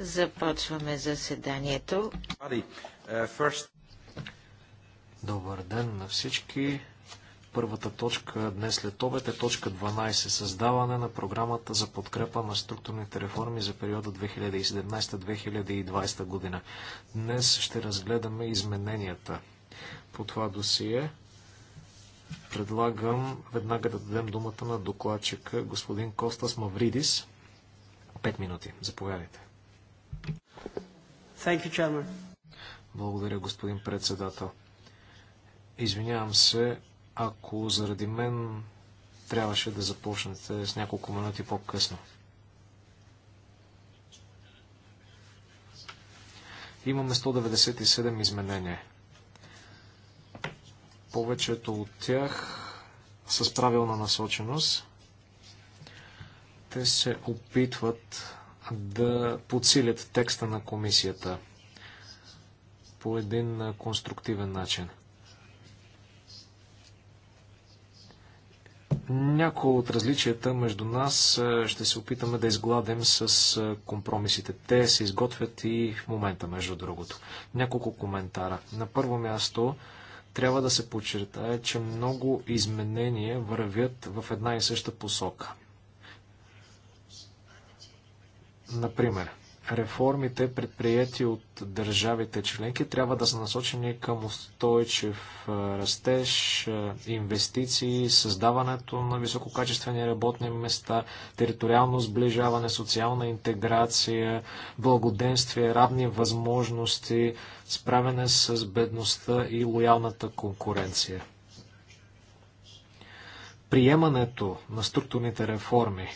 Започваме заседанието. Uh, Добър ден на всички. Първата точка днес след обед е точка 12. Създаване на програмата за подкрепа на структурните реформи за периода 2017-2020 година. Днес ще разгледаме измененията по това досие. Предлагам веднага да дадем думата на докладчика господин Костас Мавридис. Пет минути. Заповядайте. You, Благодаря, господин председател. Извинявам се, ако заради мен трябваше да започнете с няколко минути по-късно. Имаме 197 изменения повечето от тях с правилна насоченост. Те се опитват да подсилят текста на комисията по един конструктивен начин. Някои от различията между нас е, ще се опитаме да изгладим с е, компромисите. Те се изготвят и в момента, между другото. Няколко коментара. На първо място, трябва да се подчертае, че много изменения вървят в една и съща посока. Например, реформите, предприяти от държавите членки, трябва да са насочени към устойчив растеж, инвестиции, създаването на висококачествени работни места, териториално сближаване, социална интеграция, благоденствие, равни възможности, справяне с бедността и лоялната конкуренция. Приемането на структурните реформи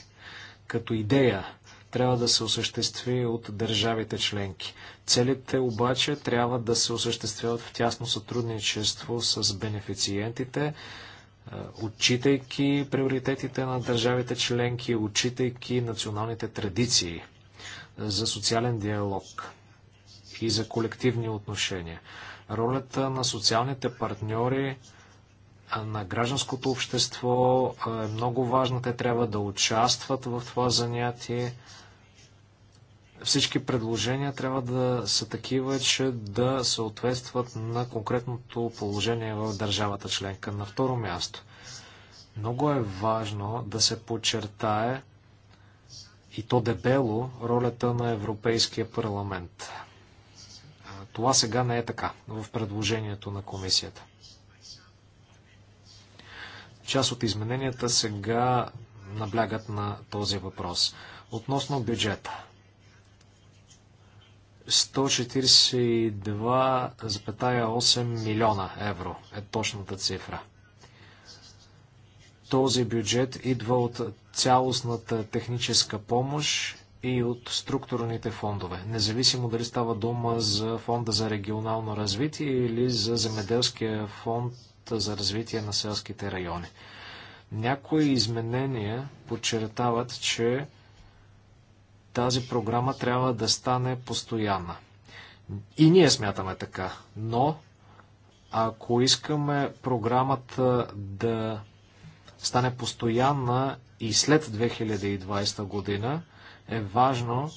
като идея – трябва да се осъществи от държавите членки. Целите обаче трябва да се осъществяват в тясно сътрудничество с бенефициентите, е, отчитайки приоритетите на държавите членки, отчитайки националните традиции за социален диалог и за колективни отношения. Ролята на социалните партньори на гражданското общество е много важно. Те трябва да участват в това занятие. Всички предложения трябва да са такива, че да съответстват на конкретното положение в държавата членка. На второ място, много е важно да се подчертае и то дебело ролята на Европейския парламент. Това сега не е така в предложението на комисията. Част от измененията сега наблягат на този въпрос. Относно бюджета. 142,8 милиона евро е точната цифра. Този бюджет идва от цялостната техническа помощ и от структурните фондове, независимо дали става дума за фонда за регионално развитие или за земеделския фонд за развитие на селските райони. Някои изменения подчертават, че тази програма трябва да стане постоянна. И ние смятаме така, но ако искаме програмата да стане постоянна и след 2020 година, е важно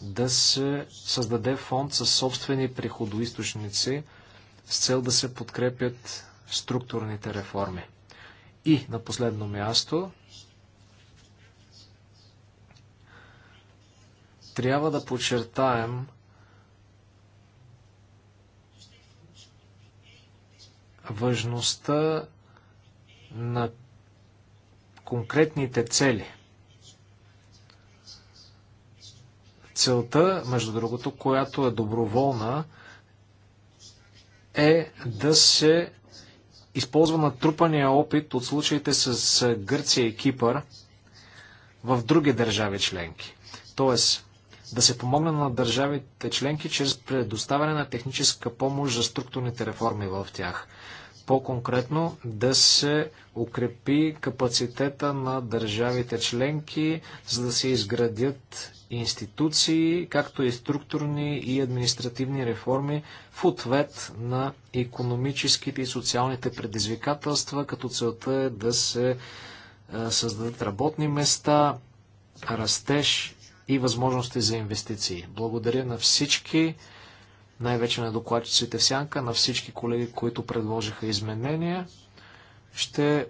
да се създаде фонд със собствени приходоисточници с цел да се подкрепят структурните реформи. И на последно място трябва да подчертаем важността на конкретните цели. Целта, между другото, която е доброволна, е да се използва натрупания опит от случаите с Гърция и Кипър в други държави членки. Тоест, да се помогне на държавите членки чрез предоставяне на техническа помощ за структурните реформи в тях. По-конкретно да се укрепи капацитета на държавите членки, за да се изградят институции, както и структурни и административни реформи в ответ на економическите и социалните предизвикателства, като целта е да се е, създадат работни места, растеж и възможности за инвестиции. Благодаря на всички, най-вече на докладчиците в Сянка, на всички колеги, които предложиха изменения. Ще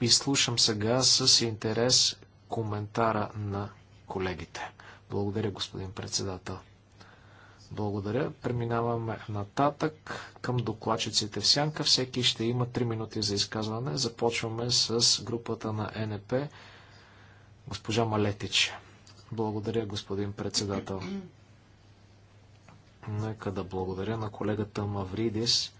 изслушам сега с интерес коментара на колегите. Благодаря, господин председател. Благодаря. Преминаваме нататък към докладчиците в сянка. Всеки ще има 3 минути за изказване. Започваме с групата на НП. Госпожа Малетич. Благодаря, господин председател. Нека да благодаря на колегата Мавридис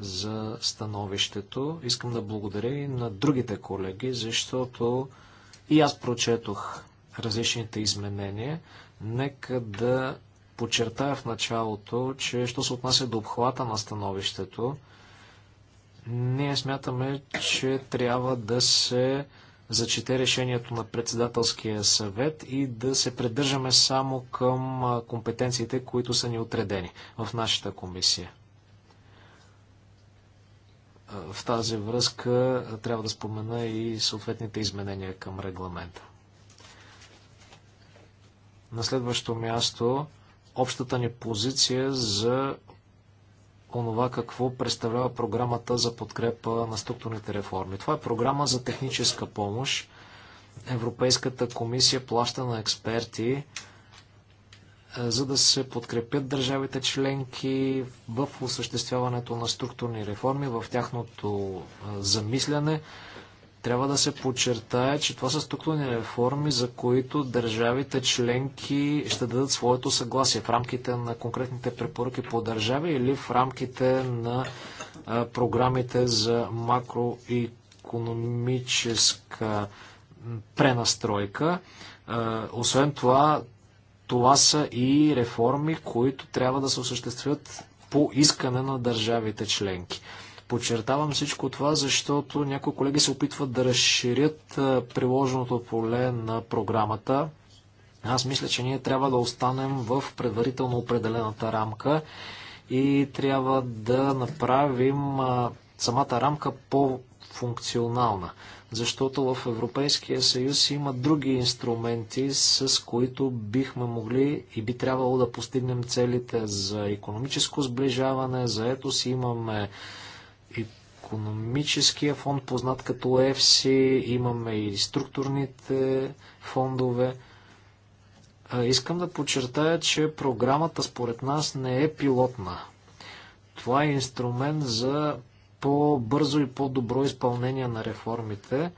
за становището. Искам да благодаря и на другите колеги, защото и аз прочетох различните изменения. Нека да подчертая в началото, че що се отнася до обхвата на становището, ние смятаме, че трябва да се зачете решението на председателския съвет и да се придържаме само към компетенциите, които са ни отредени в нашата комисия. В тази връзка трябва да спомена и съответните изменения към регламента. На следващо място, общата ни позиция за онова какво представлява програмата за подкрепа на структурните реформи. Това е програма за техническа помощ. Европейската комисия плаща на експерти, е, за да се подкрепят държавите членки в осъществяването на структурни реформи, в тяхното е, замисляне. Трябва да се подчертае, че това са структурни реформи, за които държавите членки ще дадат своето съгласие в рамките на конкретните препоръки по държави или в рамките на програмите за макроекономическа пренастройка. освен това, това са и реформи, които трябва да се осъществят по искане на държавите членки. Подчертавам всичко това, защото някои колеги се опитват да разширят приложеното поле на програмата. Аз мисля, че ние трябва да останем в предварително определената рамка и трябва да направим самата рамка по-функционална защото в Европейския съюз има други инструменти, с които бихме могли и би трябвало да постигнем целите за економическо сближаване, за ето си имаме економическия фонд, познат като ЕФСИ, имаме и структурните фондове. Искам да подчертая, че програмата според нас не е пилотна. Това е инструмент за по-бързо и по-добро изпълнение на реформите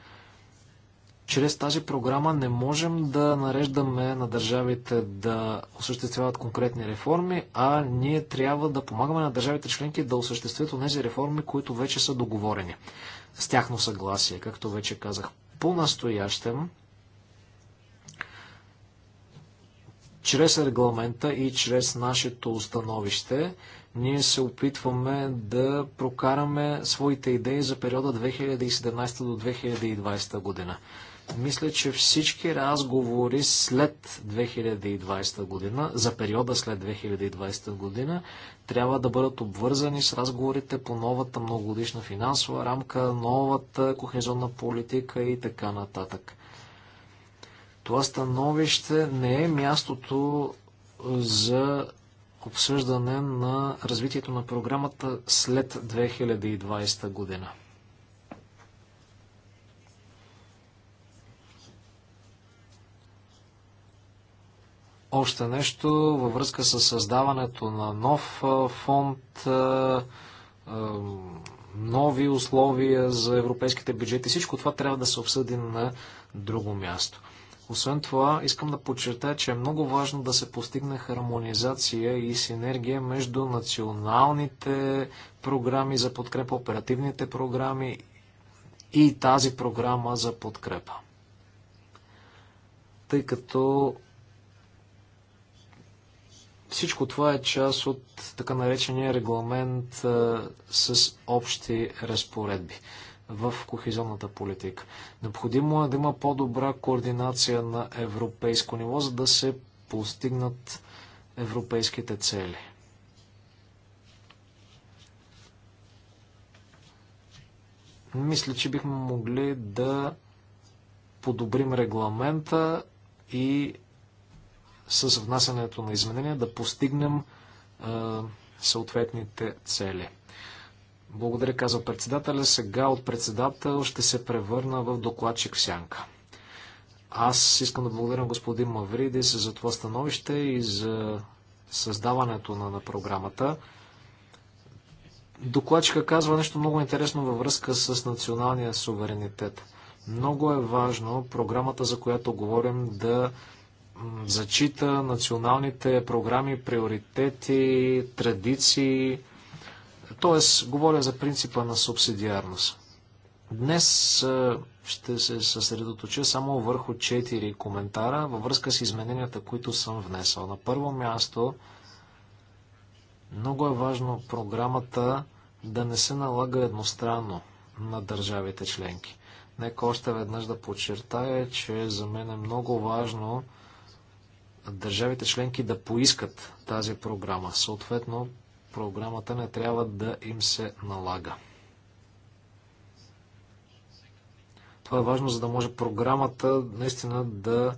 чрез тази програма не можем да нареждаме на държавите да осъществяват конкретни реформи, а ние трябва да помагаме на държавите членки да осъществят тези реформи, които вече са договорени. С тяхно съгласие, както вече казах. По-настоящем, чрез регламента и чрез нашето установище, ние се опитваме да прокараме своите идеи за периода 2017 до 2020 година. Мисля, че всички разговори след 2020 година, за периода след 2020 година, трябва да бъдат обвързани с разговорите по новата многогодишна финансова рамка, новата кохезионна политика и така нататък. Това становище не е мястото за обсъждане на развитието на програмата след 2020 година. Още нещо във връзка с създаването на нов фонд, нови условия за европейските бюджети. Всичко това трябва да се обсъди на друго място. Освен това, искам да подчертая, че е много важно да се постигне хармонизация и синергия между националните програми за подкрепа, оперативните програми и тази програма за подкрепа. Тъй като всичко това е част от така наречения регламент а, с общи разпоредби в кохезионната политика. Необходимо е да има по-добра координация на европейско ниво, за да се постигнат европейските цели. Мисля, че бихме могли да подобрим регламента и с внасянето на изменения да постигнем а, съответните цели. Благодаря, казва председателя. Сега от председател ще се превърна в докладчик в сянка. Аз искам да благодаря господин Мавридис за това становище и за създаването на, на програмата. Докладчика казва нещо много интересно във връзка с националния суверенитет. Много е важно програмата, за която говорим, да зачита националните програми, приоритети, традиции. Тоест, говоря за принципа на субсидиарност. Днес ще се съсредоточа само върху 4 коментара във връзка с измененията, които съм внесъл. На първо място, много е важно програмата да не се налага едностранно на държавите членки. Нека още веднъж да подчертая, че за мен е много важно държавите членки да поискат тази програма. Съответно, програмата не трябва да им се налага. Това е важно, за да може програмата наистина да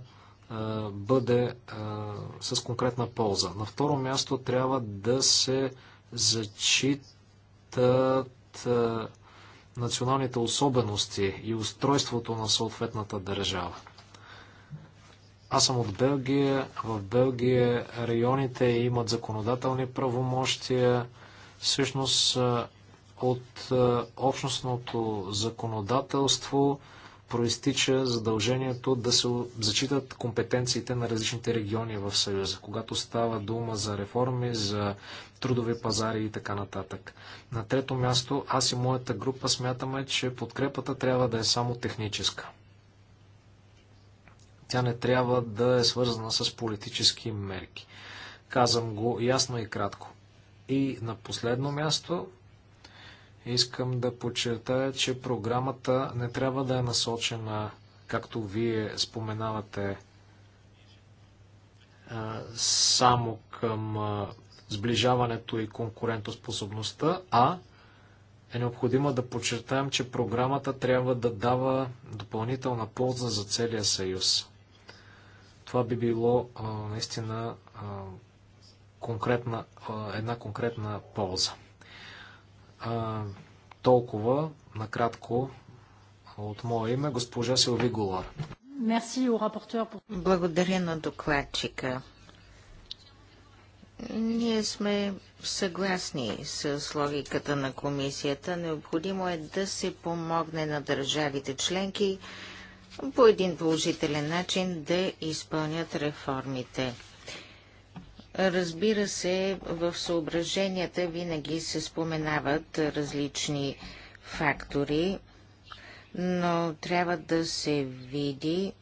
а, бъде а, с конкретна полза. На второ място трябва да се зачитат а, националните особености и устройството на съответната държава. Аз съм от Белгия. В Белгия районите имат законодателни правомощия. Всъщност от общностното законодателство проистича задължението да се зачитат компетенциите на различните региони в Съюза, когато става дума за реформи, за трудови пазари и така нататък. На трето място, аз и моята група смятаме, че подкрепата трябва да е само техническа. Тя не трябва да е свързана с политически мерки. Казвам го ясно и кратко. И на последно място искам да подчертая, че програмата не трябва да е насочена, както вие споменавате, само към сближаването и конкурентоспособността, а е необходимо да подчертаем, че програмата трябва да дава допълнителна полза за целия съюз. Това би било а, наистина а, конкретна, а, една конкретна полза. А, толкова, накратко, от мое име, госпожа Силви Голар. Благодаря на докладчика. Ние сме съгласни с логиката на комисията. Необходимо е да се помогне на държавите членки по един положителен начин да изпълнят реформите. Разбира се, в съображенията винаги се споменават различни фактори, но трябва да се види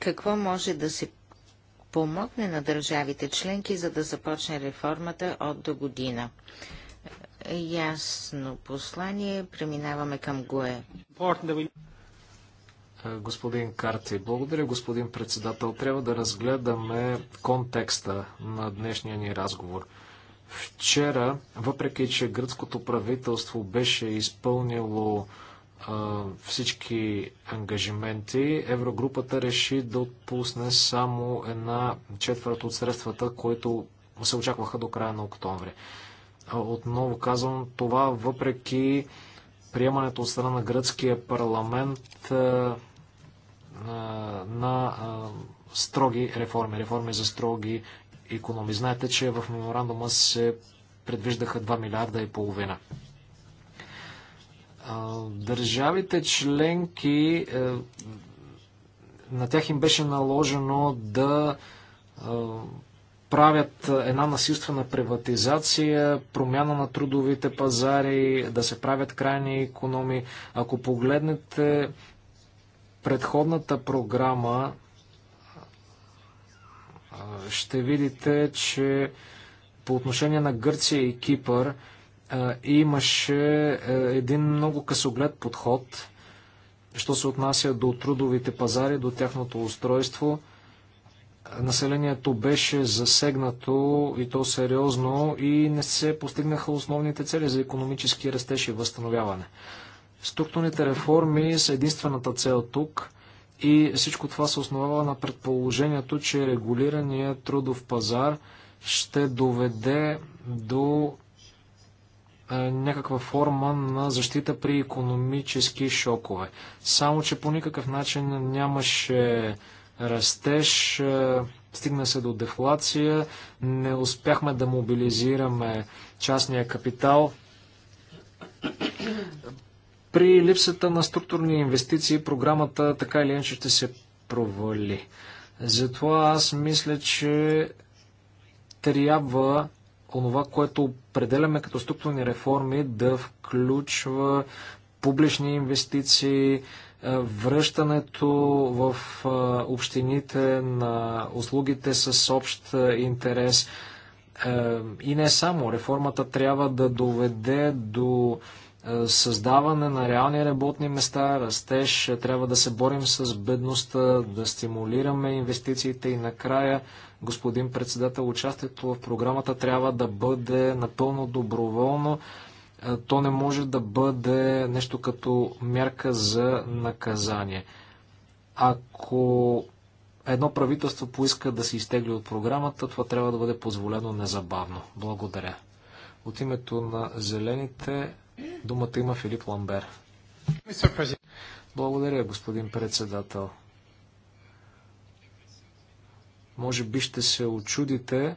какво може да се помогне на държавите членки, за да започне реформата от до година. Ясно послание. Преминаваме към ГОЕ. Е, господин Карти. Благодаря, господин председател. Трябва да разгледаме контекста на днешния ни разговор. Вчера, въпреки че гръцкото правителство беше изпълнило е, всички ангажименти, Еврогрупата реши да отпусне само една четвърт от средствата, които се очакваха до края на октомври. Е, отново казвам това, въпреки приемането от страна на гръцкия парламент на строги реформи, реформи за строги економи. Знаете, че в меморандума се предвиждаха 2 милиарда и половина. Държавите членки, е, на тях им беше наложено да правят една насилствена приватизация, промяна на трудовите пазари, да се правят крайни економи. Ако погледнете предходната програма ще видите, че по отношение на Гърция и Кипър имаше е, един много късоглед подход, що се отнася до трудовите пазари, до тяхното устройство. Населението беше засегнато и то сериозно и не се постигнаха основните цели за економически растеж и възстановяване. Структурните реформи са единствената цел тук и всичко това се основава на предположението, че регулирания трудов пазар ще доведе до е, някаква форма на защита при економически шокове. Само, че по никакъв начин нямаше растеж, е, стигна се до дефлация, не успяхме да мобилизираме частния капитал. При липсата на структурни инвестиции програмата така или иначе ще се провали. Затова аз мисля, че трябва онова, което определяме като структурни реформи, да включва публични инвестиции, е, връщането в е, общините на услугите с общ е, интерес. И не само. Реформата трябва да доведе до е, създаване на реални работни места, растеж, е, трябва да се борим с бедността, да стимулираме инвестициите и накрая, господин председател, участието в програмата трябва да бъде напълно доброволно. Е, то не може да бъде нещо като мярка за наказание. Ако едно правителство поиска да се изтегли от програмата, това трябва да бъде позволено незабавно. Благодаря. От името на зелените Думата има Филип Ламбер. Благодаря, господин председател. Може би ще се очудите,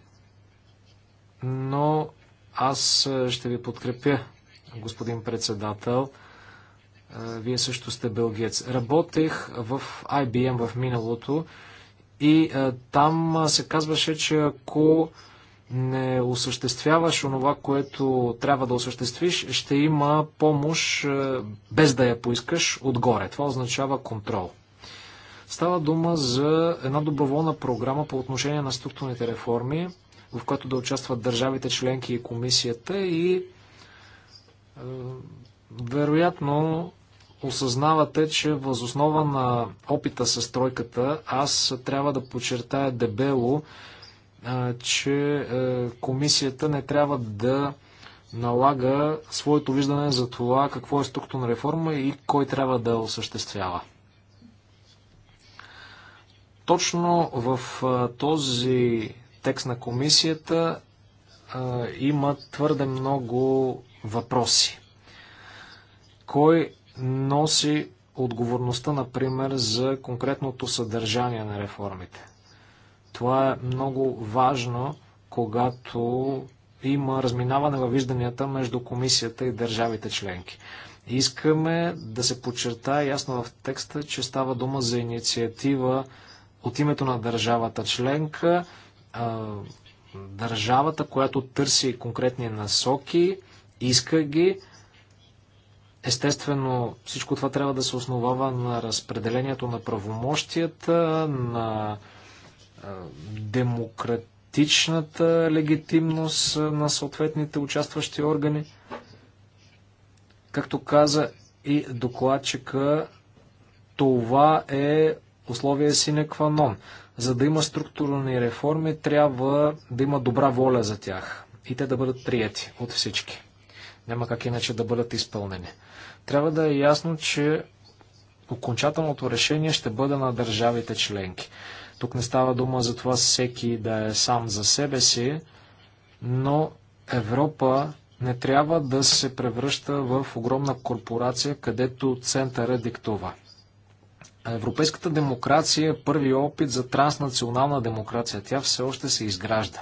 но аз е, ще ви подкрепя, господин председател. Е, вие също сте белгиец. Работех в IBM в миналото и е, там се казваше, че ако не осъществяваш онова, което трябва да осъществиш, ще има помощ е, без да я поискаш отгоре. Това означава контрол. Става дума за една доброволна програма по отношение на структурните реформи, в която да участват държавите членки и комисията и е, вероятно осъзнавате, че възоснова на опита с тройката аз трябва да подчертая дебело, че е, комисията не трябва да налага своето виждане за това какво е структурна реформа и кой трябва да осъществява. Точно в този текст на комисията има твърде много въпроси. Кой носи отговорността, например, за конкретното съдържание на реформите? Това е много важно, когато има разминаване във вижданията между комисията и държавите членки. Искаме да се подчертае ясно в текста, че става дума за инициатива от името на държавата членка, държавата, която търси конкретни насоки, иска ги. Естествено, всичко това трябва да се основава на разпределението на правомощията, на демократичната легитимност на съответните участващи органи. Както каза и докладчика, това е условие сине кванон. За да има структурни реформи, трябва да има добра воля за тях и те да бъдат прияти от всички. Няма как иначе да бъдат изпълнени. Трябва да е ясно, че окончателното решение ще бъде на държавите членки. Тук не става дума за това всеки да е сам за себе си, но Европа не трябва да се превръща в огромна корпорация, където центъра диктува. Европейската демокрация е първи опит за транснационална демокрация. Тя все още се изгражда.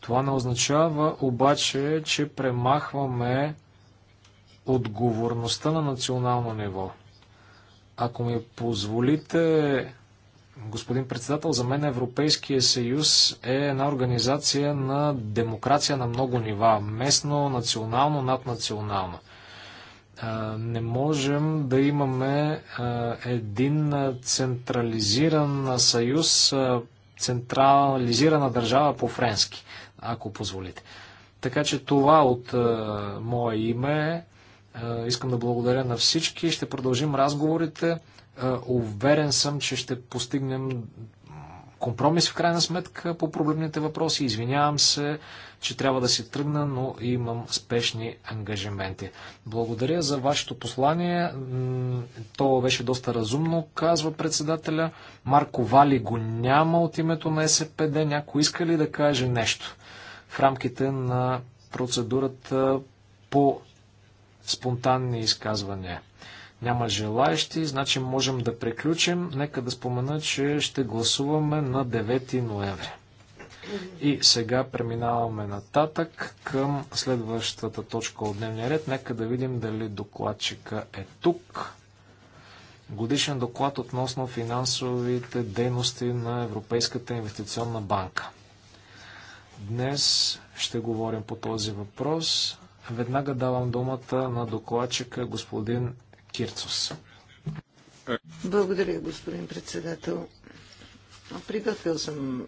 Това не означава обаче, че премахваме отговорността на национално ниво. Ако ми позволите, господин председател, за мен Европейския съюз е една организация на демокрация на много нива. Местно, национално, наднационално. Не можем да имаме един централизиран съюз, централизирана държава по-френски, ако позволите. Така че това от мое име. Искам да благодаря на всички. Ще продължим разговорите. Уверен съм, че ще постигнем компромис в крайна сметка по проблемните въпроси. Извинявам се, че трябва да си тръгна, но имам спешни ангажименти. Благодаря за вашето послание. То беше доста разумно, казва председателя. Марко Вали го няма от името на СПД. Някой иска ли да каже нещо в рамките на процедурата по спонтанни изказвания? Няма желаящи, значи можем да приключим. Нека да спомена, че ще гласуваме на 9 ноември. И сега преминаваме нататък към следващата точка от дневния ред. Нека да видим дали докладчика е тук. Годишен доклад относно финансовите дейности на Европейската инвестиционна банка. Днес ще говорим по този въпрос. Веднага давам думата на докладчика господин Кирцус. Благодаря, господин председател. Приготвил съм е,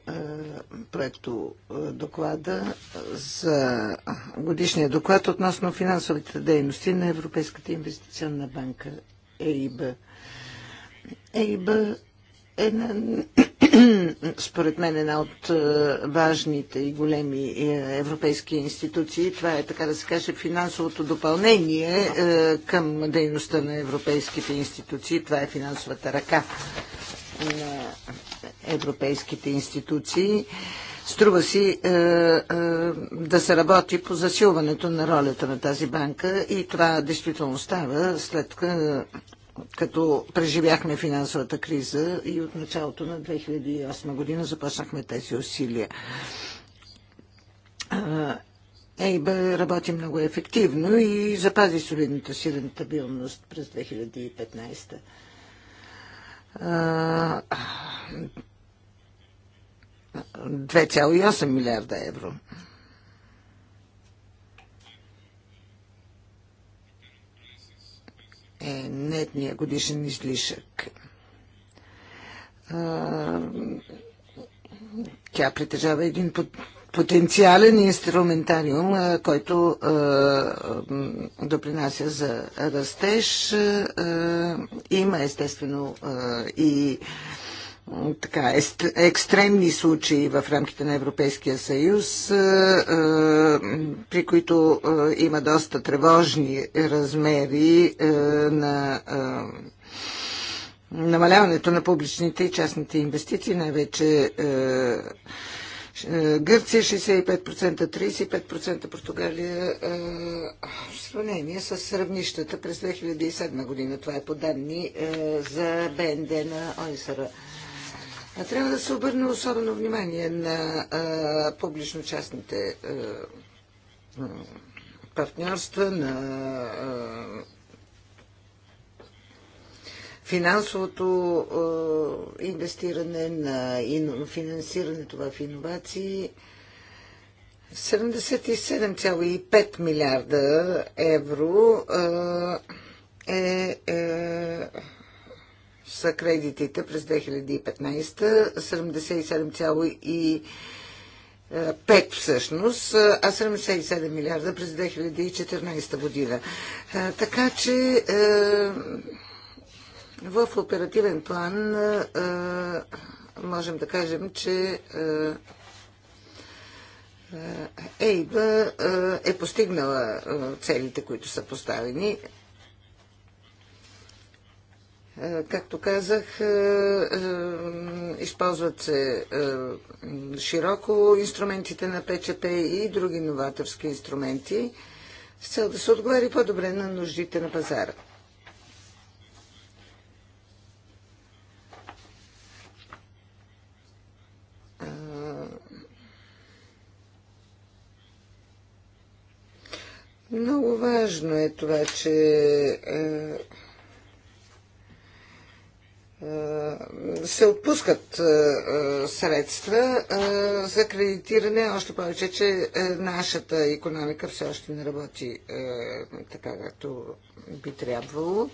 проекто е, доклада за годишния доклад относно финансовите дейности на Европейската инвестиционна банка ЕИБ. ЕИБ е на според мен, една от е, важните и големи е, европейски институции. Това е, така да се каже, финансовото допълнение е, към дейността на европейските институции. Това е финансовата ръка на европейските институции. Струва си е, е, да се работи по засилването на ролята на тази банка и това действително става след като преживяхме финансовата криза и от началото на 2008 година започнахме тези усилия. Ейба работи много ефективно и запази солидната си рентабилност през 2015. 2,8 милиарда евро. е нетния годишен излишък. Тя притежава един потенциален инструментариум, който допринася за растеж. Има естествено и така, екстремни случаи в рамките на Европейския съюз, е, е, при които е, има доста тревожни размери на намаляването на публичните и частните инвестиции, най-вече Гърция 65%, 35% Португалия в сравнение с равнищата през 2007 година. Това е по данни за БНД на ОИСР. Трябва да се обърне особено внимание на публично-частните партньорства, на финансовото инвестиране, на финансирането в иновации. 77,5 милиарда евро е, е са кредитите през 2015, 77,5 всъщност, а 77 милиарда през 2014 година. Така че в оперативен план можем да кажем, че Ейба е постигнала целите, които са поставени е, както казах, е, е, използват се широко инструментите на ПЧП и други новаторски инструменти с цел да се отговори по-добре на нуждите на пазара. Много важно е това, че е, се отпускат е, е, средства за кредитиране, още повече, че нашата економика все още не работи така, както би трябвало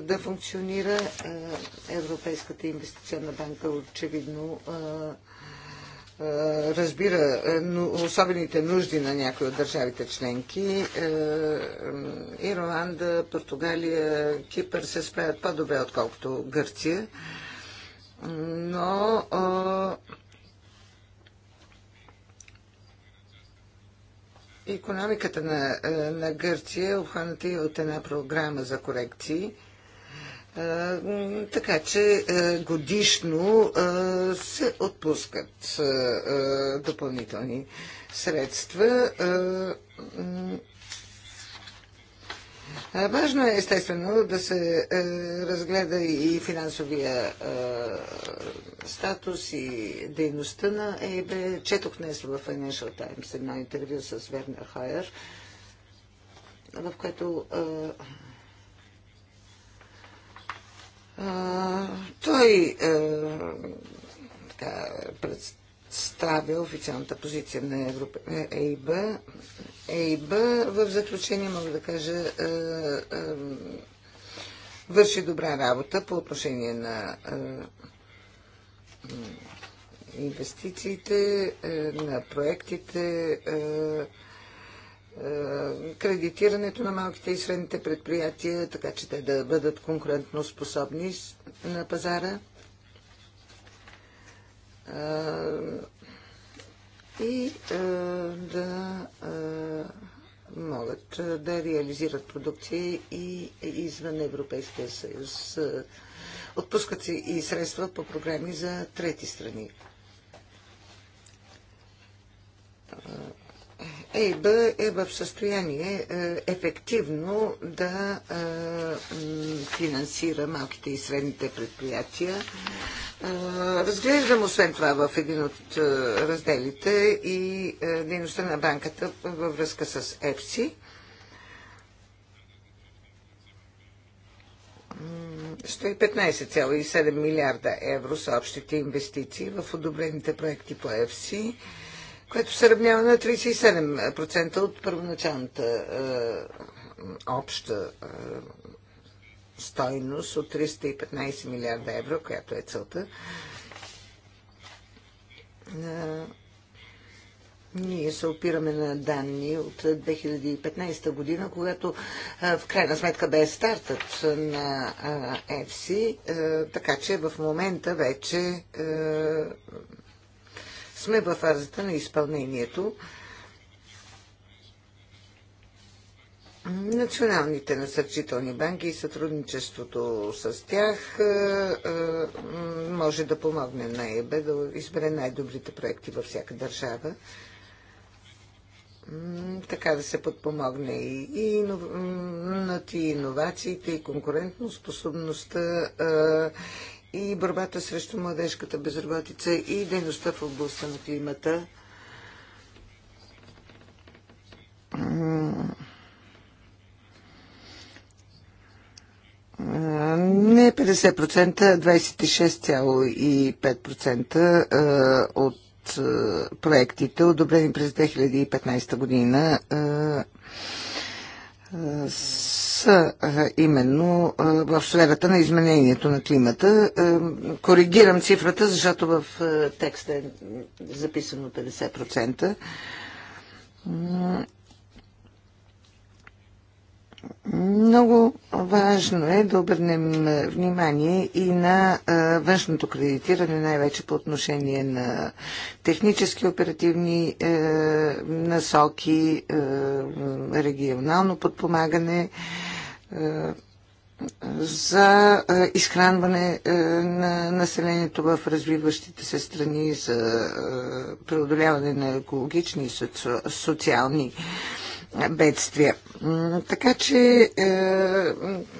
да функционира. Европейската инвестиционна банка очевидно е, разбира е, особените нужди на някои от държавите членки. Е, Ирланда, Португалия, Кипър се справят по-добре, отколкото Гърция. Но економиката на, на Гърция е обхваната и от една програма за корекции – така че годишно се отпускат допълнителни средства. Важно е, естествено, да се разгледа и финансовия статус и дейността на ЕБ. Четох днес в Financial Times едно интервю с Вернер Хайер, в което той е, така, представя официалната позиция на Европ... Е, ЕИБ. ЕИБ в заключение мога да кажа е, върши добра работа по отношение на инвестициите, на проектите, е, кредитирането на малките и средните предприятия, така че те да бъдат конкурентно способни на пазара. Е, и е, да могат да реализират продукция и извън Европейския съюз. Отпускат се и средства по програми за трети страни ЕИБ е в състояние е, ефективно да е, финансира малките и средните предприятия. Е, разглеждам освен това в един от разделите и дейността на банката във връзка с ЕФСИ. Ще 15,7 милиарда евро са общите инвестиции в одобрените проекти по ЕФСИ което се равнява на 37% от първоначалната е, обща е, стойност от 315 милиарда евро, която е целта. Е, ние се опираме на данни от 2015 година, когато в крайна сметка бе стартът на Ефси, така че в момента вече сме във фазата на изпълнението. Националните насърчителни банки и сътрудничеството с тях е, е, може да помогне на ЕБ да избере най-добрите проекти във всяка държава. Така да се подпомогне и иновациите, и конкурентно способността, е, и борбата срещу младежката безработица и дейността в областта на климата. Не 50%, 26,5% от проектите, одобрени през 2015 година, са е, именно е, в сферата на изменението на климата. Е, коригирам цифрата, защото в текста е записано 50%. Много важно е да обърнем внимание и на външното кредитиране, най-вече по отношение на технически оперативни насоки, регионално подпомагане за е, изхранване е, на населението в развиващите се страни, за е, преодоляване на екологични и социални бедствия. Така че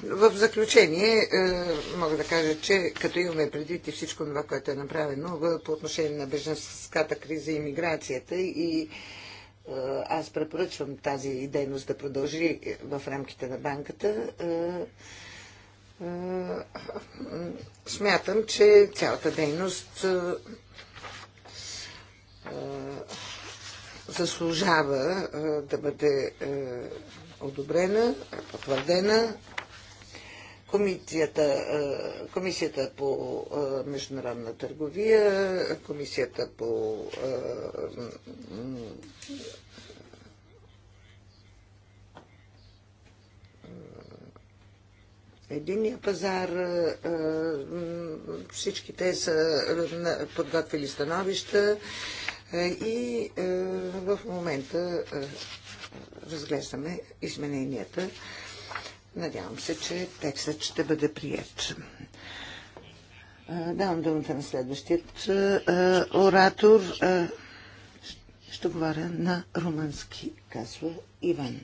в заключение мога да кажа, че като имаме предвид и всичко това, което е направено по отношение на беженската криза и миграцията и е, аз препоръчвам тази дейност да продължи в рамките на банката. Е, е, смятам, че цялата дейност заслужава да бъде одобрена, потвърдена Комисията, е, комисията по е, международна търговия, комисията по е, единия пазар, всички те са подготвили становища и в момента разглеждаме измененията Надявам се, че текстът ще бъде прият. Давам думата на следващият оратор. Ще говоря на румънски, казва Иван.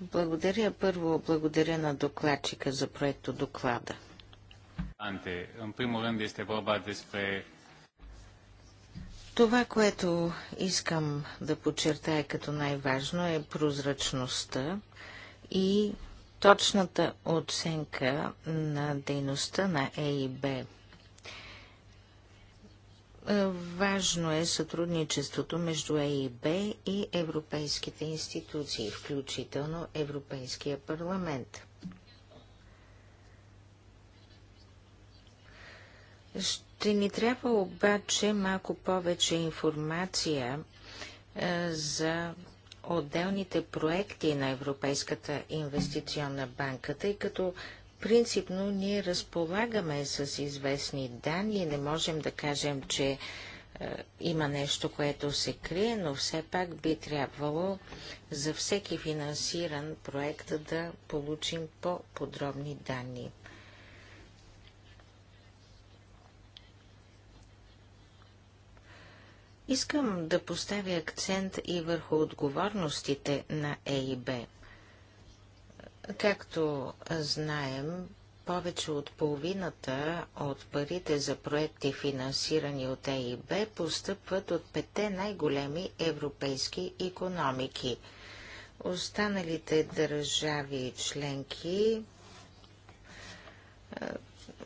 Благодаря. Първо благодаря на докладчика за проекто доклада. În primul rând este vorba despre това, което искам да подчертая като най-важно е прозрачността и точната оценка на дейността на ЕИБ. Важно е сътрудничеството между ЕИБ и европейските институции, включително Европейския парламент. Ще ще ни трябва обаче малко повече информация е, за отделните проекти на Европейската инвестиционна банка, тъй като принципно ние разполагаме с известни данни, не можем да кажем, че е, има нещо, което се крие, но все пак би трябвало за всеки финансиран проект да получим по-подробни данни. Искам да поставя акцент и върху отговорностите на ЕИБ. Както знаем, повече от половината от парите за проекти, финансирани от ЕИБ, постъпват от пете най-големи европейски економики. Останалите държави членки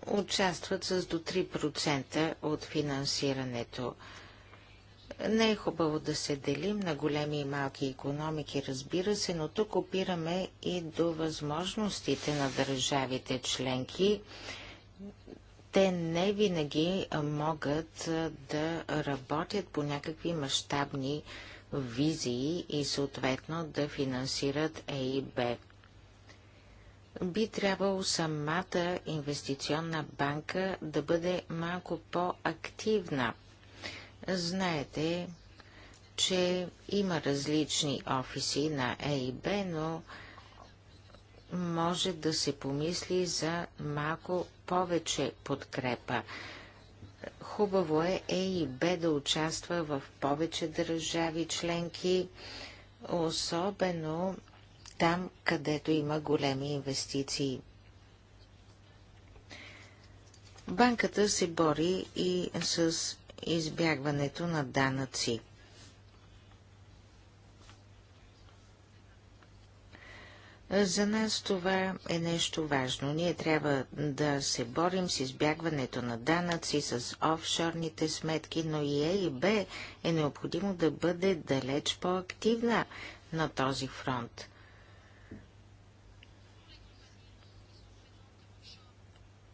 участват с до 3% от финансирането. Не е хубаво да се делим на големи и малки економики, разбира се, но тук опираме и до възможностите на държавите членки. Те не винаги могат да работят по някакви мащабни визии и съответно да финансират ЕИБ. Би трябвало самата инвестиционна банка да бъде малко по-активна – Знаете, че има различни офиси на ЕИБ, но може да се помисли за малко повече подкрепа. Хубаво е, е и ЕИБ да участва в повече държави членки, особено там, където има големи инвестиции. Банката се бори и с избягването на данъци. За нас това е нещо важно. Ние трябва да се борим с избягването на данъци, с офшорните сметки, но и е Б е необходимо да бъде далеч по-активна на този фронт.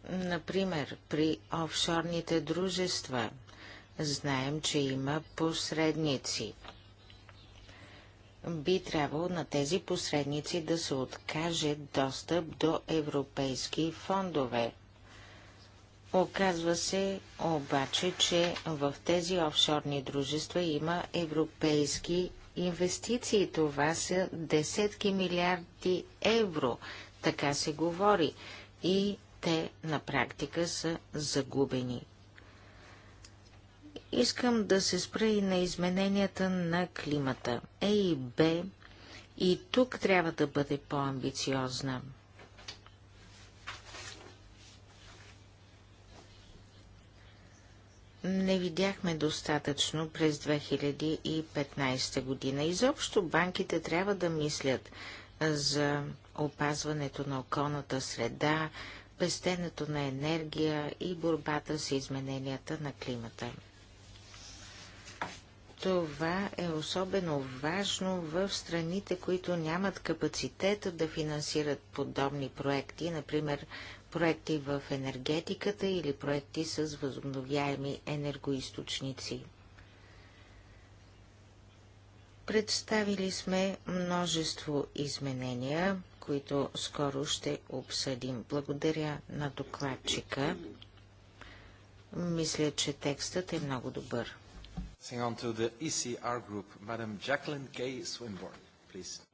Например, при офшорните дружества – знаем, че има посредници. Би трябвало на тези посредници да се откаже достъп до европейски фондове. Оказва се обаче, че в тези офшорни дружества има европейски инвестиции. Това са десетки милиарди евро. Така се говори. И те на практика са загубени Искам да се спра и на измененията на климата. Е и Б и тук трябва да бъде по-амбициозна. не видяхме достатъчно през 2015 година. Изобщо банките трябва да мислят за опазването на околната среда, пестенето на енергия и борбата с измененията на климата. Това е особено важно в страните, които нямат капацитет да финансират подобни проекти, например проекти в енергетиката или проекти с възобновяеми енергоисточници. Представили сме множество изменения, които скоро ще обсъдим. Благодаря на докладчика. Мисля, че текстът е много добър.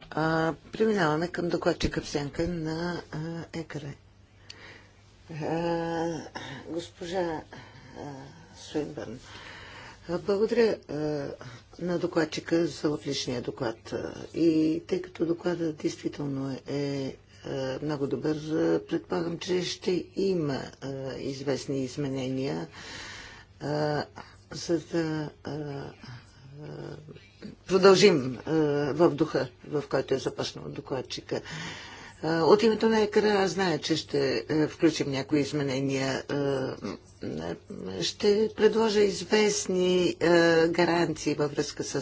E преминаваме към докладчика в сянка на ЕКРЕ. Госпожа Суинбърн, благодаря на докладчика за отличния доклад. И тъй като докладът действително е много добър, предполагам, че ще има известни изменения за да продължим в духа, в който е започнал докладчика. От името на екара аз знае, че ще е, включим някои изменения. Е, е, ще предложа известни гаранции във връзка с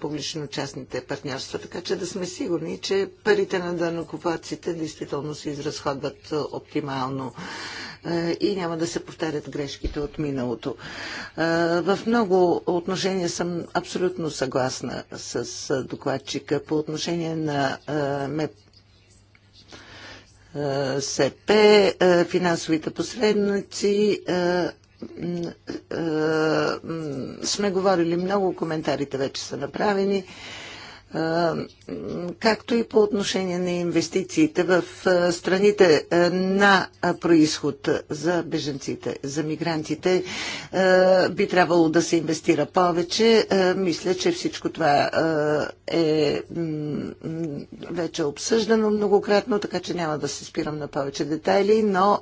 публично-частните партньорства, така че да сме сигурни, че парите на данокупаците действително се изразходват оптимално и няма да се повтарят грешките от миналото. В много отношения съм абсолютно съгласна с докладчика по отношение на МЕП СП, е, финансовите посредници. Е, е, сме говорили много, коментарите вече са направени както и по отношение на инвестициите в страните на происход за беженците, за мигрантите, би трябвало да се инвестира повече. Мисля, че всичко това е вече обсъждано многократно, така че няма да се спирам на повече детайли, но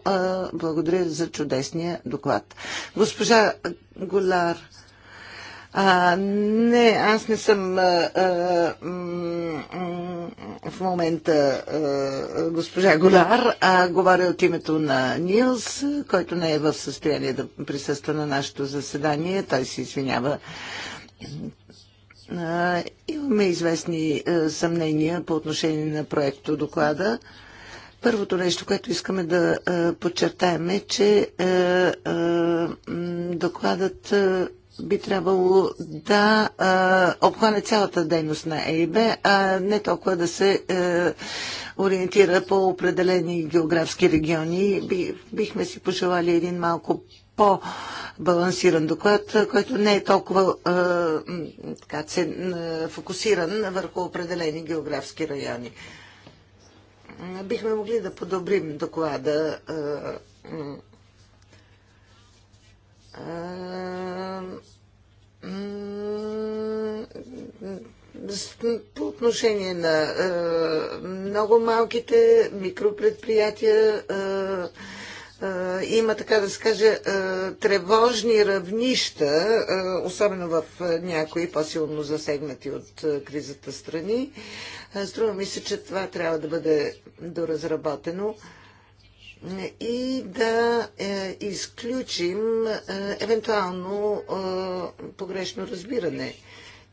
благодаря за чудесния доклад. Госпожа Голар, а, не, аз не съм а, а, в момента а, госпожа Голяр, а говоря от името на Нилс, който не е в състояние да присъства на нашето заседание. Той се извинява. А, имаме известни а, съмнения по отношение на проекто доклада. Първото нещо, което искаме да подчертаем е, че а, а, докладът би трябвало да а, обхване цялата дейност на ЕИБ, а не толкова да се а, е, ориентира по определени географски региони. Би, бихме си пожелали един малко по-балансиран доклад, който не е толкова а, е, така, цен, а, е, фокусиран върху определени географски райони. Бихме могли да подобрим доклада. А, по отношение на много малките микропредприятия има, така да се каже, тревожни равнища, особено в някои по-силно засегнати от кризата страни. струва ми се, че това трябва да бъде доразработено и да е, изключим е, евентуално е, погрешно разбиране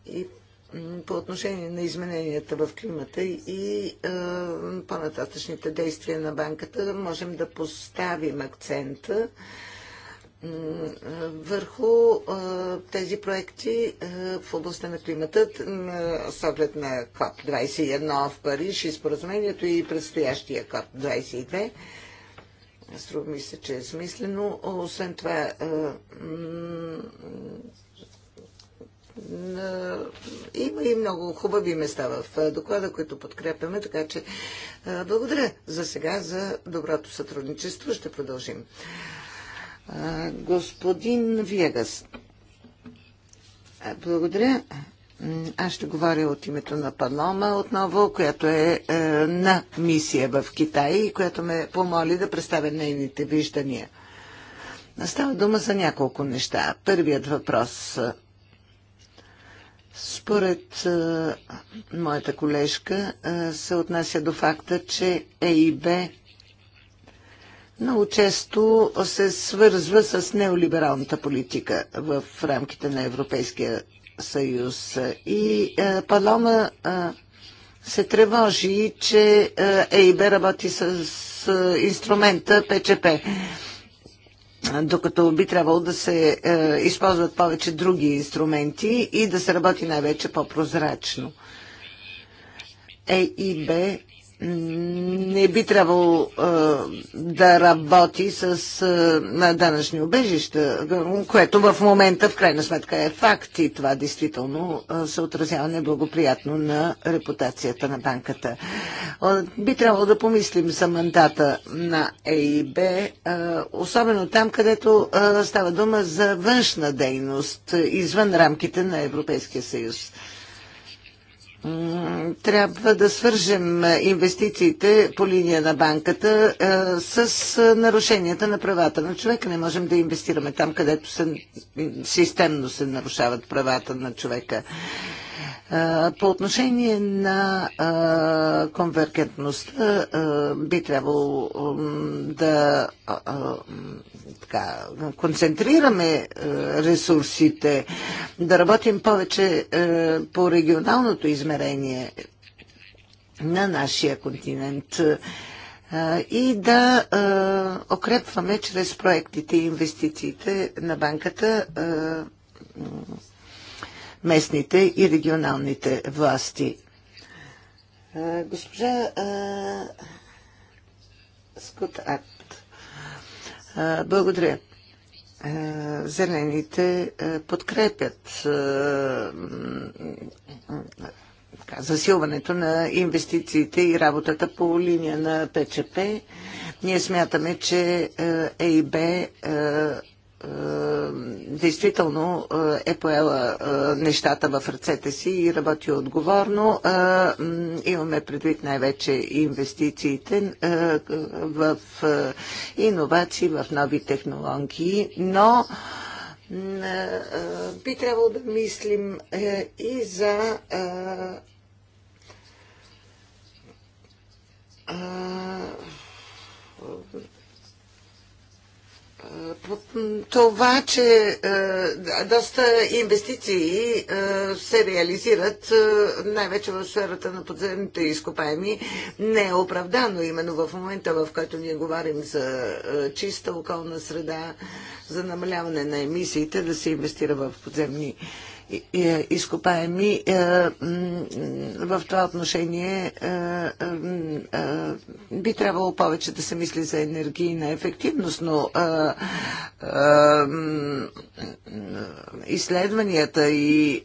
и по отношение на измененията в климата и е, по-нататъчните действия на банката можем да поставим акцента върху е, тези проекти е, в областта на климата с оглед на КОП-21 в Париж и споразумението и предстоящия КОП-22. Струва ми се, че е смислено. Освен това, е, е, има и много хубави места в е, доклада, които подкрепяме, така че благодаря за сега за доброто сътрудничество. Ще продължим. Господин Вегас. Благодаря. Аз ще говоря от името на Панома отново, която е, е на мисия в Китай и която ме помоли да представя нейните виждания. Става дума за няколко неща. Първият въпрос. Според е, моята колежка е, се отнася до факта, че е Б много често се свързва с неолибералната политика в рамките на Европейския съюз. И е, Палома е, се тревожи, че е, ЕИБ работи с инструмента ПЧП докато би трябвало да се е, използват повече други инструменти и да се работи най-вече по-прозрачно. ЕИБ не би трябвало а, да работи с а, данъчни убежища, което в момента в крайна сметка е факт и това действително а, се отразява неблагоприятно на репутацията на банката. А, би трябвало да помислим за мандата на ЕИБ, а, особено там, където а, става дума за външна дейност извън рамките на Европейския съюз трябва да свържем инвестициите по линия на банката с нарушенията на правата на човека. Не можем да инвестираме там, където се, системно се нарушават правата на човека. По отношение на конвергентността би трябвало да така, концентрираме е, ресурсите, да работим повече е, по регионалното измерение на нашия континент е, и да окрепваме чрез проектите и инвестициите на банката местните и регионалните власти. Госпожа Скот благодаря. Зелените подкрепят засилването на инвестициите и работата по линия на ПЧП. Ние смятаме, че ЕИБ е, действително е, е поела е, нещата в ръцете си и работи отговорно. Имаме предвид най-вече инвестициите в иновации, в нови технологии, но би трябвало да мислим и за това, че е, доста инвестиции е, се реализират е, най-вече в сферата на подземните изкопаеми, не е оправдано именно в момента, в който ние говорим за чиста околна среда, за намаляване на емисиите, да се инвестира в подземни е, изкопаеми е, в това отношение е, би трябвало повече да се мисли за енергийна ефективност, но изследванията и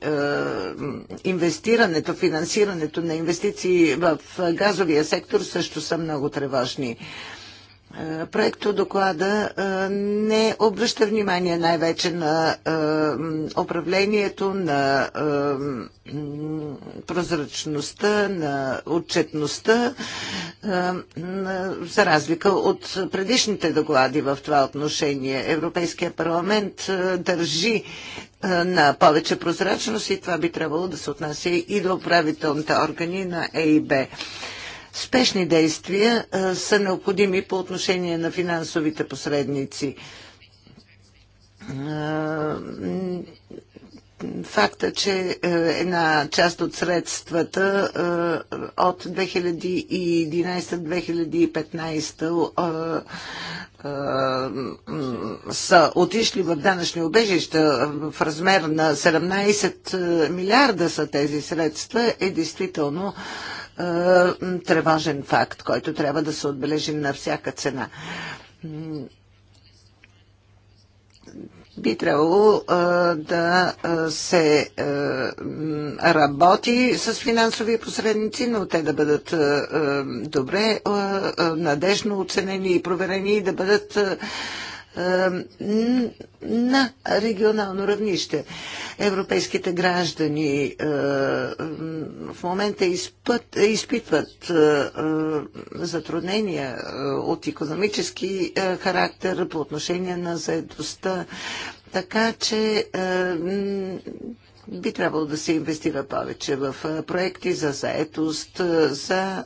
инвестирането, финансирането на инвестиции в газовия сектор също са много тревожни. Е, проекто доклада е, не обръща внимание най-вече на е, управлението, на прозрачността, на отчетността, за разлика от предишните доклади в това отношение. Европейския парламент държи на повече прозрачност и това би трябвало да се отнася и до управителните органи на ЕИБ спешни действия са необходими по отношение на финансовите посредници. факта, че една част от средствата от 2011-2015 са отишли в данъчни обежища в размер на 17 милиарда са тези средства е действително е, тревожен факт, който трябва да се отбележи на всяка цена би трябвало е, да е, се работи с финансови посредници, но те да бъдат добре, надежно оценени и проверени и да бъдат на регионално равнище. Европейските граждани в момента изпът, изпитват затруднения от економически характер по отношение на заедостта, така че би трябвало да се инвестира повече в проекти за заетост, за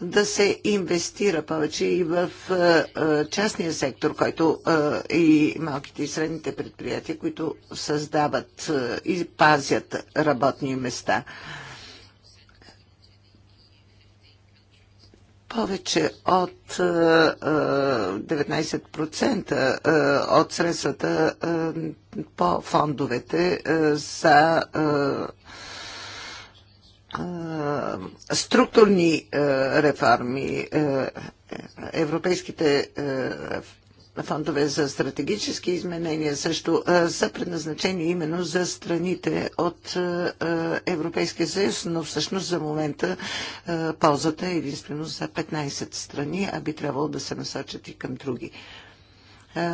да се инвестира повече и в е, е, частния сектор, който е, и малките и средните предприятия, които създават и пазят работни места. повече от 19% от средствата по фондовете са структурни реформи, европейските фондове за стратегически изменения също са предназначени именно за страните от Европейския съюз, но всъщност за момента ползата е единствено за 15 страни, а би трябвало да се насочат и към други.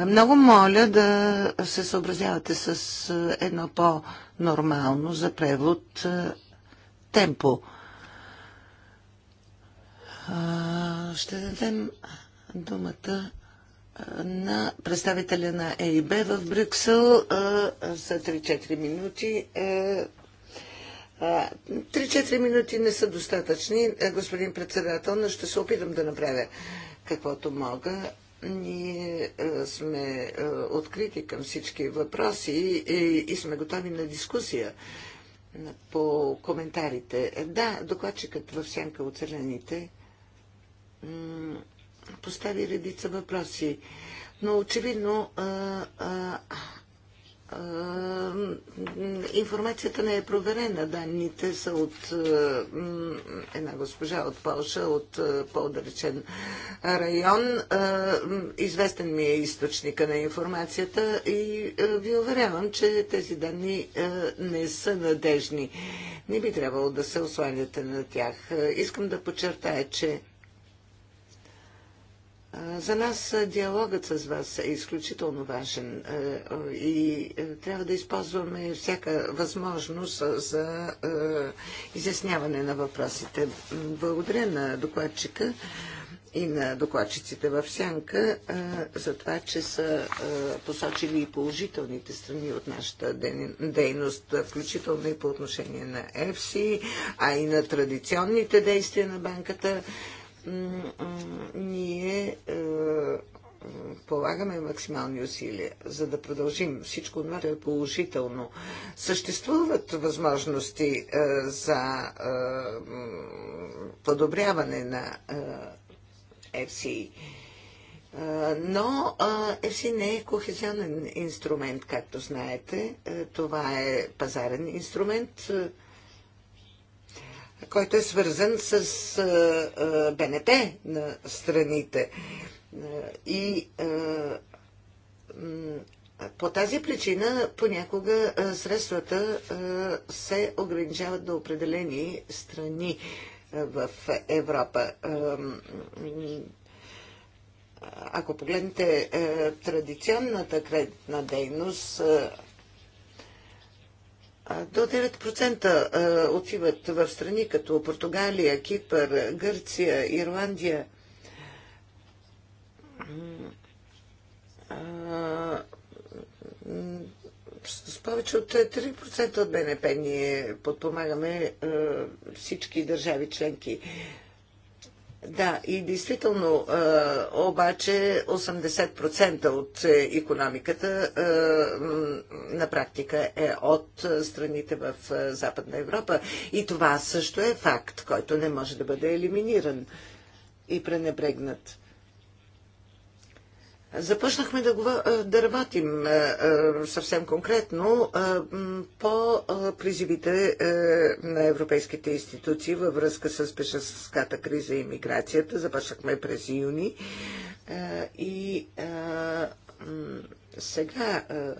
Много моля да се съобразявате с едно по-нормално за превод темпо. Ще дадем думата на представителя на ЕИБ в Брюксел за 3-4 минути. 3-4 е, минути не са достатъчни, е, господин председател, но ще се опитам да направя каквото мога. Ние е, сме открити към всички въпроси и сме готови на дискусия по коментарите. Да, докладчикът в сянка от постави редица въпроси, но очевидно а, а, информацията не е проверена. Данните са от една госпожа от Полша, от по-далечен район. Известен ми е източника на информацията и ви уверявам, че тези данни не са надежни. Не би трябвало да се осланяте на тях. Искам да подчертая, че за нас диалогът с вас е изключително важен и трябва да използваме всяка възможност за изясняване на въпросите. Благодаря на докладчика и на докладчиците в Сянка за това, че са посочили и положителните страни от нашата дейност, включително и по отношение на ЕФСИ, а и на традиционните действия на банката ние е, полагаме максимални усилия, за да продължим. Всичко това е положително. Съществуват възможности е, за е, подобряване на ФСИ. Но FC не е кохезионен инструмент, както знаете. Това е пазарен инструмент. Е, който е свързан с БНТ на страните. И по тази причина понякога средствата се ограничават до определени страни в Европа. Ако погледнете традиционната кредитна дейност, до 9% отиват в страни като Португалия, Кипър, Гърция, Ирландия. С повече от 3% от БНП ние подпомагаме всички държави членки. Да, и действително, обаче 80% от економиката на практика е от страните в Западна Европа. И това също е факт, който не може да бъде елиминиран и пренебрегнат. Започнахме да, да работим съвсем конкретно по призивите на европейските институции във връзка с пешеската криза и миграцията. Започнахме през юни и сега, е,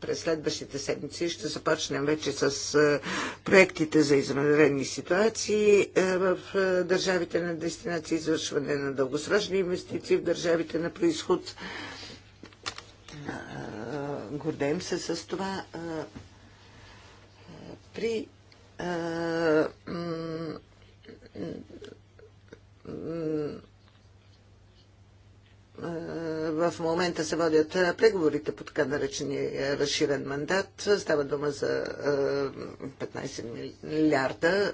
през следващите седмици, ще започнем вече с е, проектите за извънредни ситуации е, в държавите на дестинация, извършване на дългосрочни инвестиции в държавите на происход. Гордеем се с това. При е, в момента се водят е, преговорите по така наречения е, разширен мандат. Става дума за 15 милиарда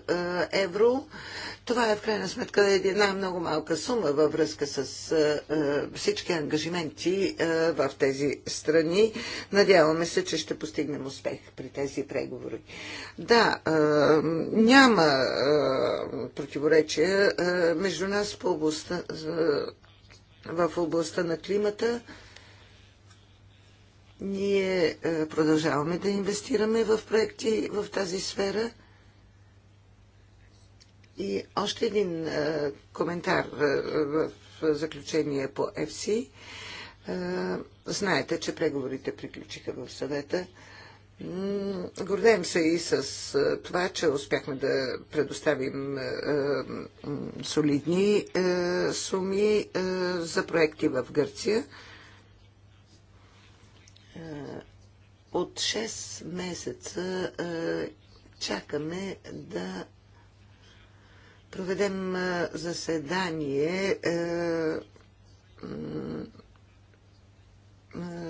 евро. Това е в крайна сметка една много малка сума във връзка с всички ангажименти в тези страни. Надяваме се, че ще постигнем успех при тези преговори. Да, няма противоречия между нас по областта в областта на климата. Ние е, продължаваме да инвестираме в проекти в тази сфера. И още един е, коментар е, в заключение по ЕФСИ. Знаете, че преговорите приключиха в съвета. Гордеем се и с това, че успяхме да предоставим солидни суми за проекти в Гърция. От 6 месеца чакаме да проведем заседание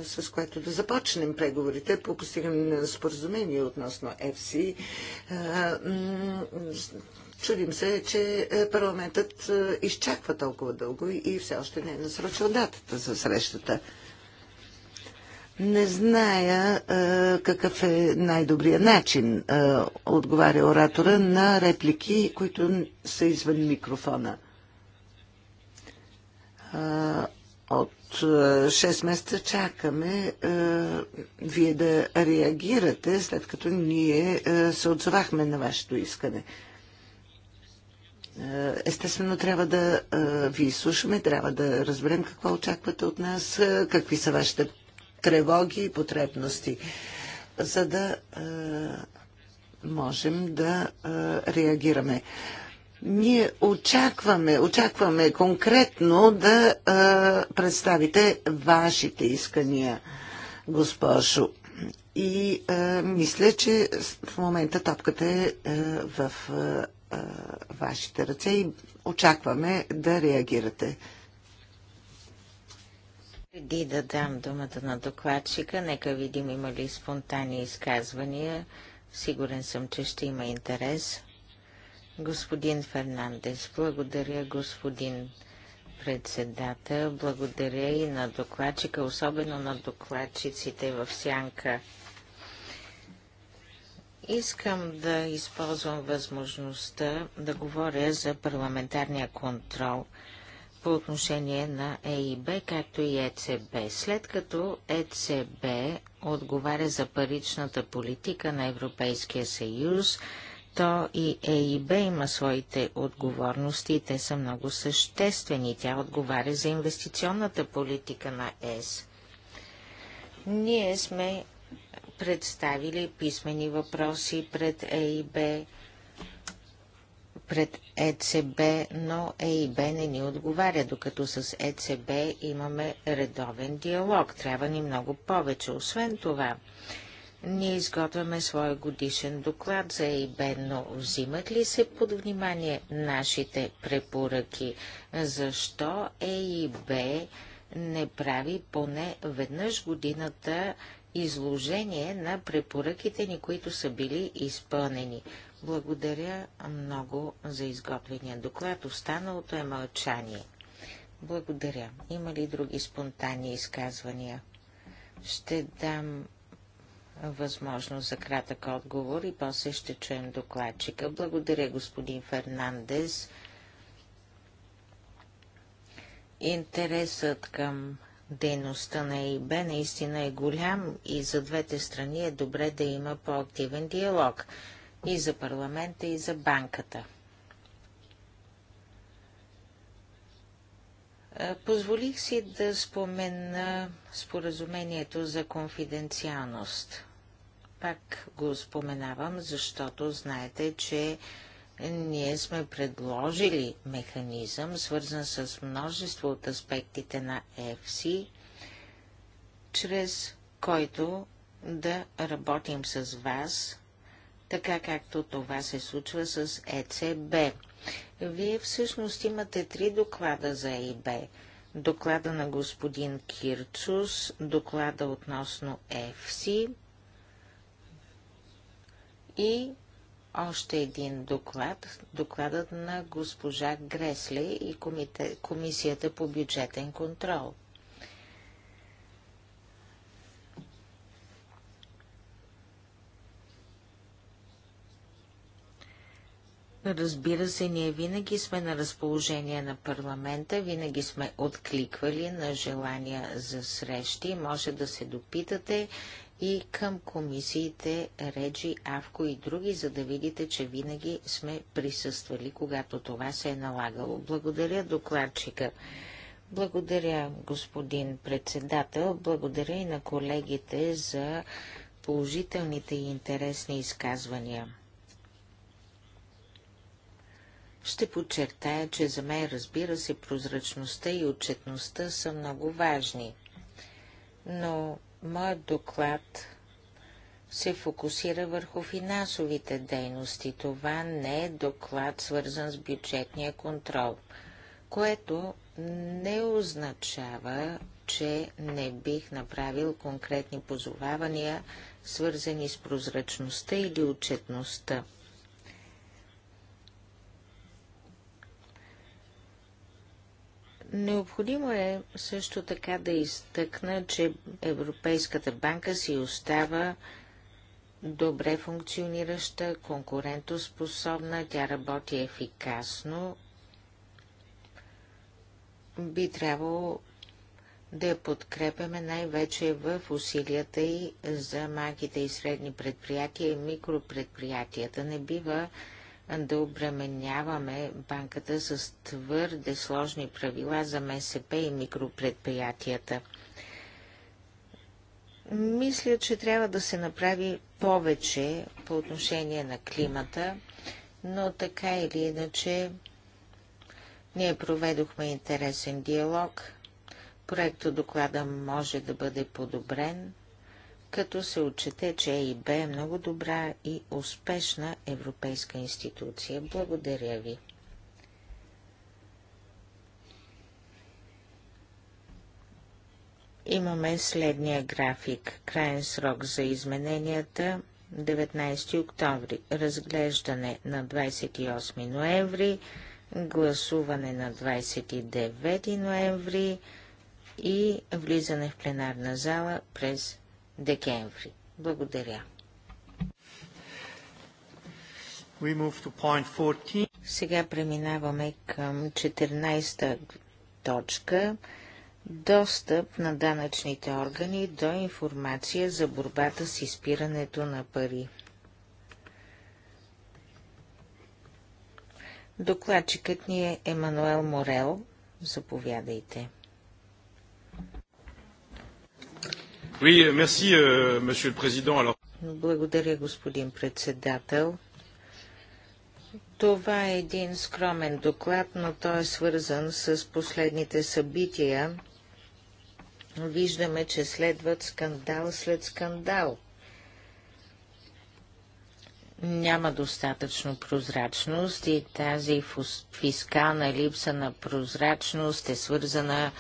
с което да започнем преговорите по постигане на споразумение относно ЕФСИ. Чудим се, че парламентът изчаква толкова дълго и все още не е насрочил датата за срещата. Не зная а, какъв е най-добрият начин, а, отговаря оратора, на реплики, които са извън микрофона. А, от 6 е, месеца чакаме е, вие да реагирате, след като ние е, се отзовахме на вашето искане. Естествено, трябва да ви изслушаме, трябва да разберем какво очаквате от нас, какви са вашите тревоги и потребности, за да можем да реагираме. Ние очакваме, очакваме конкретно да а, представите вашите искания, госпожо. И а, мисля, че в момента топката е а, в а, вашите ръце и очакваме да реагирате. Преди да дам думата на докладчика, нека видим има ли спонтанни изказвания. Сигурен съм, че ще има интерес. Господин Фернандес, благодаря господин председател, благодаря и на докладчика, особено на докладчиците в Сянка. Искам да използвам възможността да говоря за парламентарния контрол по отношение на ЕИБ, както и ЕЦБ. След като ЕЦБ отговаря за паричната политика на Европейския съюз, то и ЕИБ има своите отговорности. Те са много съществени. Тя отговаря за инвестиционната политика на ЕС. Ние сме представили писмени въпроси пред ЕИБ, пред ЕЦБ, но ЕИБ не ни отговаря, докато с ЕЦБ имаме редовен диалог. Трябва ни много повече. Освен това, ние изготвяме своя годишен доклад за ЕИБ, но взимат ли се под внимание нашите препоръки? Защо ЕИБ не прави поне веднъж годината изложение на препоръките ни, които са били изпълнени? Благодаря много за изготвения доклад. Останалото е мълчание. Благодаря. Има ли други спонтанни изказвания? Ще дам възможност за кратък отговор и после ще чуем докладчика. Благодаря, господин Фернандес. Интересът към дейността на ИБ наистина е голям и за двете страни е добре да има по-активен диалог и за парламента, и за банката. Позволих си да спомена споразумението за конфиденциалност. Пак го споменавам, защото знаете, че ние сме предложили механизъм, свързан с множество от аспектите на FC, чрез който да работим с вас, така както това се случва с ЕЦБ. Вие всъщност имате три доклада за ЕБ. Доклада на господин Кирцус, доклада относно ЕФСИ и още един доклад, докладът на госпожа Гресли и Комисията по бюджетен контрол. Разбира се, ние винаги сме на разположение на парламента, винаги сме откликвали на желания за срещи. Може да се допитате и към комисиите Реджи, Авко и други, за да видите, че винаги сме присъствали, когато това се е налагало. Благодаря докладчика. Благодаря, господин председател. Благодаря и на колегите за положителните и интересни изказвания. Ще подчертая, че за мен, разбира се, прозрачността и отчетността са много важни. Но Моят доклад се фокусира върху финансовите дейности. Това не е доклад, свързан с бюджетния контрол, което не означава, че не бих направил конкретни позовавания, свързани с прозрачността или отчетността. Необходимо е също така да изтъкна, че Европейската банка си остава добре функционираща, конкурентоспособна, тя работи ефикасно. Би трябвало да я подкрепяме най-вече в усилията и за малките и средни предприятия и микропредприятията. Не бива да обременяваме банката с твърде сложни правила за МСП и микропредприятията. Мисля, че трябва да се направи повече по отношение на климата, но така или иначе ние проведохме интересен диалог. Проектодоклада доклада може да бъде подобрен като се отчете, че ЕИБ е много добра и успешна европейска институция. Благодаря ви. Имаме следния график. Крайен срок за измененията 19 октомври. Разглеждане на 28 ноември. Гласуване на 29 ноември и влизане в пленарна зала през декември. Благодаря. Сега преминаваме към 14-та точка Достъп на данъчните органи до информация за борбата с изпирането на пари. Докладчикът ни е Емануел Морел. Заповядайте. Oui, merci, euh, monsieur le président. Alors... Благодаря, господин председател. Това е един скромен доклад, но той е свързан с последните събития. Виждаме, че следват скандал след скандал. Няма достатъчно прозрачност и тази фискална липса на прозрачност е свързана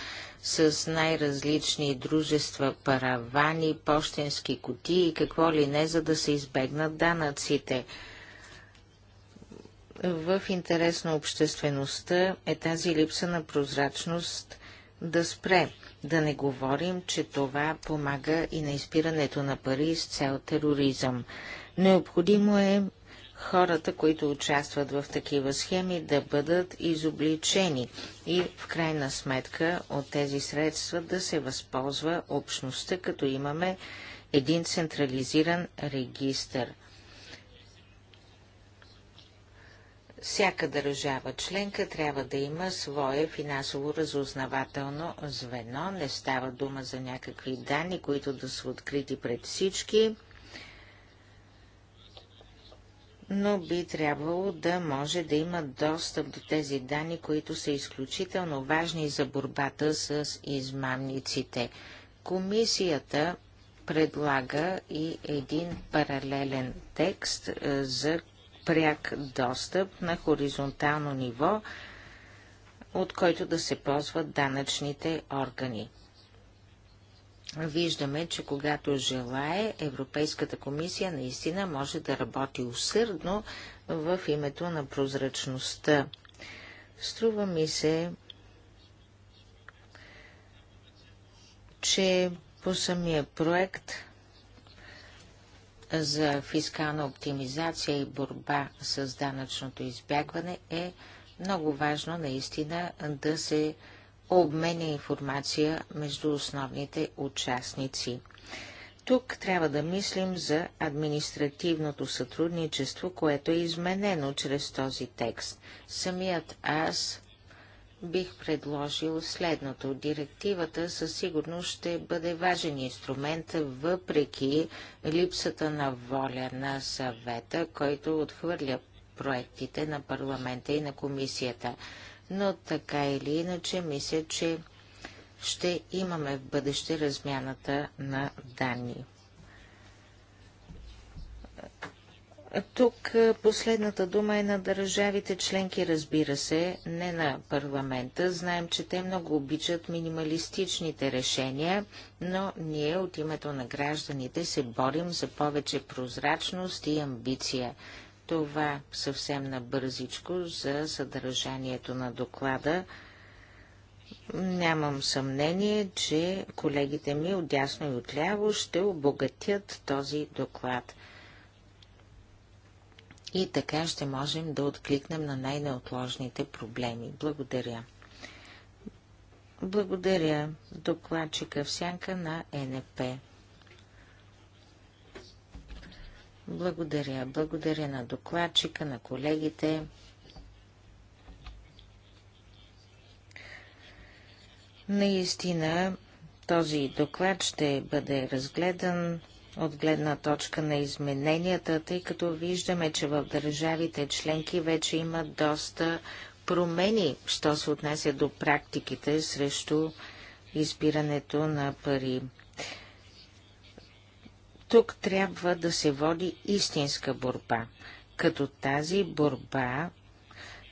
с най-различни дружества, паравани, почтенски кутии и какво ли не, за да се избегнат данъците. В интерес на обществеността е тази липса на прозрачност да спре. Да не говорим, че това помага и на изпирането на пари с цел тероризъм. Необходимо е хората, които участват в такива схеми, да бъдат изобличени и в крайна сметка от тези средства да се възползва общността, като имаме един централизиран регистър. Всяка държава членка трябва да има свое финансово разузнавателно звено. Не става дума за някакви данни, които да са открити пред всички но би трябвало да може да има достъп до тези данни, които са изключително важни за борбата с измамниците. Комисията предлага и един паралелен текст е, за пряк достъп на хоризонтално ниво, от който да се ползват данъчните органи виждаме, че когато желае, Европейската комисия наистина може да работи усърдно в името на прозрачността. Струва ми се, че по самия проект за фискална оптимизация и борба с данъчното избягване е много важно наистина да се обменя информация между основните участници. Тук трябва да мислим за административното сътрудничество, което е изменено чрез този текст. Самият аз бих предложил следното. Директивата със сигурност ще бъде важен инструмент, въпреки липсата на воля на съвета, който отхвърля проектите на парламента и на комисията но така или иначе мисля, че ще имаме в бъдеще размяната на данни. Тук последната дума е на държавите членки, разбира се, не на парламента. Знаем, че те много обичат минималистичните решения, но ние от името на гражданите се борим за повече прозрачност и амбиция. Това съвсем набързичко за съдържанието на доклада. Нямам съмнение, че колегите ми дясно и отляво ще обогатят този доклад. И така ще можем да откликнем на най-неотложните проблеми. Благодаря. Благодаря докладчика Всянка сянка на НП. Благодаря. Благодаря на докладчика, на колегите. Наистина, този доклад ще бъде разгледан от гледна точка на измененията, тъй като виждаме, че в държавите членки вече има доста промени, що се отнася до практиките срещу избирането на пари. Тук трябва да се води истинска борба, като тази борба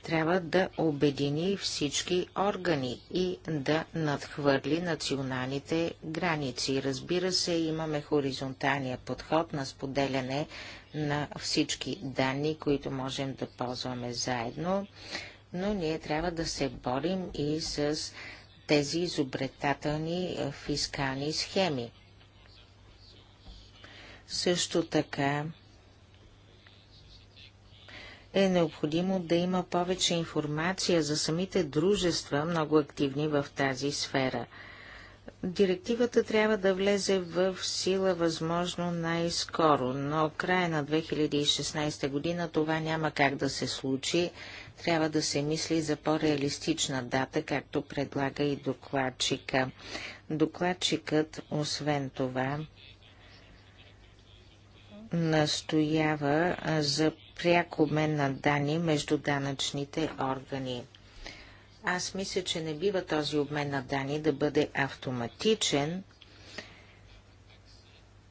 трябва да обедини всички органи и да надхвърли националните граници. Разбира се, имаме хоризонталния подход на споделяне на всички данни, които можем да ползваме заедно, но ние трябва да се борим и с тези изобретателни е, фискални схеми. Също така е необходимо да има повече информация за самите дружества, много активни в тази сфера. Директивата трябва да влезе в сила възможно най-скоро, но края на 2016 година това няма как да се случи. Трябва да се мисли за по-реалистична дата, както предлага и докладчика. Докладчикът, освен това, настоява за пряк обмен на данни между данъчните органи. Аз мисля, че не бива този обмен на данни да бъде автоматичен,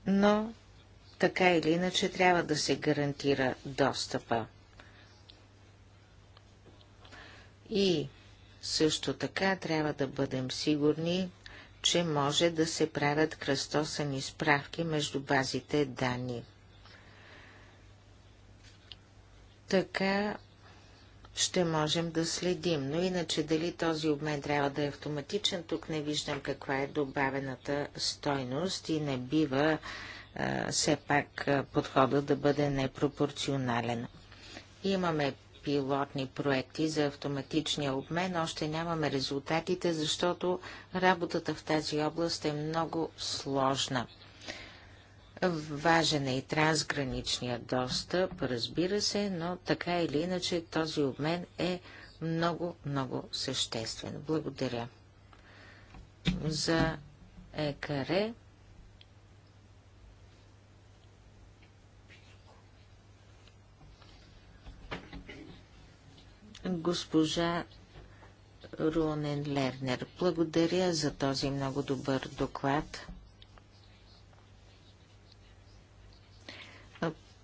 но така или иначе трябва да се гарантира достъпа. И също така трябва да бъдем сигурни, че може да се правят кръстосани справки между базите данни. Така ще можем да следим, но иначе дали този обмен трябва да е автоматичен, тук не виждам каква е добавената стойност и не бива а, все пак подхода да бъде непропорционален. Имаме пилотни проекти за автоматичния обмен, още нямаме резултатите, защото работата в тази област е много сложна. Важен е и трансграничния достъп, разбира се, но така или иначе този обмен е много, много съществен. Благодаря. За екаре. Госпожа Рунен Лернер, благодаря за този много добър доклад.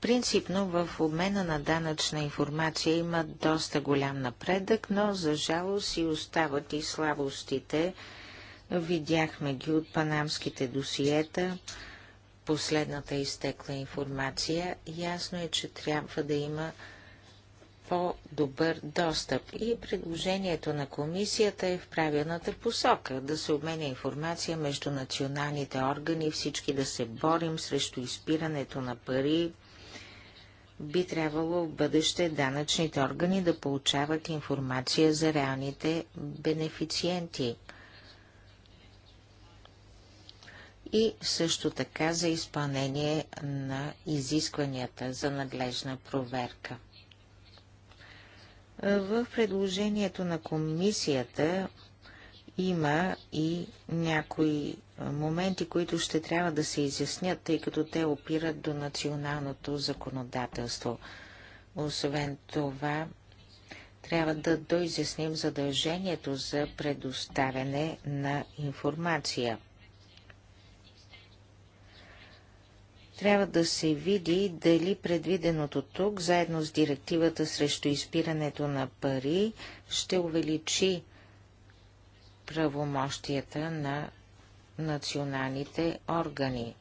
Принципно в обмена на данъчна информация има доста голям напредък, но за жалост и остават и слабостите. Видяхме ги от панамските досиета, последната изтекла информация. Ясно е, че трябва да има по-добър достъп. И предложението на комисията е в правилната посока да се обменя информация между националните органи, всички да се борим срещу изпирането на пари, би трябвало в бъдеще данъчните органи да получават информация за реалните бенефициенти и също така за изпълнение на изискванията за надлежна проверка. В предложението на комисията има и някои моменти, които ще трябва да се изяснят, тъй като те опират до националното законодателство. Освен това, трябва да доизясним задължението за предоставяне на информация. Трябва да се види дали предвиденото тук, заедно с директивата срещу изпирането на пари, ще увеличи правомощията на националните органи.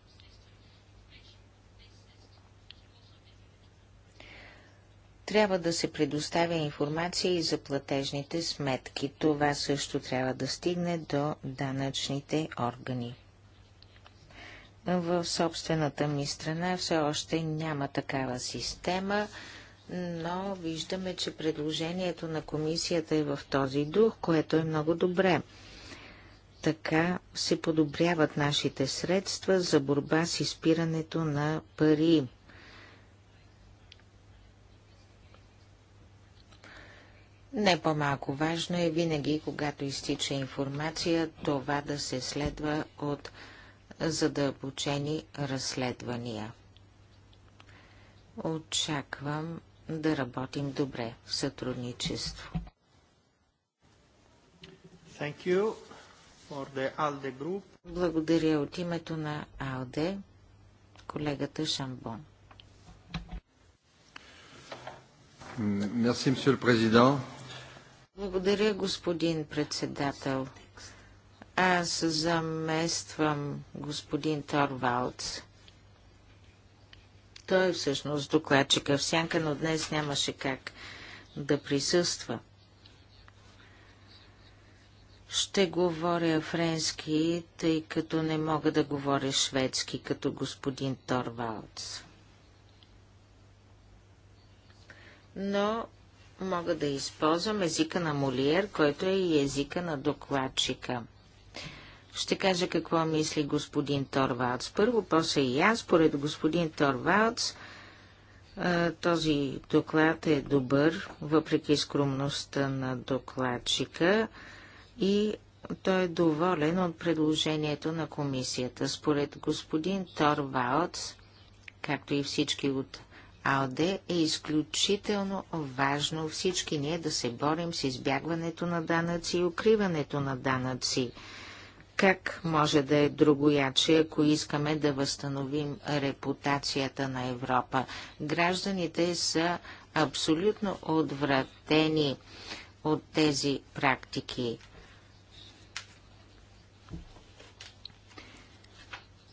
Трябва да се предоставя информация и за платежните сметки. Това също трябва да стигне до данъчните органи. В собствената ми страна все още няма такава система, но виждаме, че предложението на комисията е в този дух, което е много добре. Така се подобряват нашите средства за борба с изпирането на пари. Не по-малко важно е винаги, когато изтича информация, това да се следва от задълбочени разследвания. Очаквам да работим добре в сътрудничество. Thank you. Благодаря от името на АЛДЕ, колегата Шамбон. Merci, président. Благодаря, господин председател. Аз замествам господин Торвалц. Той е всъщност докладчика в сянка, но днес нямаше как да присъства. Ще говоря френски, тъй като не мога да говоря шведски, като господин Торвалдс. Но мога да използвам езика на Молиер, който е и езика на докладчика. Ще кажа какво мисли господин Торвалдс. Първо, после и аз, според господин Торвалдс, този доклад е добър, въпреки скромността на докладчика и той е доволен от предложението на комисията. Според господин Торвалц, както и всички от АОД, е изключително важно всички ние да се борим с избягването на данъци и укриването на данъци. Как може да е другояче, ако искаме да възстановим репутацията на Европа? Гражданите са абсолютно отвратени от тези практики.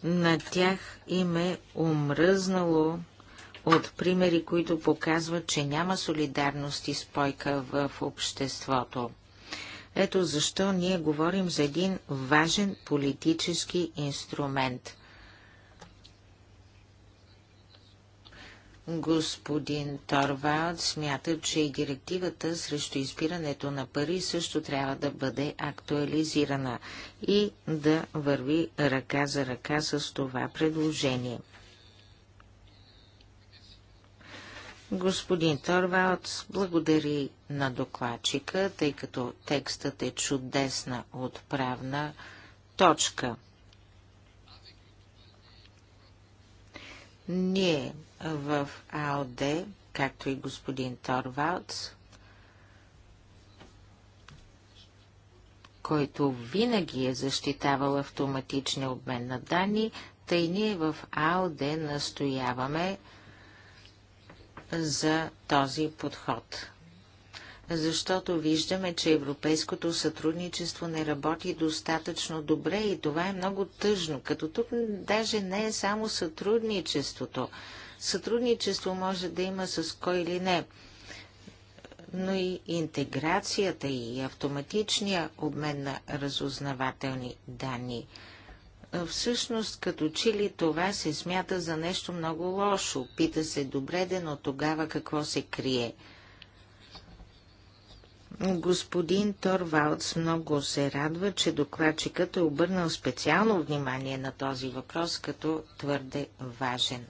На тях им е умръзнало от примери, които показват, че няма солидарност и спойка в обществото. Ето защо ние говорим за един важен политически инструмент – Господин Торвалд смята, че и директивата срещу изпирането на пари също трябва да бъде актуализирана и да върви ръка за ръка с това предложение. Господин Торвалд благодари на докладчика, тъй като текстът е чудесна отправна точка. Ние в АОД, както и господин Торвалц, който винаги е защитавал автоматичния обмен на данни, тъй ние в АОД настояваме за този подход. Защото виждаме, че европейското сътрудничество не работи достатъчно добре и това е много тъжно, като тук даже не е само сътрудничеството сътрудничество може да има с кой или не, но и интеграцията и автоматичния обмен на разузнавателни данни. Всъщност, като че ли това се смята за нещо много лошо. Пита се добре де, но тогава какво се крие? Господин Торвалдс много се радва, че докладчикът е обърнал специално внимание на този въпрос като твърде важен.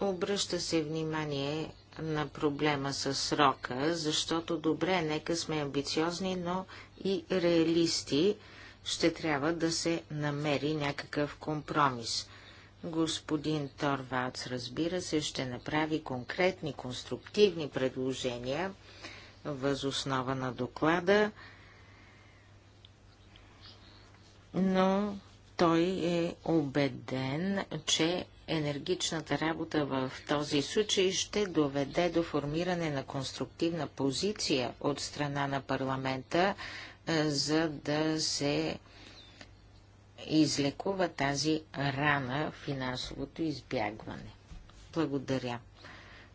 Обръща се внимание на проблема с срока, защото добре, нека сме амбициозни, но и реалисти ще трябва да се намери някакъв компромис. Господин Торвац, разбира се, ще направи конкретни, конструктивни предложения възоснова на доклада, но той е убеден, че енергичната работа в този случай ще доведе до формиране на конструктивна позиция от страна на парламента, е, за да се излекува тази рана финансовото избягване. Благодаря.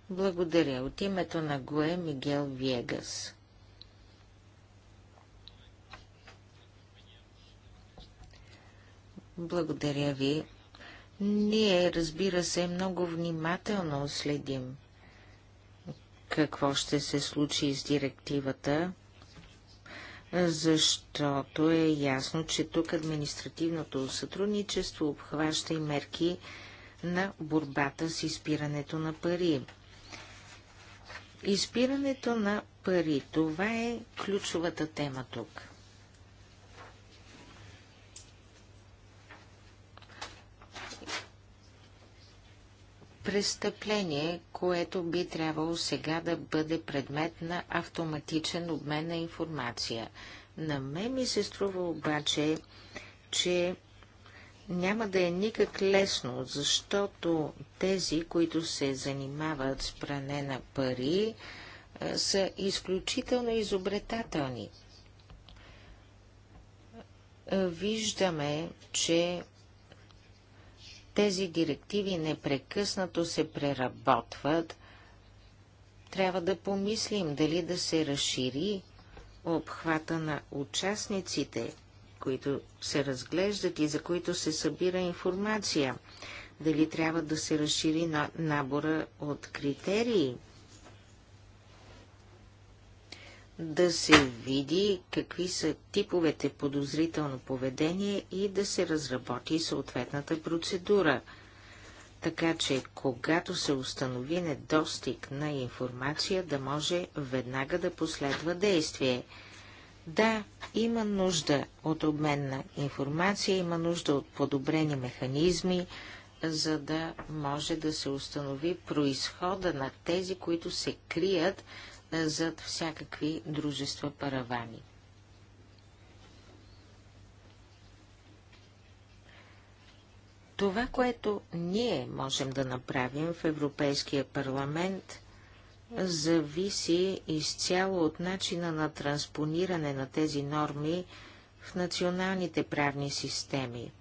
Благодаря. От името на Гуе Мигел Виегас. Благодаря ви. Ние, разбира се, много внимателно следим какво ще се случи с директивата, защото е ясно, че тук административното сътрудничество обхваща и мерки на борбата с изпирането на пари. Изпирането на пари – това е ключовата тема тук. престъпление, което би трябвало сега да бъде предмет на автоматичен обмен на информация. На мен ми се струва обаче, че няма да е никак лесно, защото тези, които се занимават с пране на пари, е, са изключително изобретателни. Виждаме, че тези директиви непрекъснато се преработват. Трябва да помислим дали да се разшири обхвата на участниците, които се разглеждат и за които се събира информация. Дали трябва да се разшири на набора от критерии да се види какви са типовете подозрително поведение и да се разработи съответната процедура. Така че, когато се установи недостиг на информация, да може веднага да последва действие. Да, има нужда от обмен на информация, има нужда от подобрени механизми, за да може да се установи происхода на тези, които се крият зад всякакви дружества паравани. Това, което ние можем да направим в Европейския парламент, зависи изцяло от начина на транспониране на тези норми в националните правни системи.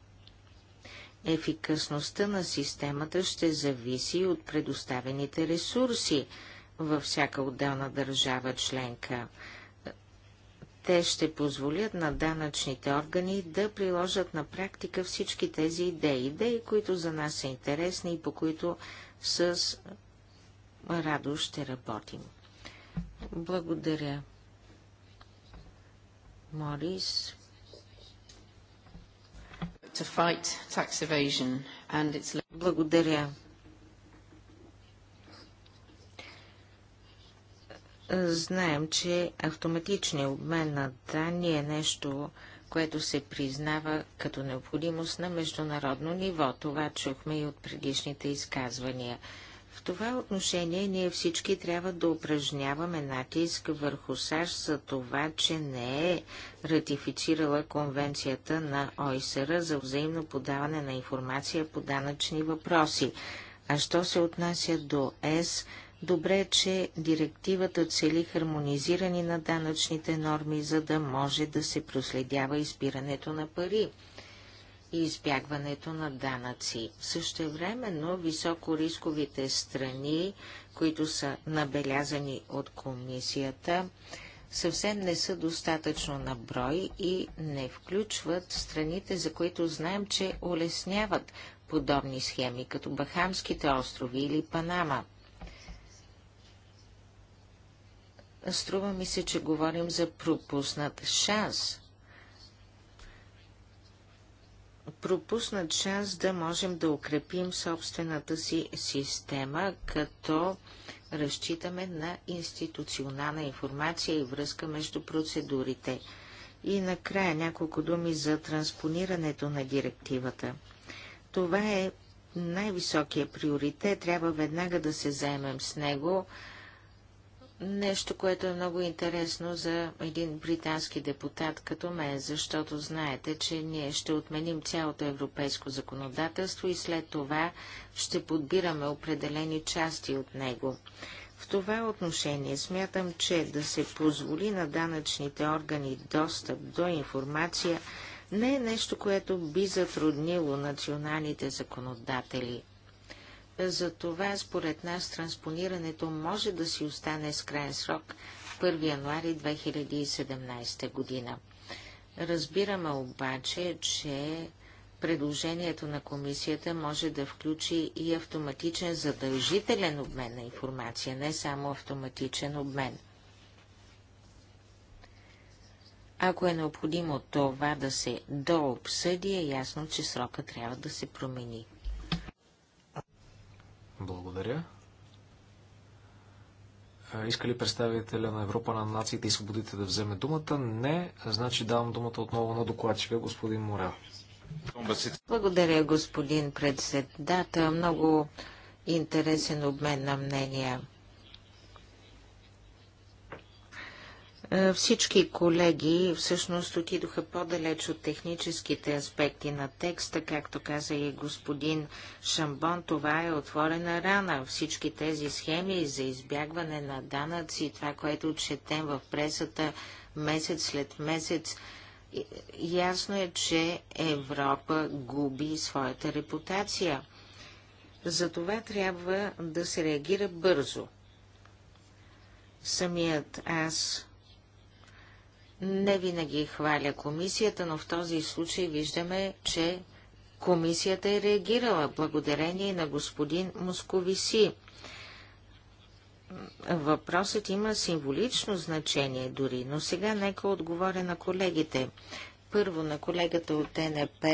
Ефикасността на системата ще зависи от предоставените ресурси – във всяка отделна държава членка. Те ще позволят на данъчните органи да приложат на практика всички тези идеи. Идеи, които за нас са интересни и по които с радост ще работим. Благодаря. Морис. Благодаря. Знаем, че автоматичният обмен на данни е нещо, което се признава като необходимост на международно ниво. Това чухме и от предишните изказвания. В това отношение ние всички трябва да упражняваме натиск върху САЩ за това, че не е ратифицирала конвенцията на ОИСР за взаимно подаване на информация по данъчни въпроси. А що се отнася до ЕС, Добре че директивата цели хармонизиране на данъчните норми, за да може да се проследява изпирането на пари и избягването на данъци. Също Същевременно високорисковите страни, които са набелязани от комисията, съвсем не са достатъчно на брой и не включват страните, за които знаем, че улесняват подобни схеми, като Бахамските острови или Панама. Струва ми се, че говорим за пропуснат шанс. Пропуснат шанс да можем да укрепим собствената си система, като разчитаме на институционална информация и връзка между процедурите. И накрая няколко думи за транспонирането на директивата. Това е най-високия приоритет, трябва веднага да се заемем с него нещо, което е много интересно за един британски депутат като мен, защото знаете, че ние ще отменим цялото европейско законодателство и след това ще подбираме определени части от него. В това отношение смятам, че да се позволи на данъчните органи достъп до информация не е нещо, което би затруднило националните законодатели – затова, според нас, транспонирането може да си остане с крайен срок 1 януари 2017 година. Разбираме обаче, че предложението на комисията може да включи и автоматичен задължителен обмен на информация, не само автоматичен обмен. Ако е необходимо това да се дообсъди, е ясно, че срока трябва да се промени. Благодаря. Иска ли представителя на Европа на нациите и свободите да вземе думата? Не. Значи давам думата отново на докладчика, господин Мора. Благодаря, господин председател. Много интересен обмен на мнения. Е, всички колеги всъщност отидоха по-далеч от техническите аспекти на текста, както каза и господин Шамбон, това е отворена рана. Всички тези схеми за избягване на данъци, това, което четем в пресата месец след месец, ясно е, че Европа губи своята репутация. Затова трябва да се реагира бързо. Самият аз не винаги хваля комисията, но в този случай виждаме, че комисията е реагирала благодарение на господин Московиси. Въпросът има символично значение дори, но сега нека отговоря на колегите. Първо на колегата от НП.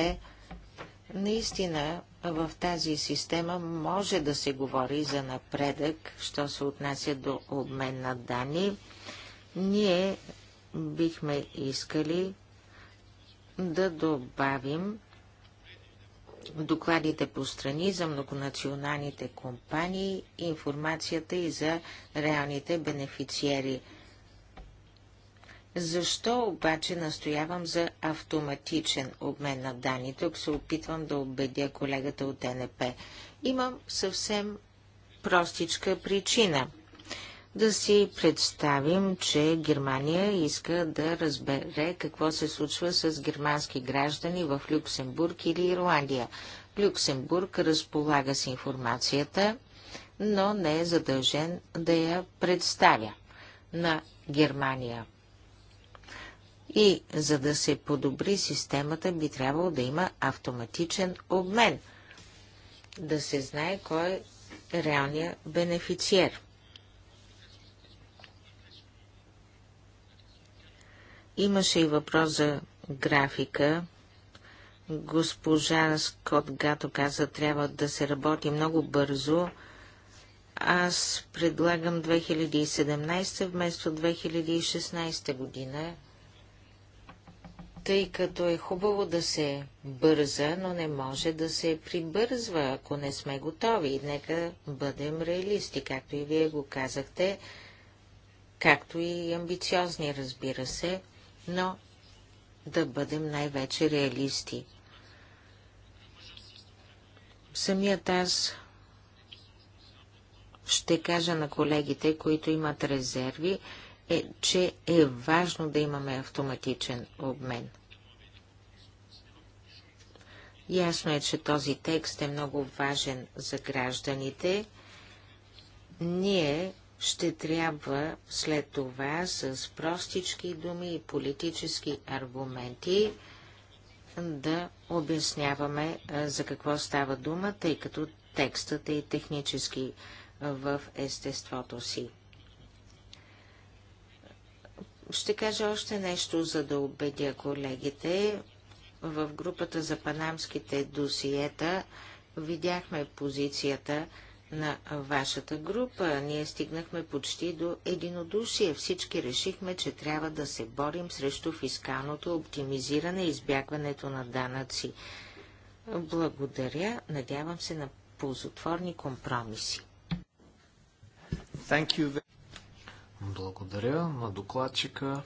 Наистина в тази система може да се говори за напредък, що се отнася до обмен на данни. Ние бихме искали да добавим докладите по страни за многонационалните компании, информацията и за реалните бенефициери. Защо обаче настоявам за автоматичен обмен на данни? Тук се опитвам да убедя колегата от ДНП. Имам съвсем простичка причина – да си представим, че Германия иска да разбере какво се случва с германски граждани в Люксембург или Ирландия. Люксембург разполага с информацията, но не е задължен да я представя на Германия. И за да се подобри системата, би трябвало да има автоматичен обмен, да се знае кой е реалният бенефициер. Имаше и въпрос за графика. Госпожа Скот Гато каза, трябва да се работи много бързо. Аз предлагам 2017 вместо 2016 година, тъй като е хубаво да се бърза, но не може да се прибързва, ако не сме готови. Нека бъдем реалисти, както и вие го казахте, както и амбициозни, разбира се но да бъдем най-вече реалисти. Самият аз ще кажа на колегите, които имат резерви, е, че е важно да имаме автоматичен обмен. Ясно е, че този текст е много важен за гражданите. Ние ще трябва след това с простички думи и политически аргументи да обясняваме за какво става дума, тъй като текстът е технически в естеството си. Ще кажа още нещо, за да убедя колегите. В групата за панамските досиета видяхме позицията на вашата група. Ние стигнахме почти до единодушие. Всички решихме, че трябва да се борим срещу фискалното оптимизиране и избягването на данъци. Благодаря. Надявам се на ползотворни компромиси. Благодаря на докладчика.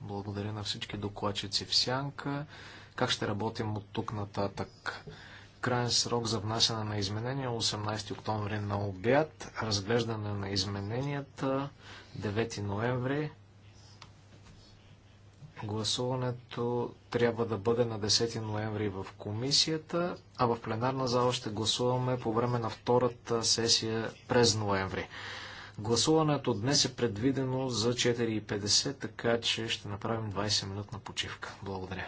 Благодаря на всички докладчици в Сянка. Как ще работим от тук нататък? Крайен срок за внасяне на изменения 18 е октомври на обяд, разглеждане на измененията 9 ноември. Гласуването трябва да бъде на 10 ноември в комисията, а в пленарна зала ще гласуваме по време на втората сесия през ноември. Гласуването днес е предвидено за 4.50, така че ще направим 20 минутна почивка. Благодаря.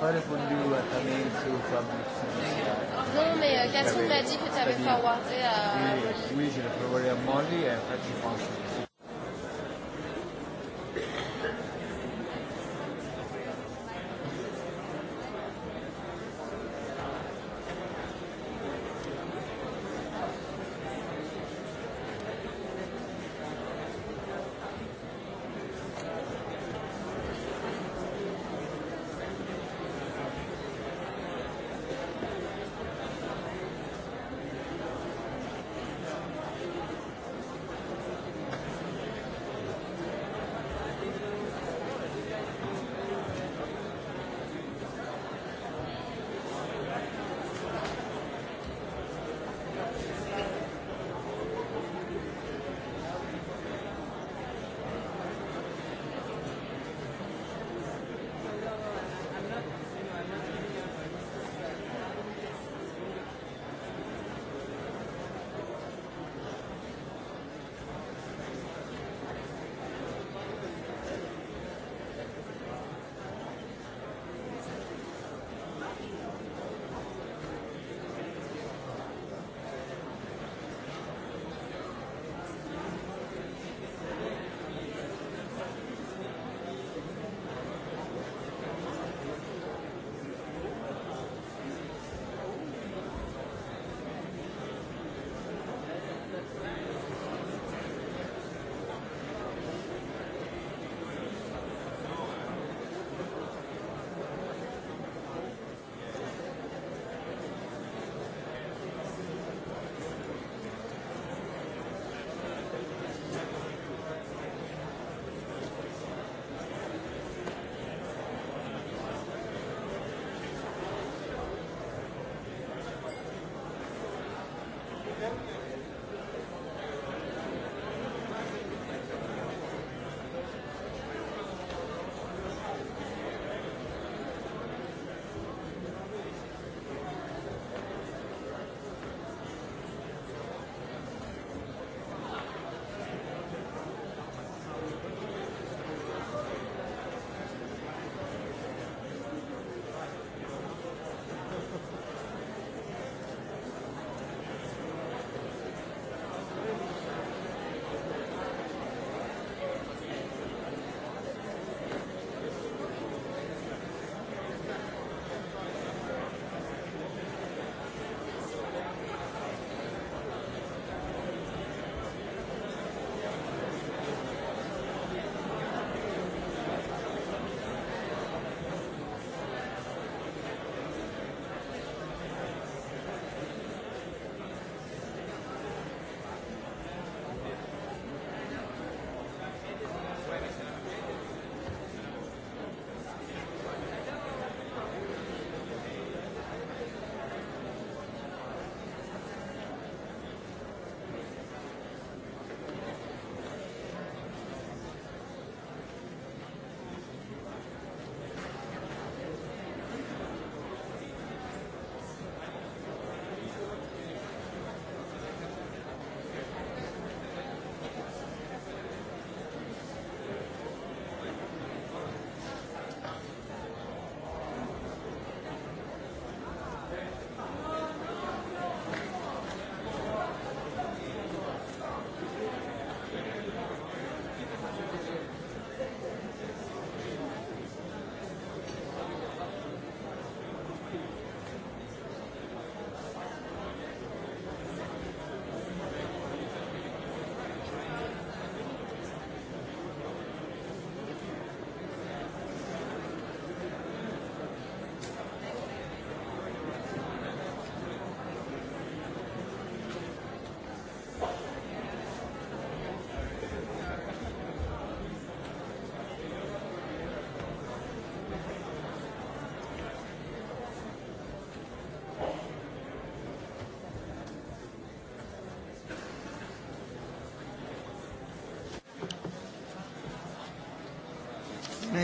fare congiuratamente Non, mais Catherine m'a dit que tu avais forwardé à. Oui, oui, je forwardé à Molly. Et...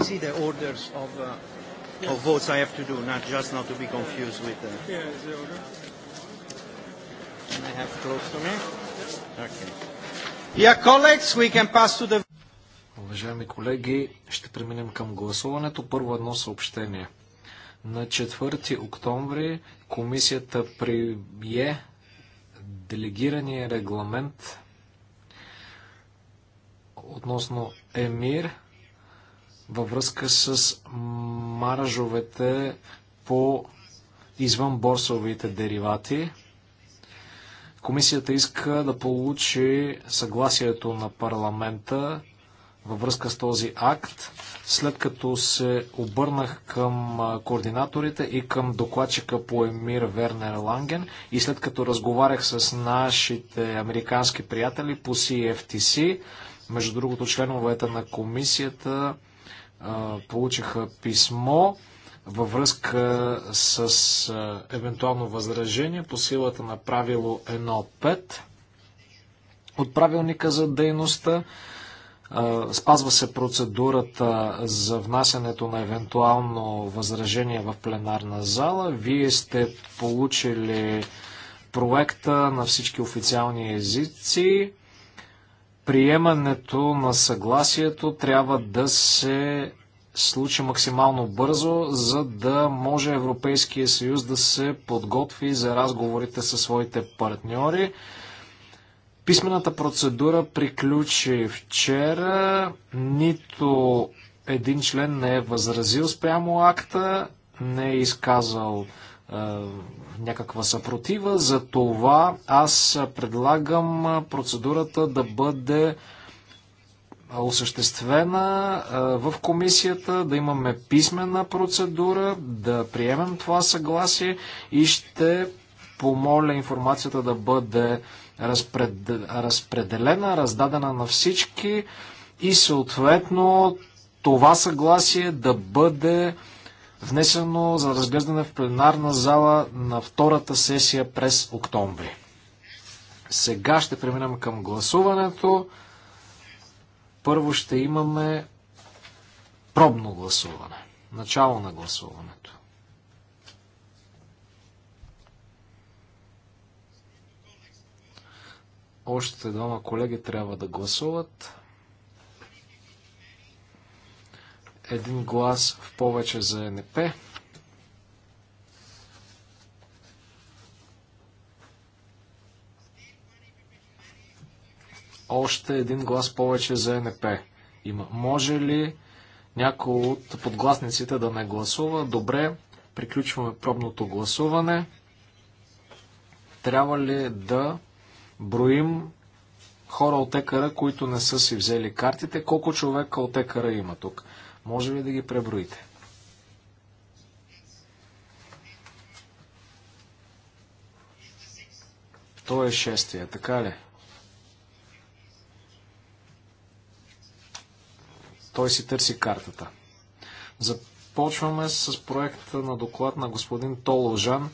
see the orders of, uh, yes. of votes I have to do, not just not to be confused with the... Yeah, the order. I have close to me. Okay. Yeah, colleagues, we can pass to the... Уважаеми колеги, ще преминем към гласуването. Първо едно съобщение. На 4 октомври комисията прие делегирания регламент относно ЕМИР във връзка с маражовете по извън борсовите деривати. Комисията иска да получи съгласието на парламента във връзка с този акт, след като се обърнах към координаторите и към докладчика по Емир Вернер Ланген и след като разговарях с нашите американски приятели по CFTC, между другото членовете на комисията получиха писмо във връзка с евентуално възражение по силата на правило 1.5 от правилника за дейността. Спазва се процедурата за внасянето на евентуално възражение в пленарна зала. Вие сте получили проекта на всички официални езици приемането на съгласието трябва да се случи максимално бързо, за да може Европейския съюз да се подготви за разговорите със своите партньори. Писмената процедура приключи вчера. Нито един член не е възразил спрямо акта, не е изказал е, някаква съпротива, за това аз предлагам процедурата да бъде осъществена в комисията, да имаме писмена процедура, да приемем това съгласие и ще помоля информацията да бъде разпределена, раздадена на всички и съответно това съгласие да бъде внесено за разглеждане в пленарна зала на втората сесия през октомври. Сега ще преминем към гласуването. Първо ще имаме пробно гласуване. Начало на гласуването. Още двама колеги трябва да гласуват. един глас в повече за НП. Още един глас повече за НП. Има. Може ли някой от подгласниците да не гласува? Добре, приключваме пробното гласуване. Трябва ли да броим хора от екара, които не са си взели картите. Колко човека от екара има тук? Може ли да ги преброите? То е шестия, така ли? Той си търси картата. Започваме с проекта на доклад на господин Толожан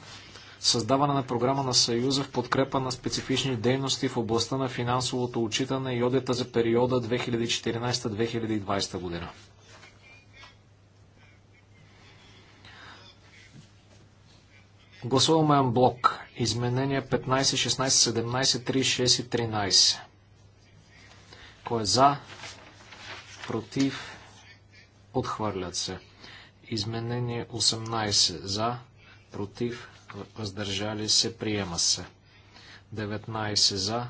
създаване на програма на Съюза в подкрепа на специфични дейности в областта на финансовото отчитане и одета за периода 2014-2020 година. Гласуваме блок. Изменения 15, 16, 17, 36 и 13. Кой е за? Против? Отхвърлят се. Изменение 18. За? Против? Въздържали се? Приема се. 19 за,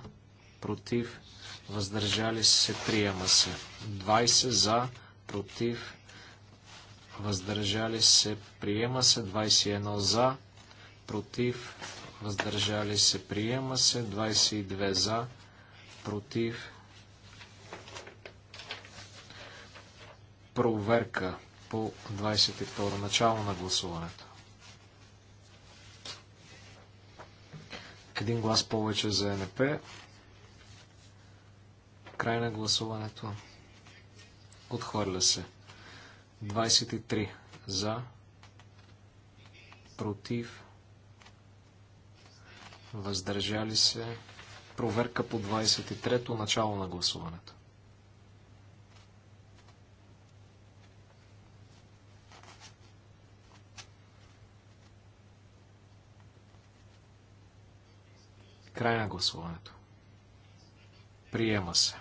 против, въздържали се, приема се. 20 за, против, въздържали се, приема се. 21 за, против, въздържали се, приема се, 22 за, против, проверка по 22 начало на гласуването. Един глас повече за НП. Край на гласуването. Отхвърля се. 23 за, против, въздържали се. Проверка по 23-то начало на гласуването. Край на гласуването. Приема се.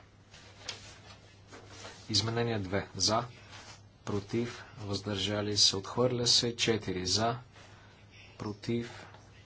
Изменение 2. За. Против. Въздържали се. Отхвърля се. 4. За. Против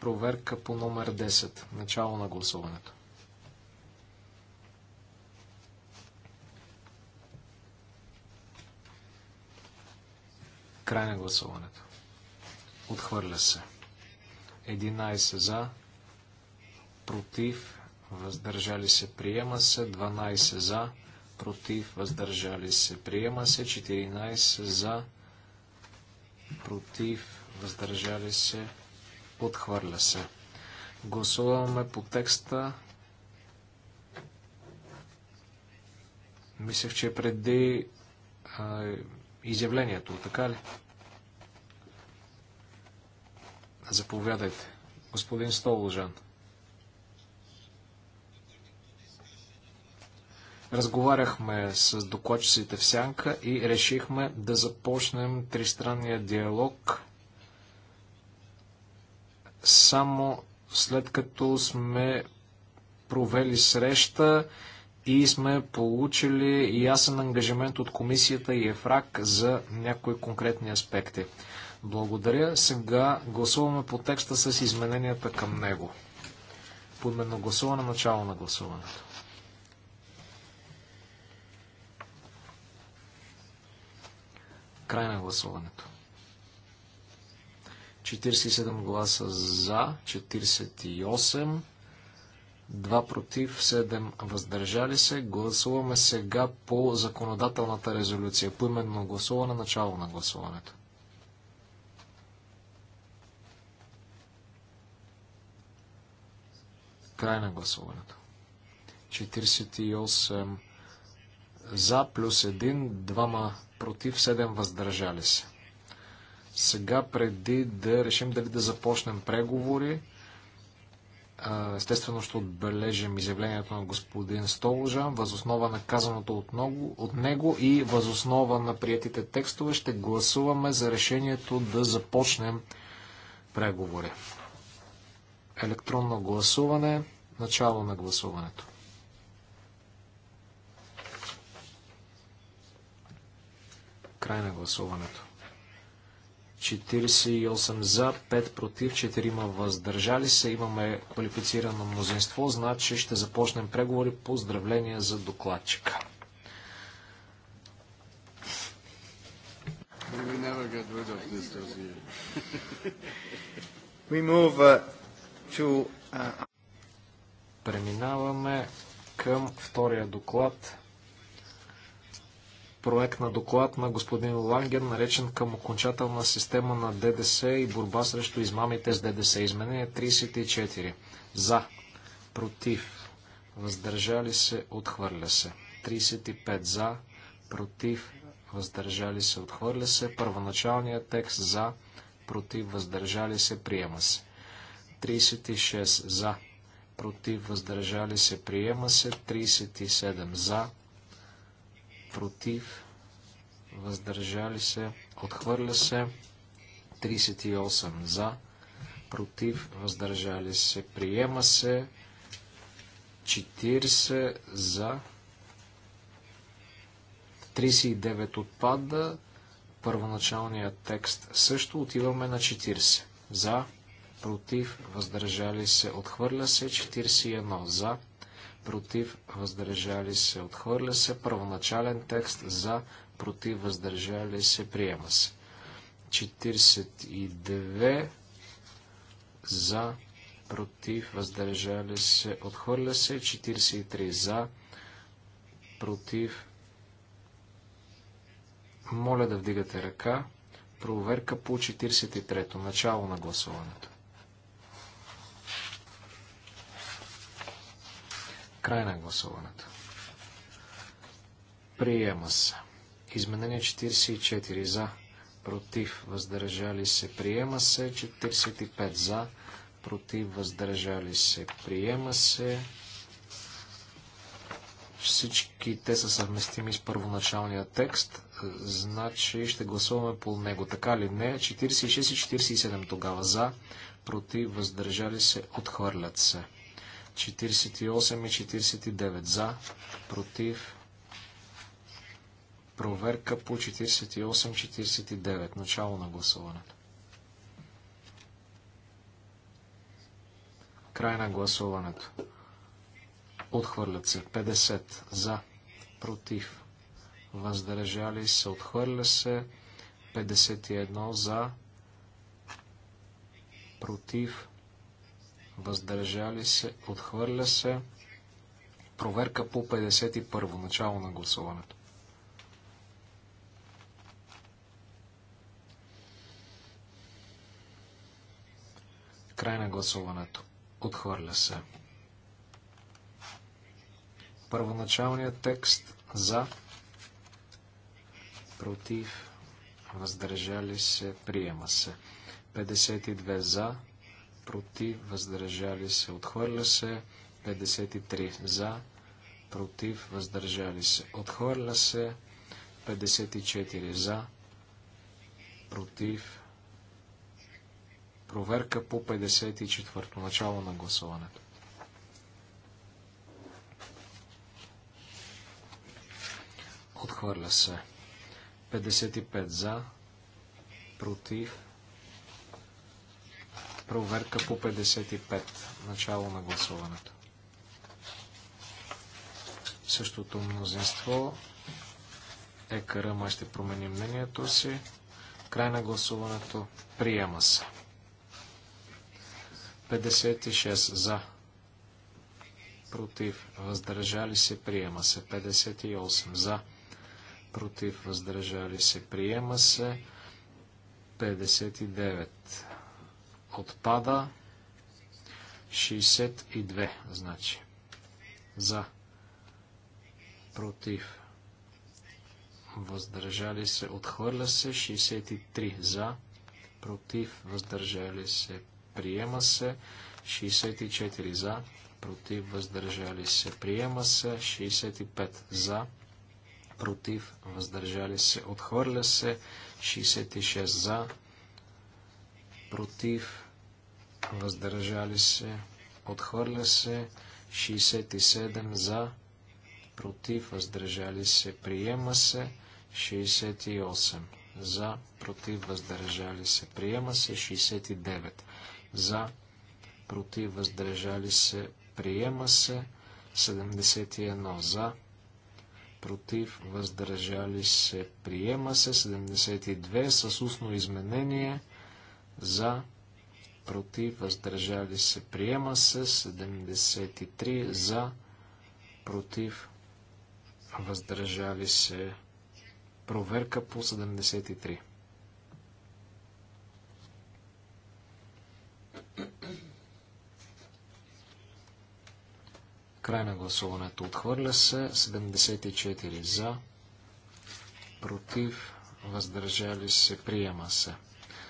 Проверка по номер 10. Начало на гласуването. Край на гласуването. Отхвърля се. 11 за, против, въздържали се, приема се. 12 за, против, въздържали се, приема се. 14 за, против, въздържали се, Отхвърля се. Гласуваме по текста. Мислех, че е преди а, изявлението, така ли? Заповядайте. Господин Столожан. Разговаряхме с докладчиците в Сянка и решихме да започнем тристранния диалог само след като сме провели среща и сме получили ясен ангажимент от комисията и ЕФРАК за някои конкретни аспекти. Благодаря. Сега гласуваме по текста с измененията към него. Подменно гласуване, начало на гласуването. Край на гласуването. 47 гласа за, 48, 2 против, 7 въздържали се. Гласуваме сега по законодателната резолюция, по именно гласуване, начало на гласуването. Край на гласуването. 48 за, плюс 1, 2 против, 7 въздържали се. Сега, преди да решим дали да започнем преговори, естествено ще отбележим изявлението на господин Столожан, възоснова на казаното от, много, от него и възоснова на приятите текстове ще гласуваме за решението да започнем преговори. Електронно гласуване, начало на гласуването. Край на гласуването. 48 за, 5 против, 4 въздържали се. Имаме квалифицирано мнозинство, значи ще започнем преговори. Поздравления за докладчика. Uh, uh, Преминаваме към втория доклад проект на доклад на господин Лангер, наречен към окончателна система на ДДС и борба срещу измамите с ДДС. Изменение 34. За. Против. Въздържали се. Отхвърля се. 35. За. Против. Въздържали се. Отхвърля се. Първоначалният текст. За. Против. Въздържали се. Приема се. 36. За. Против. Въздържали се. Приема се. 37. За против, въздържали се, отхвърля се, 38 за, против, въздържали се, приема се, 40 за, 39 отпада, първоначалният текст също, отиваме на 40 за, против, въздържали се, отхвърля се, 41 за, против, въздържали се, отхвърля се. Първоначален текст за, против, въздържали се, приема се. 42 за, против, въздържали се, отхвърля се. 43 за, против. Моля да вдигате ръка. Проверка по 43-то. Начало на гласуването. Край на гласуването. Приема се. Изменение 44 за, против, въздържали се, приема се. 45 за, против, въздържали се, приема се. Всички те са съвместими с първоначалния текст, значи ще гласуваме по него. Така ли не? 46 и 47 тогава за, против, въздържали се, отхвърлят се. 48 и 49 за, против. Проверка по 48-49. Начало на гласуването. Край на гласуването. Отхвърлят се 50 за, против. Въздържали се, отхвърля се 51 за, против въздържали се, отхвърля се. Проверка по 51. Начало на гласуването. Край на гласуването. Отхвърля се. Първоначалният текст за, против, въздържали се, приема се. 52 за, против, въздържали се, отхвърля се. 53 за, против, въздържали се, отхвърля се. 54 за, против. Проверка по 54-то начало на гласуването. Отхвърля се. 55 за, против, Проверка по 55. Начало на гласуването. Същото мнозинство. е май ще промени мнението си. Край на гласуването. Приема се. 56 за. Против. Въздържали се. Приема се. 58 за. Против. Въздържали се. Приема се. 59 Отпада 62, значи. За. Против. Въздържали се. Отхвърля се. 63. За. Против. Въздържали се. Приема се. 64. За. Против. Въздържали се. Приема се. 65. За. Против. Въздържали се. Отхвърля се. 66. За против, въздържали се, отхвърля се, 67 за, против, въздържали се, приема се, 68 за, против, въздържали се, приема се, 69 за, против, въздържали се, приема се, 71 за, против, въздържали се, приема се, 72 с устно изменение за, против, въздържали се, приема се, 73 за, против, въздържали се, проверка по 73. Край на гласуването. Отхвърля се 74 за, против, въздържали се, приема се.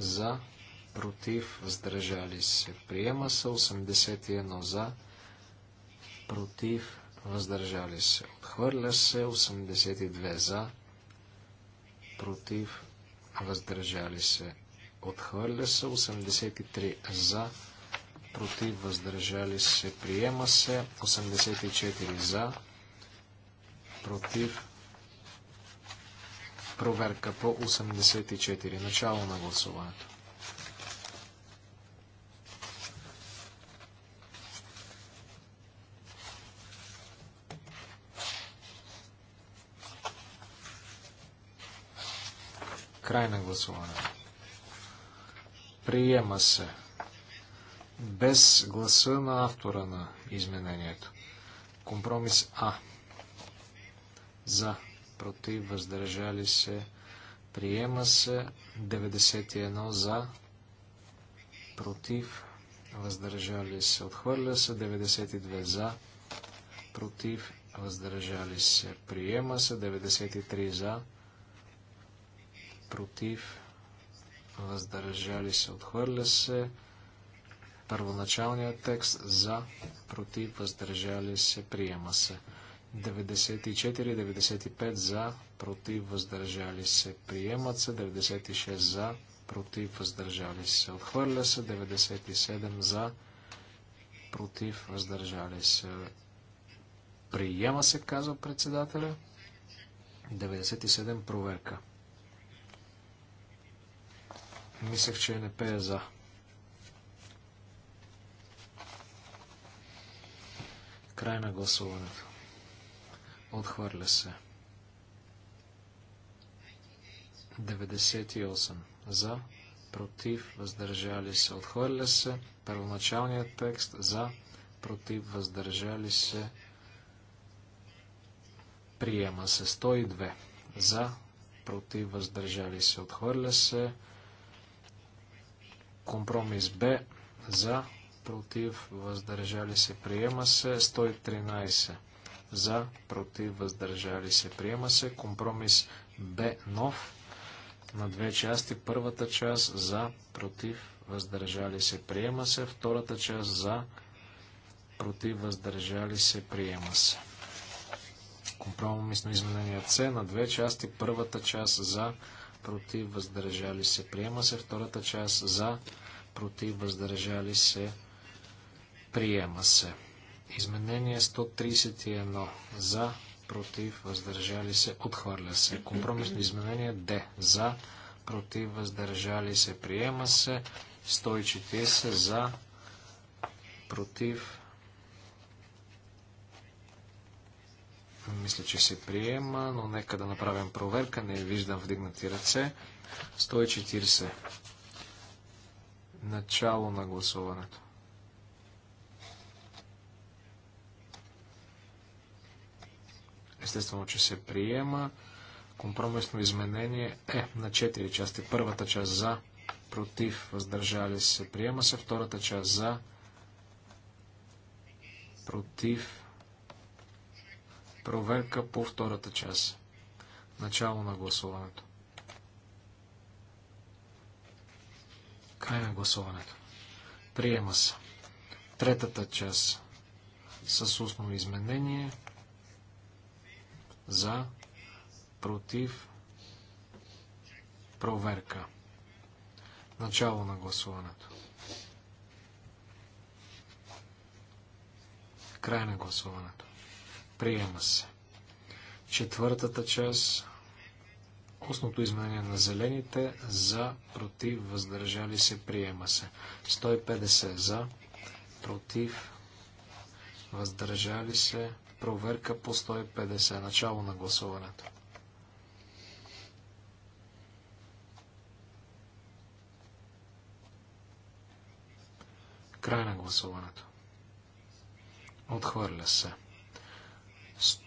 за, против, въздържали се. Приема се 81 за, против, въздържали се. Отхвърля се 82 за, против, въздържали се. Отхвърля се 83 за, против, въздържали се. Приема се 84 за, против, проверка по 84. Начало на гласуването. Край на гласуването. Приема се. Без гласа на автора на изменението. Компромис А. За против, въздържали се, приема се. 91 за, против, въздържали се, отхвърля се. 92 за, против, въздържали се, приема се. 93 за, против, въздържали се, отхвърля се. Първоначалният текст за, против, въздържали се, приема се. 94-95 за, против, въздържали се. Приемат се 96 за, против, въздържали се. Отхвърля се 97 за, против, въздържали се. Приема се, казва председателя. 97 проверка. Мислех, че НП е за. Край на гласуването. Отхвърля се. 98. За. Против. Въздържали се. Отхвърля се. Първоначалният текст. За. Против. Въздържали се. Приема се. 102. За. Против. Въздържали се. Отхвърля се. Компромис Б. За. Против. Въздържали се. Приема се. 113 за, против, въздържали се, приема се. Компромис Б нов на две части. Първата част за, против, въздържали се, приема се. Втората част за, против, въздържали се, приема се. Компромисно изменение С на две части. Първата част за, против, въздържали се, приема се. Втората част за, против, въздържали се, приема се. Изменение 131 за, против, въздържали се, отхвърля се. Компромисно изменение Д за, против, въздържали се, приема се. 140 за, против, мисля, че се приема, но нека да направим проверка. Не виждам вдигнати ръце. 140. Начало на гласуването. Естествено, че се приема. Компромисно изменение е на 4 части. Първата част за, против, въздържали се, приема се. Втората част за, против, проверка по втората част. Начало на гласуването. Край на гласуването. Приема се. Третата част с устно изменение за, против, проверка. Начало на гласуването. Край на гласуването. Приема се. Четвъртата част. Устното изменение на зелените. За, против, въздържали се. Приема се. 150 за, против, въздържали се проверка по 150. Начало на гласуването. Край на гласуването. Отхвърля се.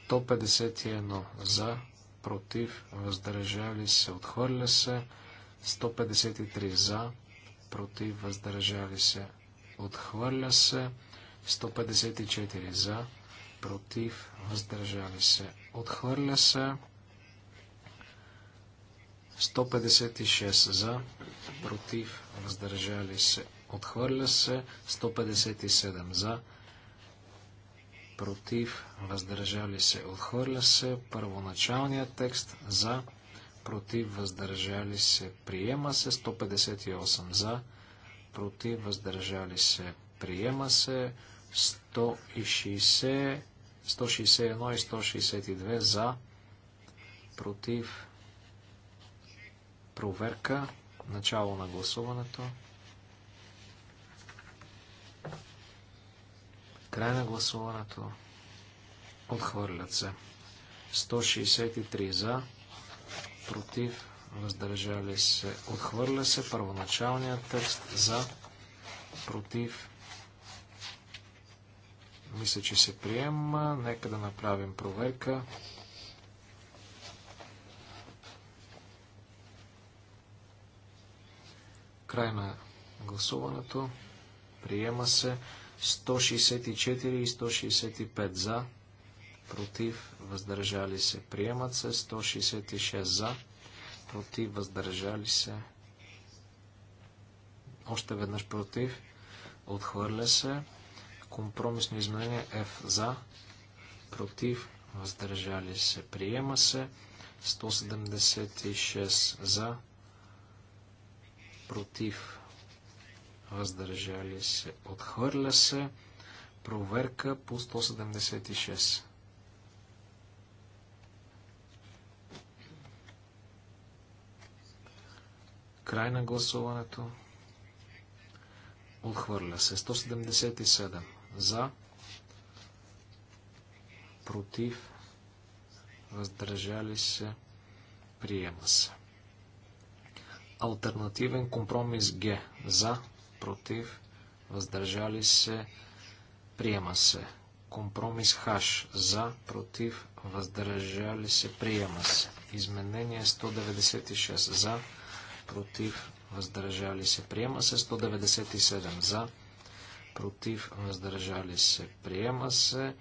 151 за, против, въздържали се, отхвърля се. 153 за, против, въздържали се, отхвърля се. 154 за, против, въздържали се, отхвърля се. 156 за, против, въздържали се, отхвърля се. 157 за, против, въздържали се, отхвърля се. Първоначалният текст за, против, въздържали се, приема се. 158 за, против, въздържали се, приема се. 160 161 и 162 за, против, проверка, начало на гласуването, край на гласуването, отхвърлят се. 163 за, против, въздържали се, отхвърля се първоначалният текст за, против, мисля, че се приема. Нека да направим проверка. Край на гласуването. Приема се 164 и 165 за, против, въздържали се. Приемат се 166 за, против, въздържали се. Още веднъж против. Отхвърля се. Компромисно изменение F за, против, въздържали се, приема се. 176 за, против, въздържали се, отхвърля се. Проверка по 176. Край на гласуването. Отхвърля се. 177 за, против, въздържали се, приема се. Алтернативен компромис Г за, против, въздържали се, приема се. Компромис Х за, против, въздържали се, приема се. Изменение 196 за, против, въздържали се, приема се. 197 за, против, въздържали се, приема се.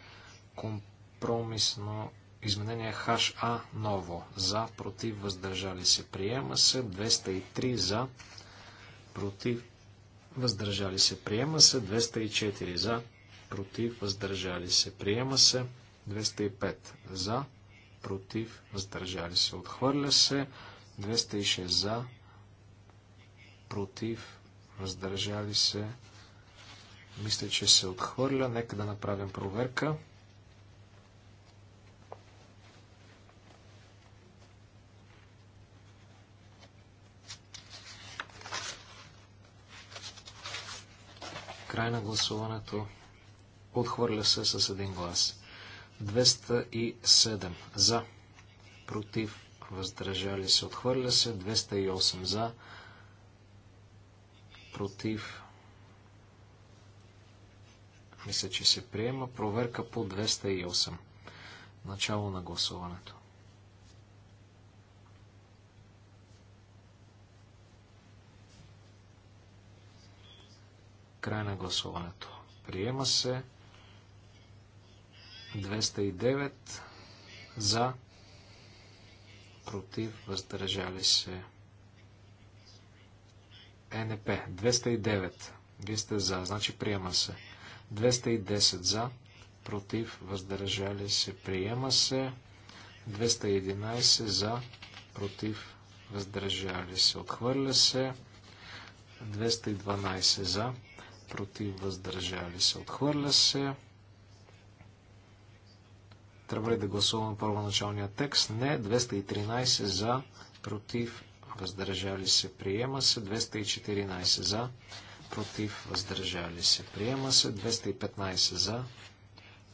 Компромисно изменение ХА ново, за, против, въздържали се, приема се. 203 за, против, въздържали се, приема се. 204 за, против, въздържали се, приема се. 205 за, против, въздържали се, отхвърля се. 206 за, против, въздържали се, мисля, че се отхвърля. Нека да направим проверка. Край на гласуването. Отхвърля се с един глас. 207 за, против, въздържали се, отхвърля се, 208 за, против, мисля, че се приема. Проверка по 208. Начало на гласуването. Край на гласуването. Приема се 209 за против въздържали се е, НП 209. Вие сте за, значи приема се. 210 за, против, въздържали се, приема се. 211 за, против, въздържали се, отхвърля се. 212 за, против, въздържали се, отхвърля се. Трябва ли да гласуваме първоначалния текст? Не. 213 за, против, въздържали се, приема се. 214 за, против, въздържали се, приема се. 215 за,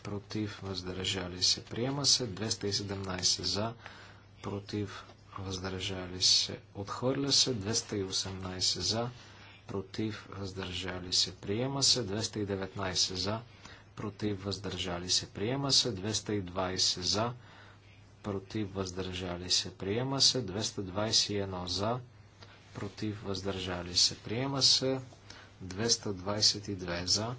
против, въздържали се, приема се. 217 за, против, въздържали се, отхвърля се. 218 за, против, въздържали се, приема се. 219 за, против, въздържали се, приема се. 220 за, против, въздържали се, приема се. 221 за, против, въздържали се, приема се. 222 за,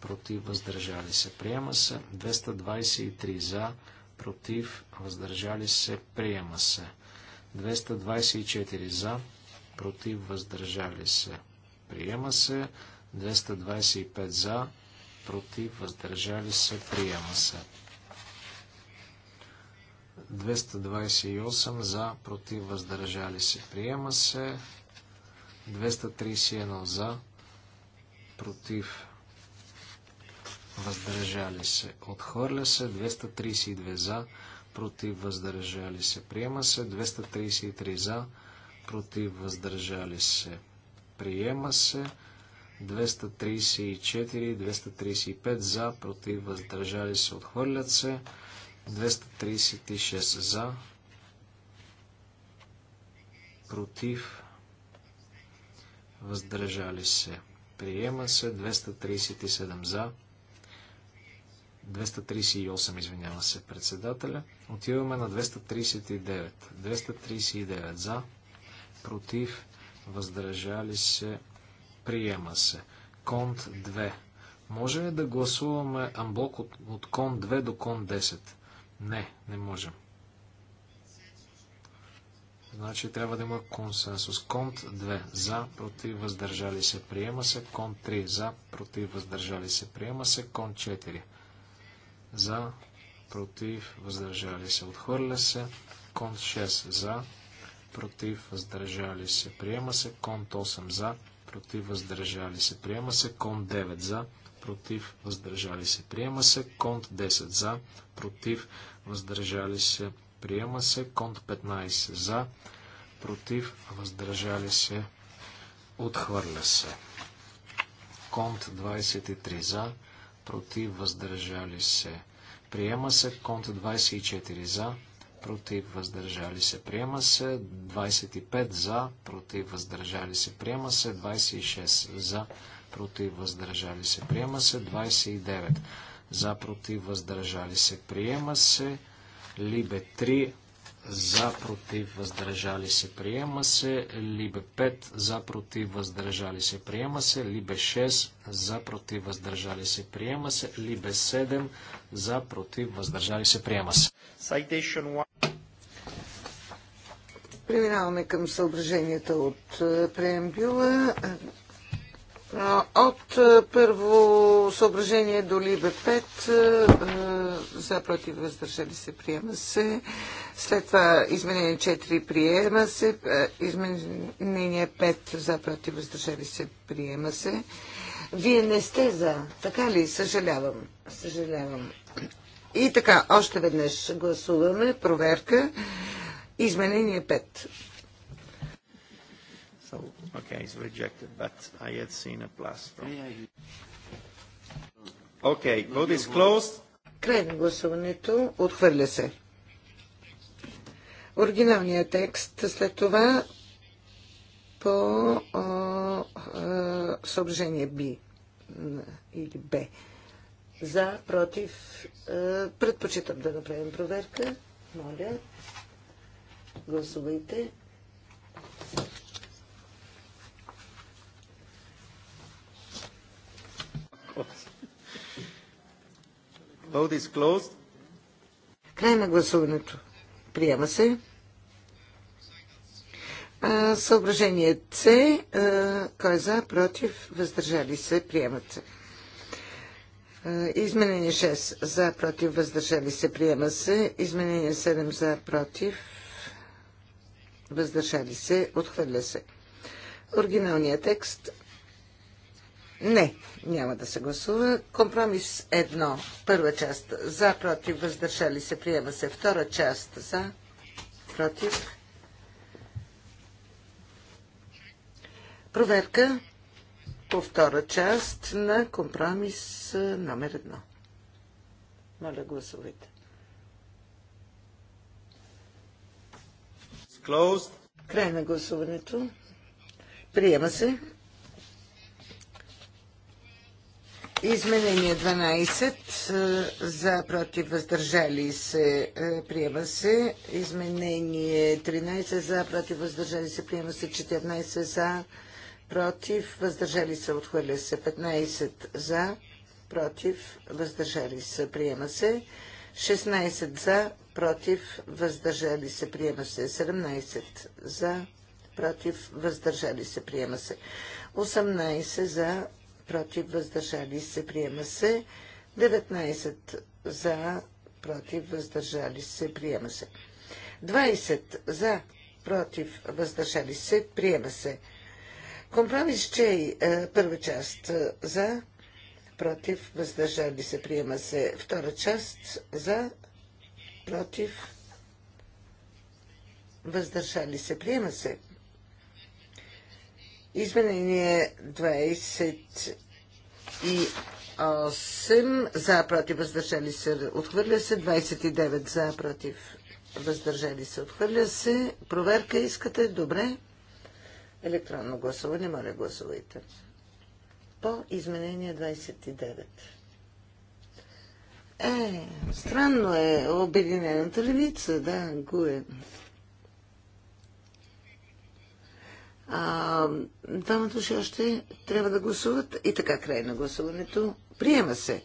против, въздържали се, приема се. 223 за, против, въздържали се, приема се. 224 за, против, въздържали се, приема се. 225 за, против, въздържали се, приема се. 228 за, против, въздържали се, приема се. 231 за, против, въздържали се, отхвърля се, 232 за, против, въздържали се, приема се, 233 за, против, въздържали се, приема се, 234, 235 за, против, въздържали се, отхвърлят се, 236 за, против, въздържали се. Приема се 237 за. 238, извинява се, председателя. Отиваме на 239. 239 за. Против. Въздържали се. Приема се. Конт 2. Може ли да гласуваме амблок от, от кон 2 до кон 10? Не, не можем. Значи трябва да има консенсус. Конт 2 за, против, въздържали се, приема се. Конт 3 за, против, въздържали се, приема се. Конт 4 за, против, въздържали се, отхвърля се. Конт 6 за, против, въздържали се, приема се. Конт 8 за, против, въздържали се, приема се. Конт 9 за, против, въздържали се, приема се. Конт 10 за, против, въздържали се, приема се Приема се конт 15 за, против, въздържали се, отхвърля се. Конт 23 за, против, въздържали се. Приема се конт 24 за, против, въздържали се. Приема се 25 за, против, въздържали се. Приема се 26 за, против, въздържали се. Приема се 29 за, против, въздържали се. Приема се Либе 3 за против въздържали се приема се, либе 5 за против въздържали се приема се, либе 6 за против въздържали се приема се, либе 7 за против въздържали се приема се. Преминаваме към съображенията от е, преембюла. От първо съображение до Либе 5 за против въздържали се приема се. След това изменение 4 приема се. Изменение 5 за против въздържали се приема се. Вие не сте за. Така ли? Съжалявам. Съжалявам. И така, още веднъж гласуваме проверка. Изменение 5. Okay, it's rejected, but I had seen a plus from. Okay, vote is closed. Край на гласуването. Отхвърля се. Оригиналният текст след това по о, о, съображение Б или Б. За, против. о, Предпочитам да направим проверка. Моля. Гласувайте. Vote is closed. Край на гласуването. Приема се. А, съображение С. А, кой е за, против, въздържали се, приемат се. Изменение 6 за, против, въздържали се, приема се. Изменение 7 за, против, въздържали се, отхвърля се. Оригиналният текст не, няма да се гласува. Компромис едно. Първа част за, против, въздържали се, приема се. Втора част за, против. Проверка по втора част на компромис номер едно. Моля, гласувайте. Край на гласуването. Приема се. Изменение 12 е, е, за против въздържали се приема се. Изменение 13 за против въздържали се приема се. 14 за против въздържали се отхвърля се. 15 за против въздържали се приема се. 16 за против въздържали се приема се. 17 за против въздържали се приема се. 18 за против, въздържали се, приема се. 19 за, против, въздържали се, приема се. 20 за, против, въздържали се, приема се. Компромис Чей, първа част е, за, против, въздържали се, приема се. Втора част за, против, въздържали се, приема се. Изменение 28 за против въздържали се отхвърля се, 29 за против въздържали се отхвърля се. Проверка искате? Добре. Електронно гласуване, моля гласувайте. По изменение 29. Е, странно е обединената левица, да, гуе. А, двама души още трябва да гласуват. И така, край на гласуването. Приема се.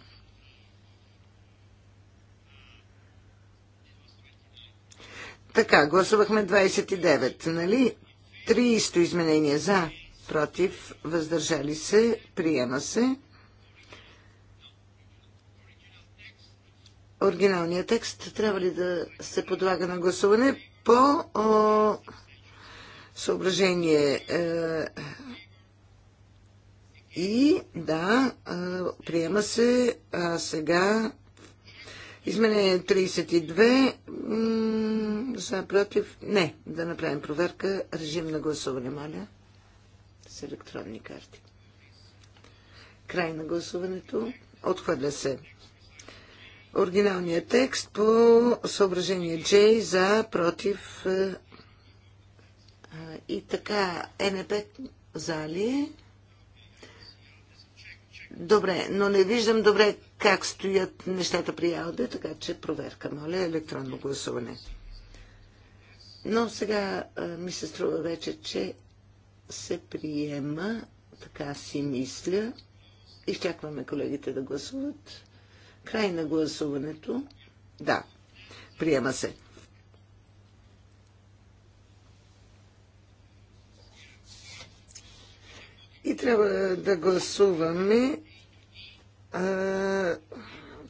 Така, гласувахме 29, нали? 30 изменения за, против, въздържали се, приема се. Оригиналният текст трябва ли да се подлага на гласуване по... О съображение е, и да, е, приема се сега изменение 32 за против. Не, да направим проверка. Режим на гласуване, моля. С електронни карти. Край на гласуването. Отхвърля се. Оригиналният текст по съображение J за против е, и така, НП зали. Е? Добре, но не виждам добре как стоят нещата при Алде, така че проверка, моля, електронно гласуване. Но сега а, ми се струва вече, че се приема, така си мисля. Изчакваме колегите да гласуват. Край на гласуването. Да, приема се. И трябва да гласуваме а,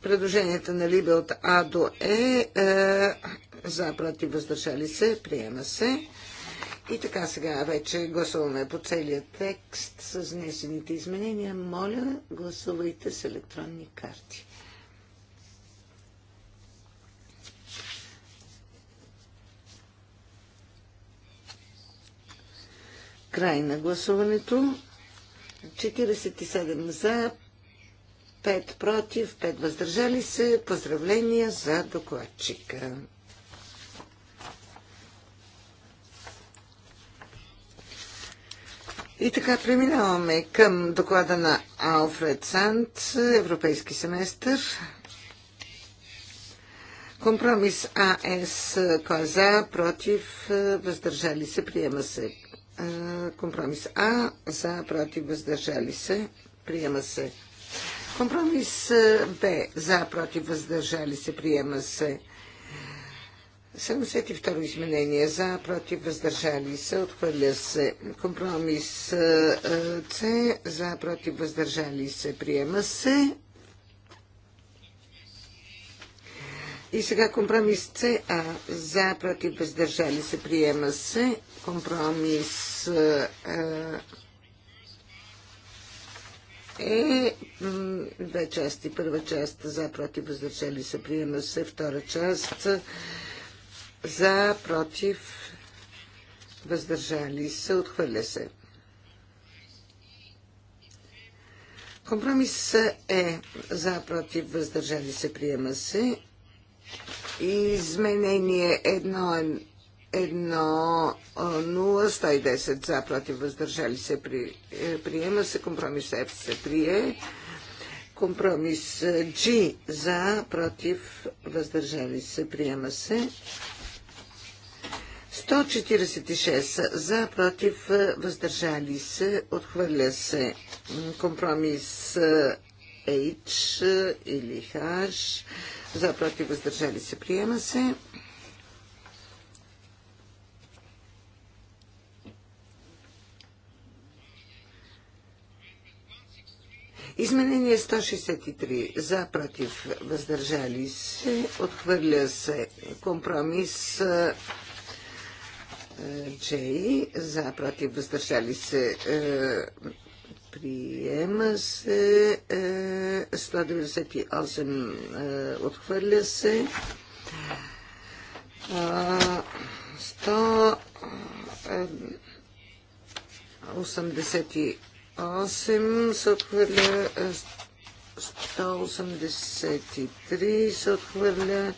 предложенията на Либе от А до Е. А, за, против, въздържали се. Приема се. И така сега вече гласуваме по целия текст с внесените изменения. Моля, гласувайте с електронни карти. Край на гласуването. 47 за, 5 против, 5 въздържали се. Поздравления за докладчика. И така преминаваме към доклада на Алфред Санд, Европейски семестър. Компромис АС, кой е за, против, въздържали се, приема се. Компромис А. За, против, въздържали се. Приема се. Компромис Б. За, против, въздържали се. Приема се. 72 изменение. За, против, въздържали се. Отхвърля се. Компромис С. За, против, въздържали се. Приема се. И сега компромис С, а за, против, въздържали се, приема се. Компромис а, е две части. Първа част за, против, въздържали се, приема се. Втора част за, против, въздържали се, отхвърля се. Компромис е за, против, въздържали се, приема се. Изменение 1 едно 0-110 за против въздържали се при, е, приема се компромис F се прие компромис е, G за против въздържали се приема се 146 за против е, въздържали се отхвърля се компромис H или H. За против въздържали се приема се. Изменение 163 за против въздържали се. Отхвърля се компромис J за против въздържали се. Е, Приема се 198 е, е, отхвърля се. 188 е, се отхвърля 183 се отхвърля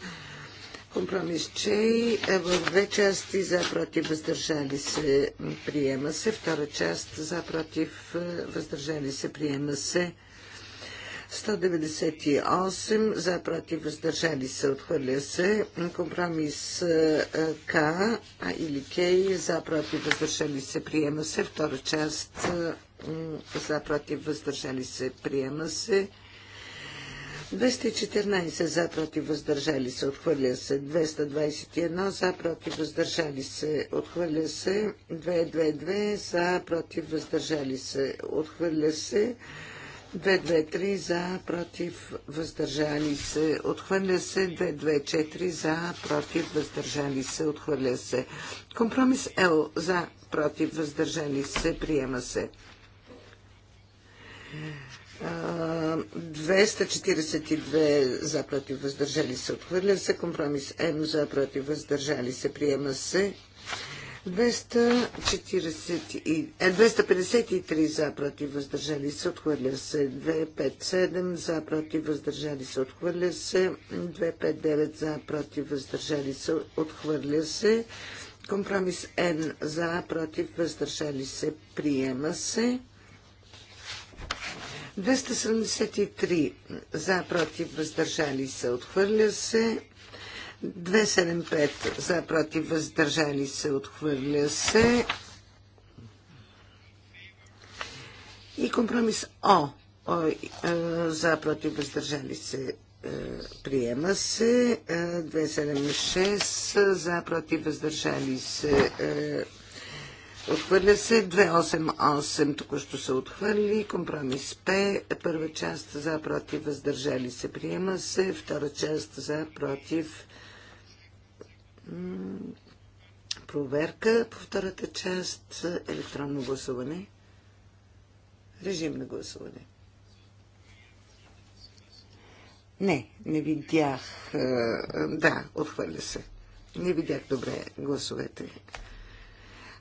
Компромис Чей в две части за против въздържали се приема се. Втора част за против е, въздържали се приема се. 198 за против въздържали се отхвърля се. Компромис е, К или К за против въздържали се приема се. Втора част е, за против въздържали се приема се. 214 за против въздържали се, отхвърля се. 221 за против въздържали се, отхвърля се. 222 за против въздържали се, отхвърля се. 223 за против въздържали се, отхвърля се. 224 за против въздържали се, отхвърля се. Компромис Л за против въздържали се, приема се. 242 за против въздържали се отхвърля се. Компромис М за против въздържали се приема се. 253 е, за против въздържали се отхвърля се. 257 за против въздържали се отхвърля се. 259 за против въздържали се отхвърля се. Компромис Н за против въздържали се приема се. 273 за, против, въздържали се, отхвърля се. 275 за, против, въздържали се, отхвърля се. И компромис О е, е, за, против, въздържали се, е, приема се. 276 за, против, въздържали се, Отхвърля се 288, току-що се отхвърли. Компромис П. Първа част за, против, въздържали се. Приема се. Втора част за, против. Проверка по втората част. Електронно гласуване. Режим на гласуване. Не, не видях. Е, да, отхвърля се. Не видях добре гласовете.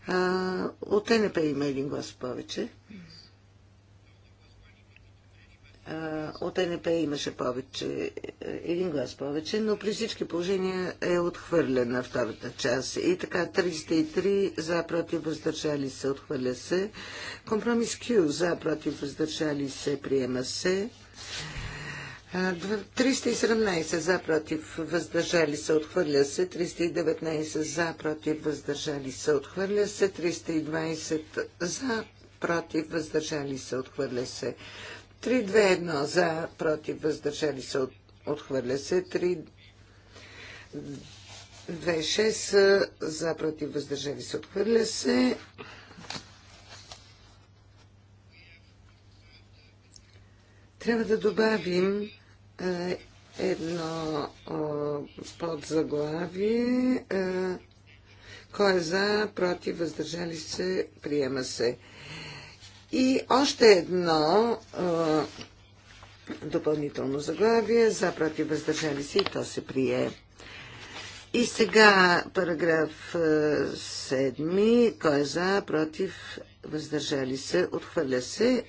А, от НП има един глас повече. А, от НП имаше повече, е, един глас повече, но при всички положения е отхвърлена втората част. И така, 303 за, против, въздържали се, отхвърля се. Компромис Q за, против, въздържали се, приема се. 317 за против въздържали се отхвърля се, 319 за против въздържали се отхвърля се, 320 за против въздържали се отхвърля се, 321 за против въздържали се отхвърля се, 326 за против въздържали се отхвърля се. Трябва да добавим е, едно подзаглавие. Е, кой е за, против, въздържали се, приема се. И още едно допълнително заглавие. За, против, въздържали се и то се прие. И сега параграф 7. Е, кой е за, против, въздържали се, отхвърля се.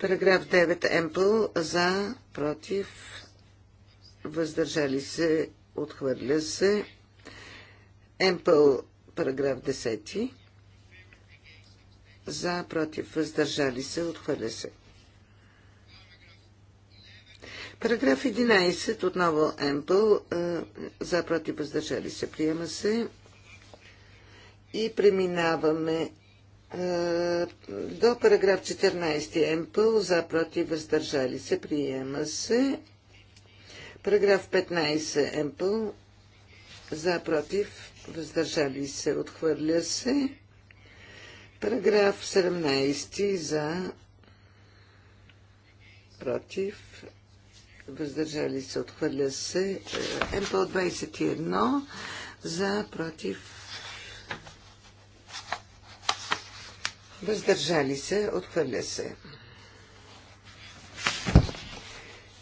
Параграф 9 Емпъл за, против, въздържали се, отхвърля се. Емпъл параграф 10 за, против, въздържали се, отхвърля се. Параграф 11, отново Емпъл, за, против, въздържали се, приема се. И преминаваме е, до параграф 14 МПЛ за против въздържали се приема се. Параграф 15 МПЛ за против въздържали се отхвърля се. Параграф 17 за против въздържали се отхвърля се. Е, МПЛ 21 за против Въздържали се. Отхвърля се.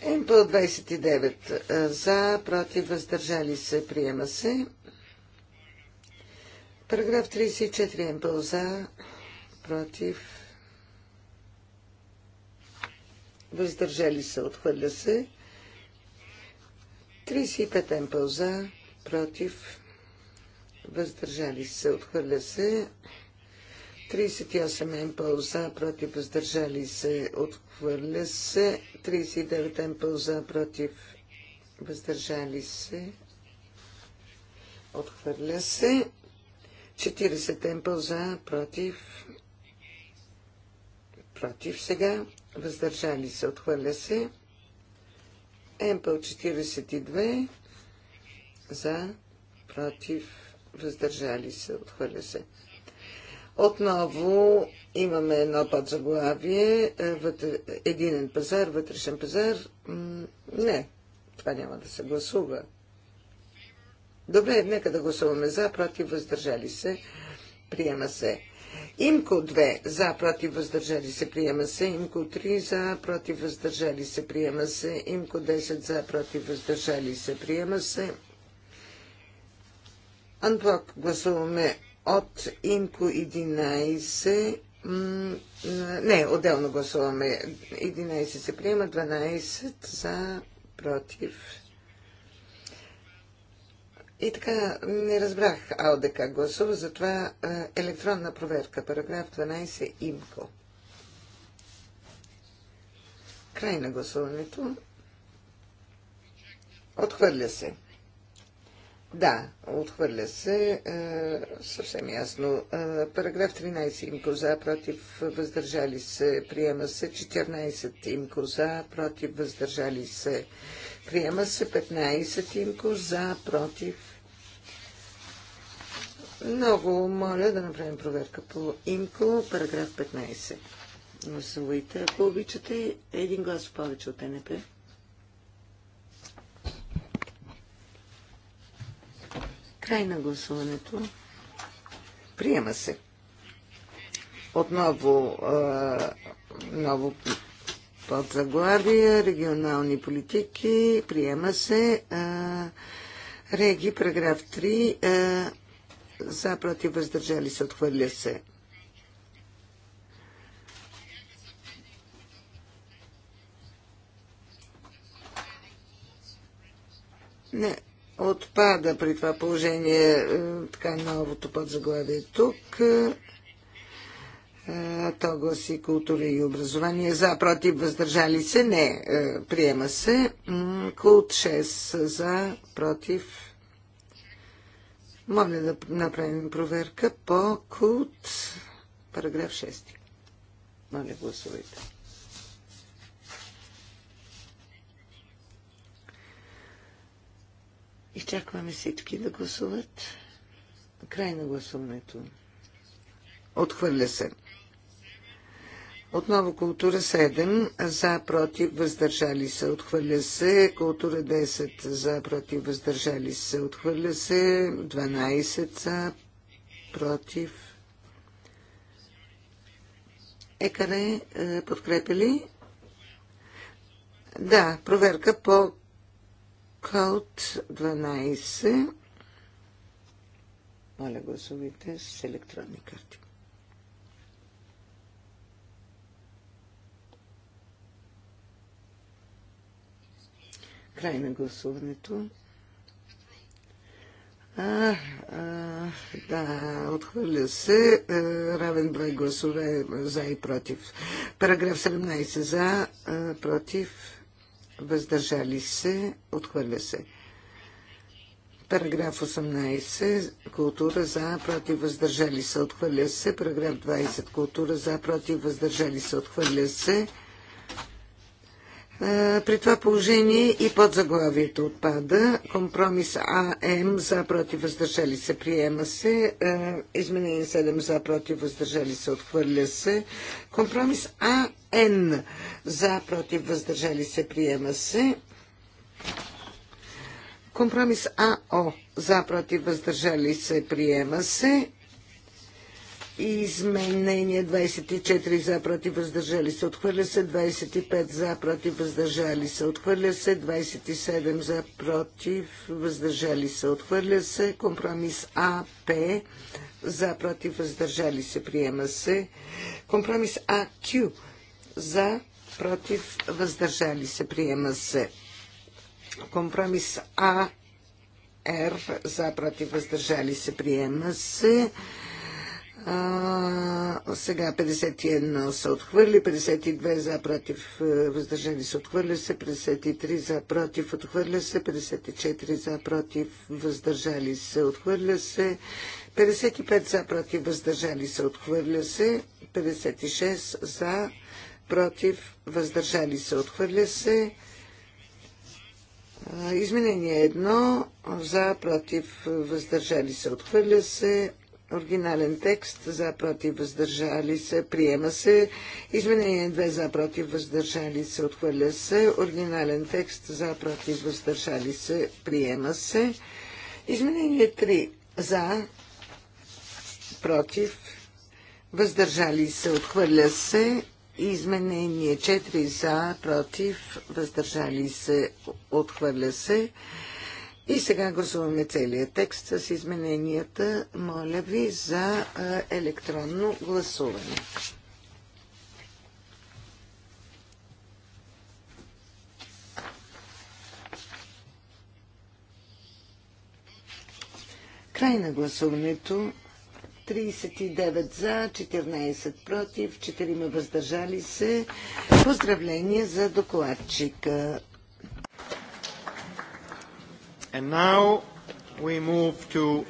МП 29. За, против, въздържали се. Приема се. Параграф 34. МП за, против, въздържали се. Отхвърля се. 35 МП за, против, въздържали се. Отхвърля се. 38 МПО за, против, въздържали се, отхвърля се. 39 МПО за, против, въздържали се, отхвърля се. 40 МПО за, против, против сега, въздържали се, отхвърля се. МПО 42 за, против, въздържали се, отхвърля се. Отново имаме едно подзаглавие. Е, единен пазар, вътрешен пазар. Не, това няма да се гласува. Добре, нека да гласуваме за, против, въздържали се. Приема се. Имко 2 за, против, въздържали се, приема се. Имко 3 за, против, въздържали се, приема се. Имко 10 за, против, въздържали се, приема се. Анблок гласуваме от Инко 11. Не, отделно гласуваме. 11 се приема, 12 за, против. И така, не разбрах АОДК гласува, затова е, електронна проверка, параграф 12, Имко. Край на гласуването. Отхвърля се. Да, отхвърля се е, съвсем ясно. Е, параграф 13 имко за, против, въздържали се, приема се. 14 имко за, против, въздържали се, приема се. 15 имко за, против. Много моля да направим проверка по имко, параграф 15. Гласувайте, ако обичате, един глас повече от НП. Край на гласуването. Приема се. Отново ново подзаглавие, регионални политики, приема се Реги, параграф 3, за, против, въздържали се, отхвърля се. Не, отпада при това положение е, така новото подзаглавие тук. Е, то гласи култура и образование. За, против, въздържали се? Не. Е, приема се. Култ 6 за, против. Моля да направим проверка по култ параграф 6. Моля, гласувайте. Изчакваме всички да гласуват. Край на гласуването. Отхвърля се. Отново култура 7, за, против, въздържали се, отхвърля се. Култура 10, за, против, въздържали се, отхвърля се. 12, за, против. Екаре, е, подкрепили? Да, проверка по Код 12. Моля, гласувайте с електронни карти. Край на гласуването. А, а, да, отхвърля се. А, е, равен брой гласове за и против. Параграф 17 за, а, е, против въздържали се, отхвърля се. Параграф 18. Култура за, против, въздържали се, отхвърля се. Параграф 20. Култура за, против, въздържали се, отхвърля се. Е, при това положение и под заглавието отпада. Компромис АМ за против въздържали се приема се. Е, изменение 7 за против въздържали се отхвърля се. Компромис АН за против въздържали се приема се. Компромис АО за против въздържали се приема се. Изменение 24 за против въздържали се. Отхвърля се 25 за против въздържали се. Отхвърля се 27 за против въздържали се. Отхвърля се компромис АП за против въздържали се. Приема се компромис АК за против въздържали се. Приема се компромис АР за против въздържали се. Приема се а, сега 51 са отхвърли, 52 за против, е, въздържани се отхвърля се, 53 за против, отхвърля се, 54 за против, въздържали се, отхвърля се, 55 за против, въздържали се, отхвърля се, 56 за против, въздържали се, отхвърля се. Изменение 1 за против, въздържали се, отхвърля се. Оригинален текст за против въздържали се. Приема се. Изменение 2 за против въздържали се. Отхвърля се. Оригинален текст за против въздържали се. Приема се. Изменение 3 за против въздържали се. Отхвърля се. Изменение 4 за против въздържали се. Отхвърля се. И сега гласуваме целия текст с измененията. Моля ви за електронно гласуване. Край на гласуването. 39 за, 14 против, 4 въздържали се. Поздравления за докладчика. And now we move to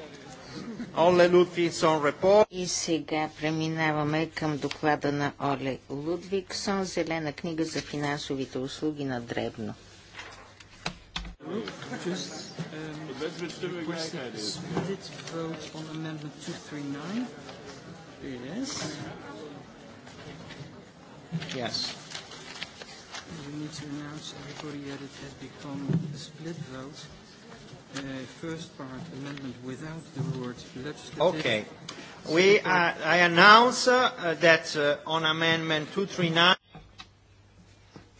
Оле Лудвигсон репорт. И сега преминаваме към доклада на Оле Лудвиксон, зелена книга за финансовите услуги на Дребно. Yes. We Uh, first part amendment without the word legislative. Okay. We, uh, I announce uh, that uh, on amendment 239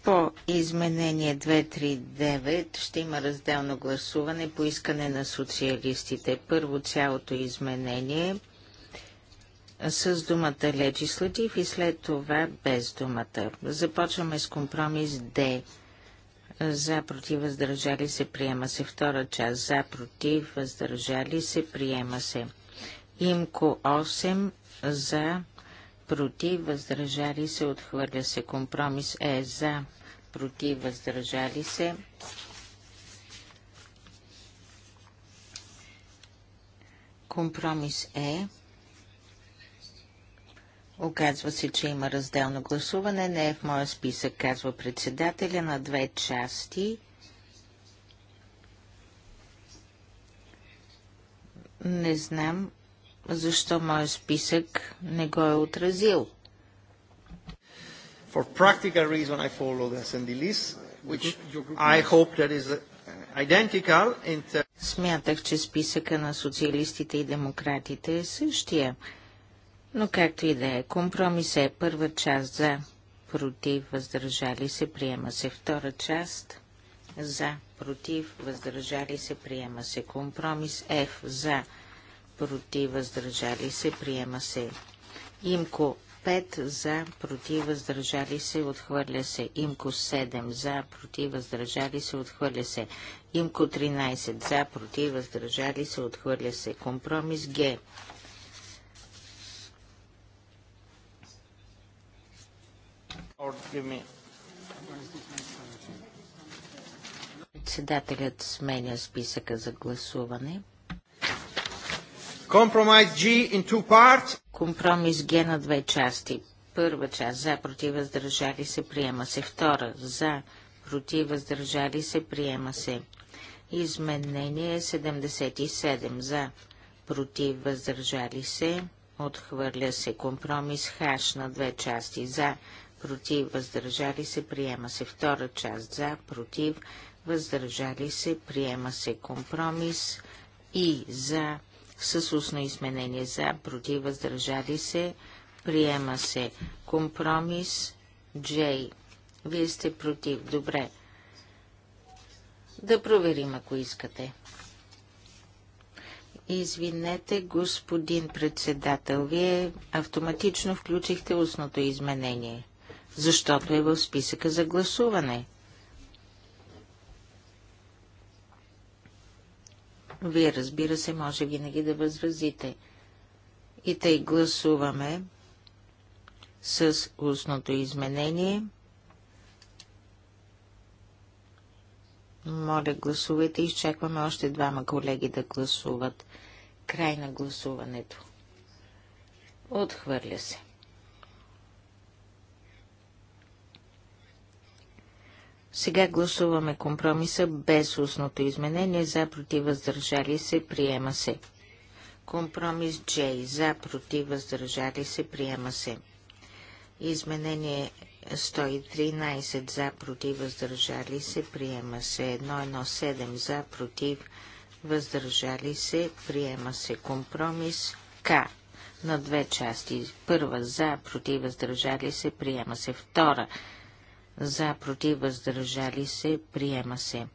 по изменение 239 ще има разделно гласуване по искане на социалистите. Първо цялото изменение с думата legislative и след това без думата. Започваме с компромис D за против въздържали се приема се. Втора част за против въздържали се приема се. Имко 8 за против въздържали се отхвърля се. Компромис е за против въздържали се. Компромис е Оказва се, че има разделно гласуване. Не е в моя списък, казва председателя на две части. Не знам защо моя списък не го е отразил. For practical reason I the assembly list, which I hope that is uh, identical in Смятах, че списъка на социалистите и демократите е същия. Но както и да е, компромис е първа част за, против, въздържали се, приема се. Втора част за, против, въздържали се, приема се. Компромис F за, против, въздържали се, приема се. Имко 5 за, против, въздържали се, отхвърля се. Имко 7 за, против, въздържали се, отхвърля се. Имко 13 за, против, въздържали се, отхвърля се. Компромис Г or give me... Председателят сменя списъка за гласуване. Compromise G in two parts. Компромис Г на две части. Първа част за, против, въздържали се, приема се. Втора за, против, въздържали се, приема се. Изменение 77 за, против, въздържали се, отхвърля се. Компромис Х на две части за, против, въздържали се, приема се. Втора част за, против, въздържали се, приема се. Компромис и за, с устно изменение за, против, въздържали се, приема се. Компромис Джей. Вие сте против. Добре. Да проверим, ако искате. Извинете, господин председател, вие автоматично включихте устното изменение защото е в списъка за гласуване. Вие, разбира се, може винаги да възразите. И тъй гласуваме с устното изменение. Моля, гласувайте. Изчакваме още двама колеги да гласуват. Край на гласуването. Отхвърля се. Сега гласуваме компромиса без устното изменение. За, против, въздържали се, приема се. Компромис J. За, против, въздържали се, приема се. Изменение 113 за, против, въздържали се, приема се. 117 за, против, въздържали се, приема се. Компромис К на две части. Първа за, против, въздържали се, приема се. Втора за против въздържали се, приема се.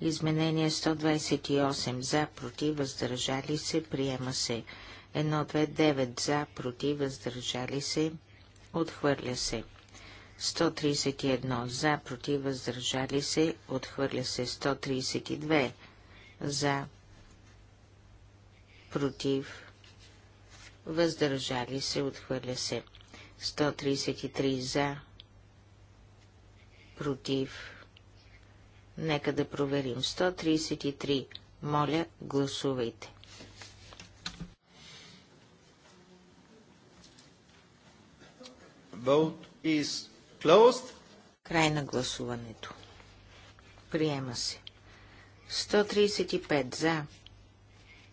Изменение 128 за против въздържали се, приема се. 129 за против въздържали се, отхвърля се. 131 за против въздържали се, отхвърля се. 132 за против въздържали се, отхвърля се. 133 за против. Нека да проверим. 133. Моля, гласувайте. Vote is closed. Край на гласуването. Приема се. 135 за.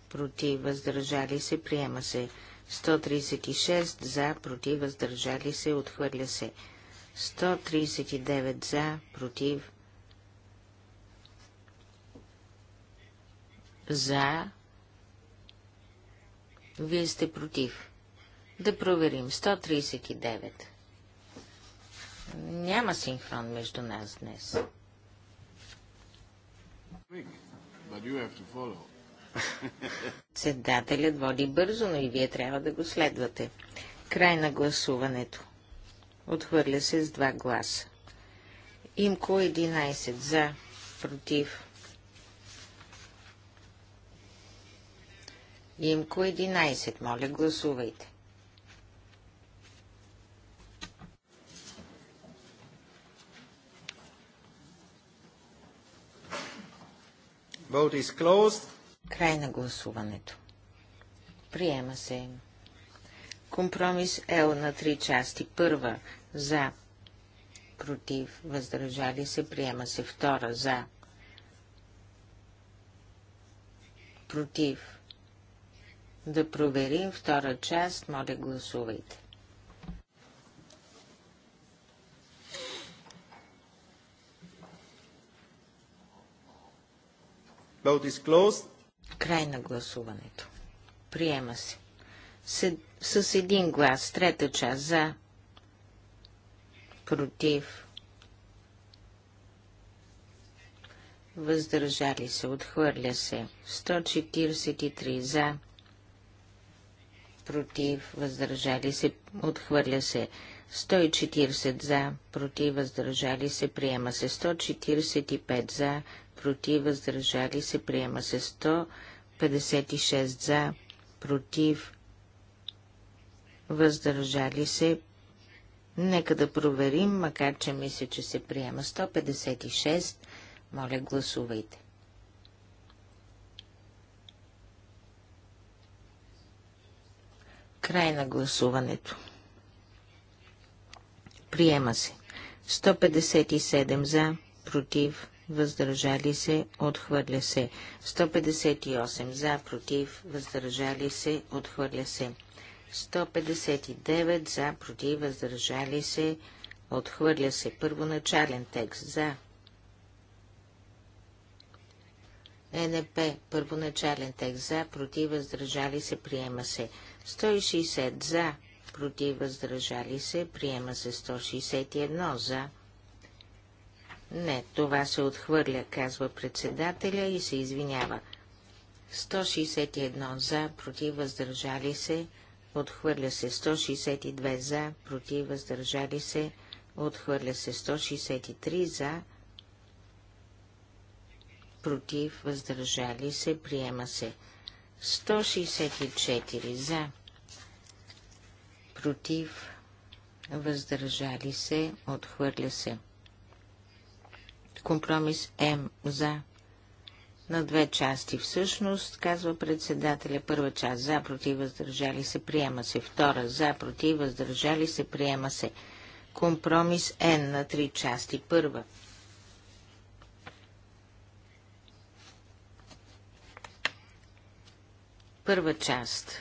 Против, въздържали се. Приема се. 136 за. Против, въздържали се. Отхвърля се. 139 за, против. За. Вие сте против. Да проверим. 139. Няма синхрон между нас днес. Седателят води бързо, но и вие трябва да го следвате. Край на гласуването. Отхвърля се с два гласа. Имко 11 за, против. Имко 11, моля гласувайте. Край на гласуването. Приема се. Компромис L на три части. Първа за, против, въздържали се, приема се. Втора за, против. Да проверим втора част, моля гласувайте. Край на гласуването. Приема се с един глас. Трета част за, против, въздържали се, отхвърля се. 143 за, против, въздържали се, отхвърля се. 140 за, против, въздържали се, приема се. 145 за, против, въздържали се, приема се. 156 за, против, въздържали се. Нека да проверим, макар че мисля, че се приема 156. Моля, гласувайте. Край на гласуването. Приема се. 157 за, против, въздържали се, отхвърля се. 158 за, против, въздържали се, отхвърля се. 159 за, против, въздържали се, отхвърля се. Първоначален текст за. НП, първоначален текст за, против, въздържали се, приема се. 160 за, против, въздържали се, приема се. 161 за. Не, това се отхвърля, казва председателя и се извинява. 161 за, против, въздържали се, се. Отхвърля се 162 за, против, въздържали се. Отхвърля се 163 за, против, въздържали се. Приема се 164 за, против, въздържали се. Отхвърля се. Компромис М за, на две части всъщност, казва председателя. Първа част за, против, въздържали се, приема се. Втора за, против, въздържали се, приема се. Компромис Н на три части. Първа. Първа част.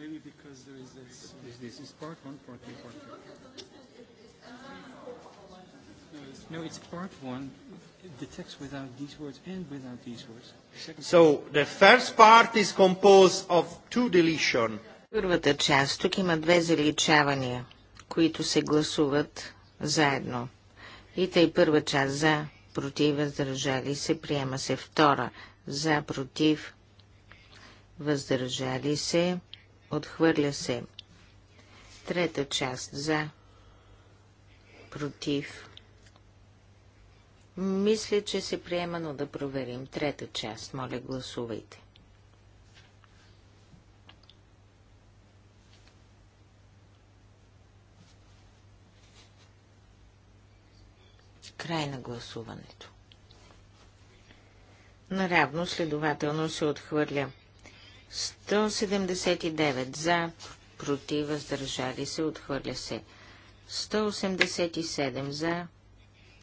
Maybe because there is this, this, this is part one, part two, part three. No, it's part one, the text without these words and without these words. So the first part is composed of two deletion. Първата част, тук има две заличавания, които се гласуват заедно. И тъй първа част за, против, въздържали се, приема се втора, за, против, въздържали се, отхвърля се. Трета част за, против, въздържали се. Мисля, че се приема, но да проверим. Трета част. Моля, гласувайте. Край на гласуването. Наравно, следователно се отхвърля. 179 за, против, въздържали се, отхвърля се. 187 за,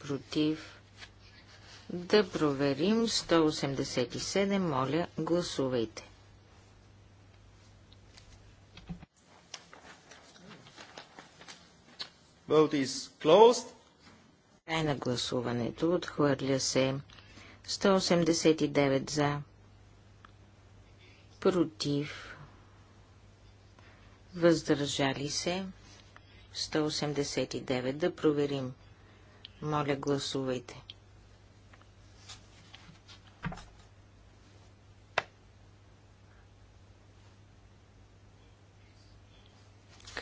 против, да проверим 187. Моля, гласувайте. Vote is closed. Край на гласуването. Отхвърля се. 189 за. Против. Въздържали се. 189. Да проверим. Моля, гласувайте.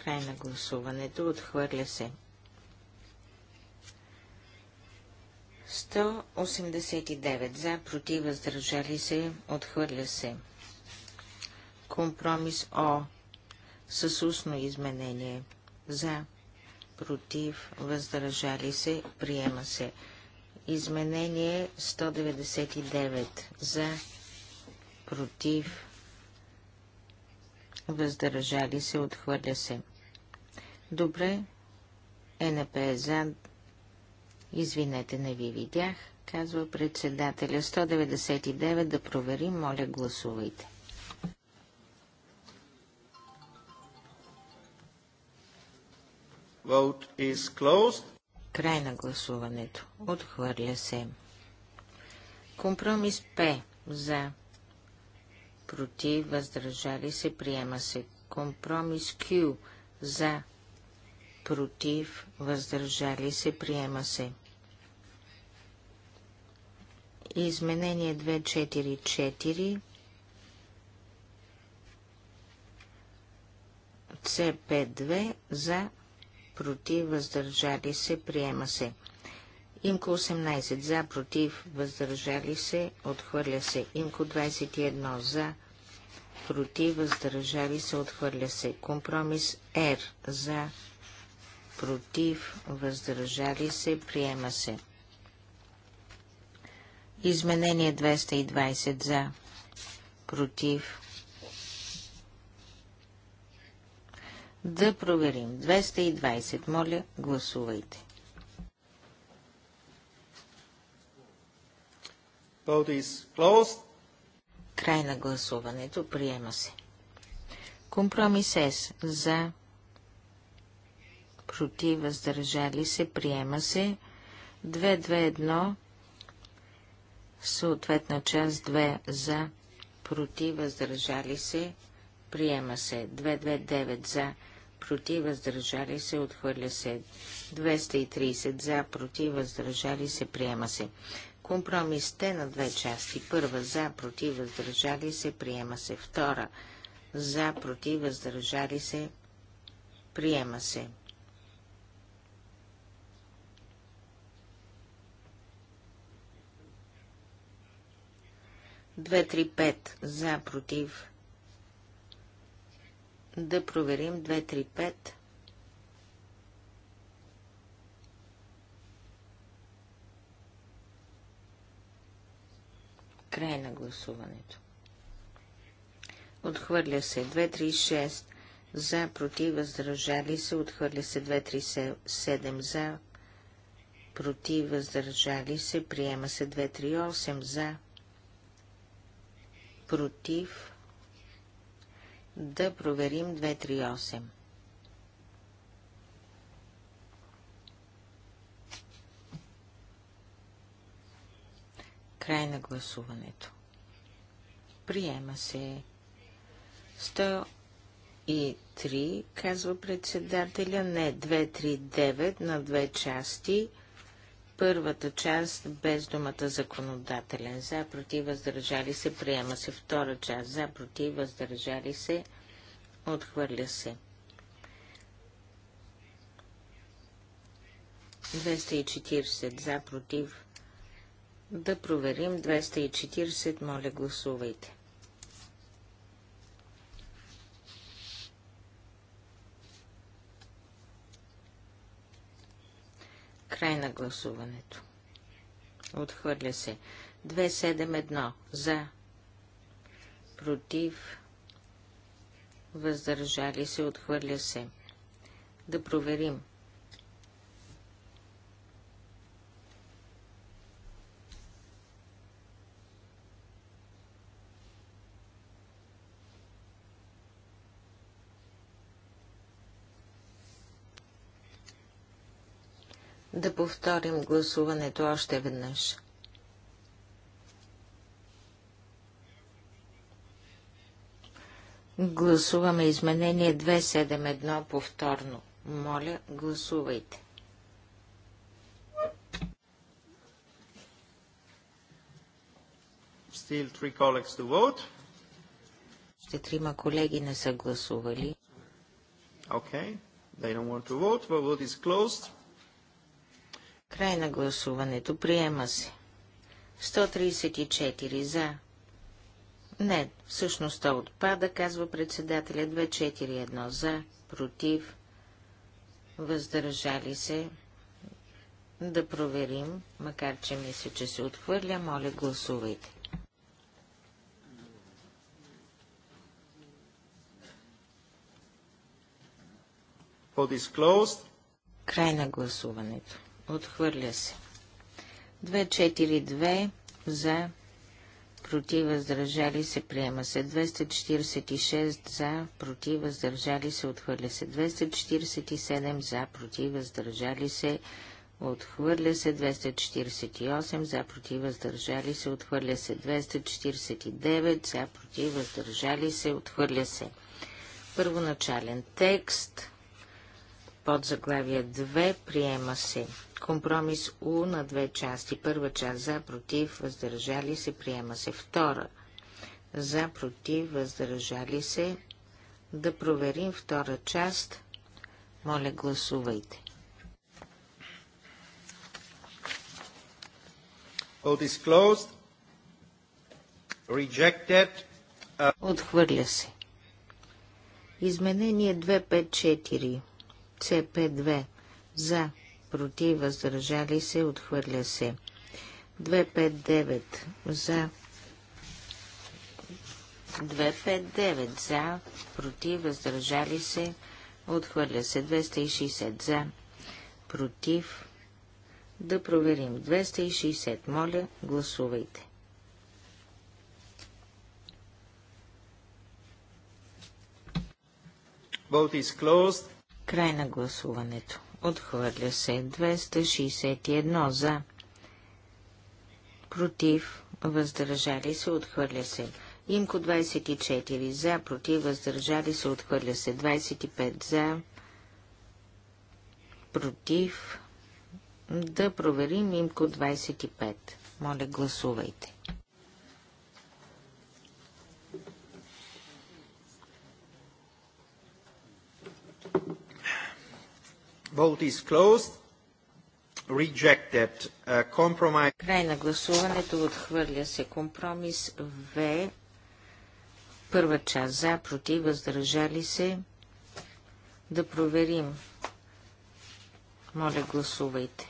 Край на гласуването. Отхвърля се. 189 за, против, въздържали се, отхвърля се. Компромис О с устно изменение. За, против, въздържали се, приема се. Изменение 199 за, против, въздържали се, отхвърля се. Добре. Е НП е за. Извинете, не ви видях, казва председателя. 199 да проверим. Моля, гласувайте. Vote is closed. Край на гласуването. Отхвърля се. Компромис П. За. Против. Въздържали се. Приема се. Компромис Q. За против, въздържали се, приема се. Изменение 244 CP2 за против, въздържали се, приема се. Имко 18 за, против, въздържали се, отхвърля се. Имко 21 за, против, въздържали се, отхвърля се. Компромис Р за, против, въздържали се, приема се. Изменение 220 за, против. Да проверим. 220, моля, гласувайте. Край на гласуването. Приема се. Компромис С. За против, въздържали се, приема се. 22-1, съответна част 2 за, против, въздържали се, приема се. 229 за, против, въздържали се, отхвърля се. 230 за, против, въздържали се, приема се. Компромисте на две части. Първа за, против, въздържали се, приема се. Втора за, против, въздържали се, приема се. 235 за, против. Да проверим 235. Край на гласуването. Отхвърля се 236 за, против, въздържали се. Отхвърля се 237 за, против, въздържали се. Приема се 238 за, против. Да проверим 238. Край на гласуването. Приема се 103, казва председателя, не 239 на две части – Първата част без думата законодателен. За, против, въздържали се, приема се. Втора част. За, против, въздържали се, отхвърля се. 240 за, против. Да проверим. 240, моля, гласувайте. Край на гласуването. Отхвърля се. 271 за. Против. Въздържали се. Отхвърля се. Да проверим. 271. Да повторим гласуването още веднъж. Гласуваме изменение 271 повторно. Моля, гласувайте. Still three colleagues to vote. Ще трима колеги не са гласували. Okay. They don't want to vote. The vote is closed. Край на гласуването. Приема се. 134 за. Не, всъщност то отпада, казва председателя. 241 за. Против. Въздържали се. Да проверим, макар че мисля, че се отхвърля. Моля, гласувайте. Край на гласуването. Отхвърля се. 242 за, против, въздържали се, приема се. 246 за, против, въздържали се, отхвърля се. 247 за, против, въздържали се, отхвърля се. 248 за, против, въздържали се, отхвърля се. 249 за, против, въздържали се, отхвърля се. Първоначален текст под заглавие 2 приема се. Компромис У на две части. Първа част за, против, въздържали се, приема се. Втора за, против, въздържали се. Да проверим втора част. Моля, гласувайте. Uh, Отхвърля се. Изменение 254. CP2. За против, въздържали се, отхвърля се. 259 за 259 за, против, въздържали се, отхвърля се. 260 за, против, да проверим. 260, моля, гласувайте. Край на гласуването. Отхвърля се. 261 за. Против. Въздържали се. Отхвърля се. Имко 24 за. Против. Въздържали се. Отхвърля се. 25 за. Против. Да проверим Имко 25. Моля, гласувайте. Vote is closed. Rejected. Uh, compromise. Край на гласуването отхвърля се компромис В. Първа част за, против, въздържали се. Да проверим. Моля, гласувайте.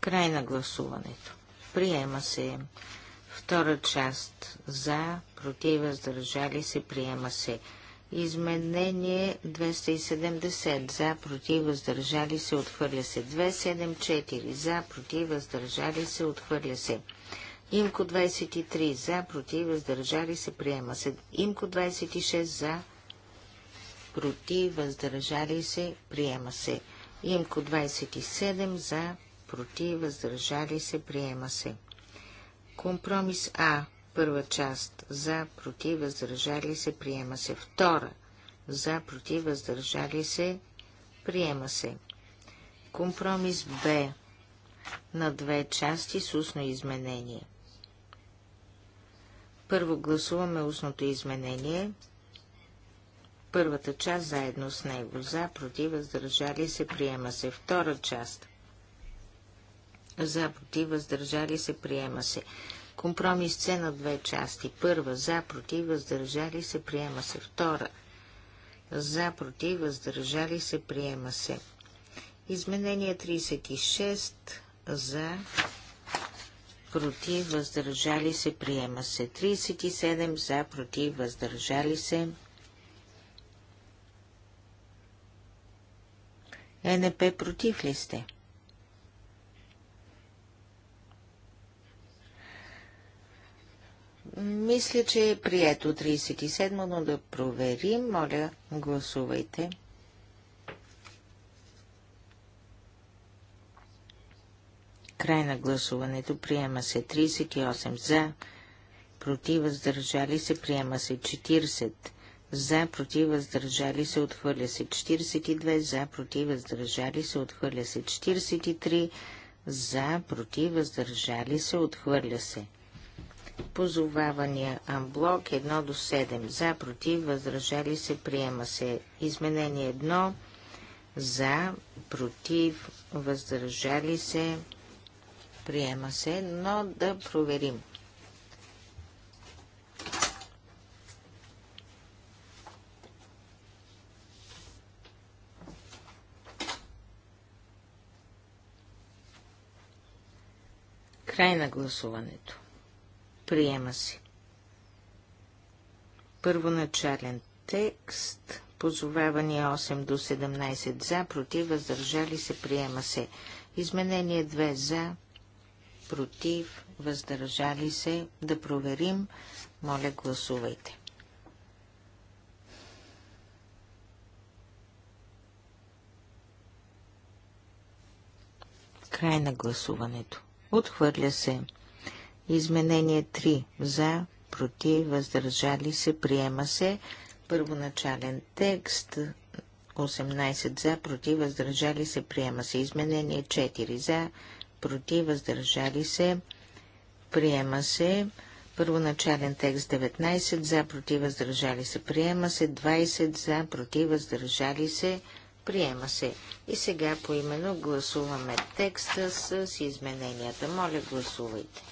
Край на гласуването. Приема се Втора част за, против, въздържали се, приема се. Изменение 270 за, против, въздържали се, отхвърля се. 274 за, против, въздържали се, отхвърля се. Имко 23 за, против, въздържали се, приема се. Имко 26 за, против, въздържали се, приема се. Имко 27 за, против, въздържали се, приема се. Компромис А. Първа част. За, против, въздържали се, приема се. Втора. За, против, въздържали се, приема се. Компромис Б. На две части с устно изменение. Първо гласуваме устното изменение. Първата част заедно с него. За, против, въздържали се, приема се. Втора част за против, въздържали се, приема се. Компромис С на две части. Първа за против, въздържали се, приема се. Втора за против, въздържали се, приема се. Изменение 36 за против, въздържали се, приема се. 37 за против, въздържали се. Е, НП против ли сте? Мисля, че е прието 37, но да проверим. Моля, гласувайте. Край на гласуването приема се 38 за, против въздържали се приема се 40 за, против въздържали се отхвърля се 42 за, против въздържали се отхвърля се 43 за, против въздържали се отхвърля се Позовавания Амблок 1 до 7. За, против, въздържали се, приема се. Изменение 1. За, против, въздържали се, приема се, но да проверим. край на гласуването. Приема се. Първоначален текст. Позовавания 8 до 17 за, против, въздържали се, приема се. Изменение 2 за, против, въздържали се. Да проверим. Моля, гласувайте. Край на гласуването. Отхвърля се. Изменение 3. За, против, въздържали се, приема се. Първоначален текст. 18 за, против, въздържали се, приема се. Изменение 4 за, против, въздържали се, приема се. Първоначален текст 19 за, против, въздържали се, приема се. 20 за, против, въздържали се, приема се. И сега поименно гласуваме текста с измененията. Моля, гласувайте.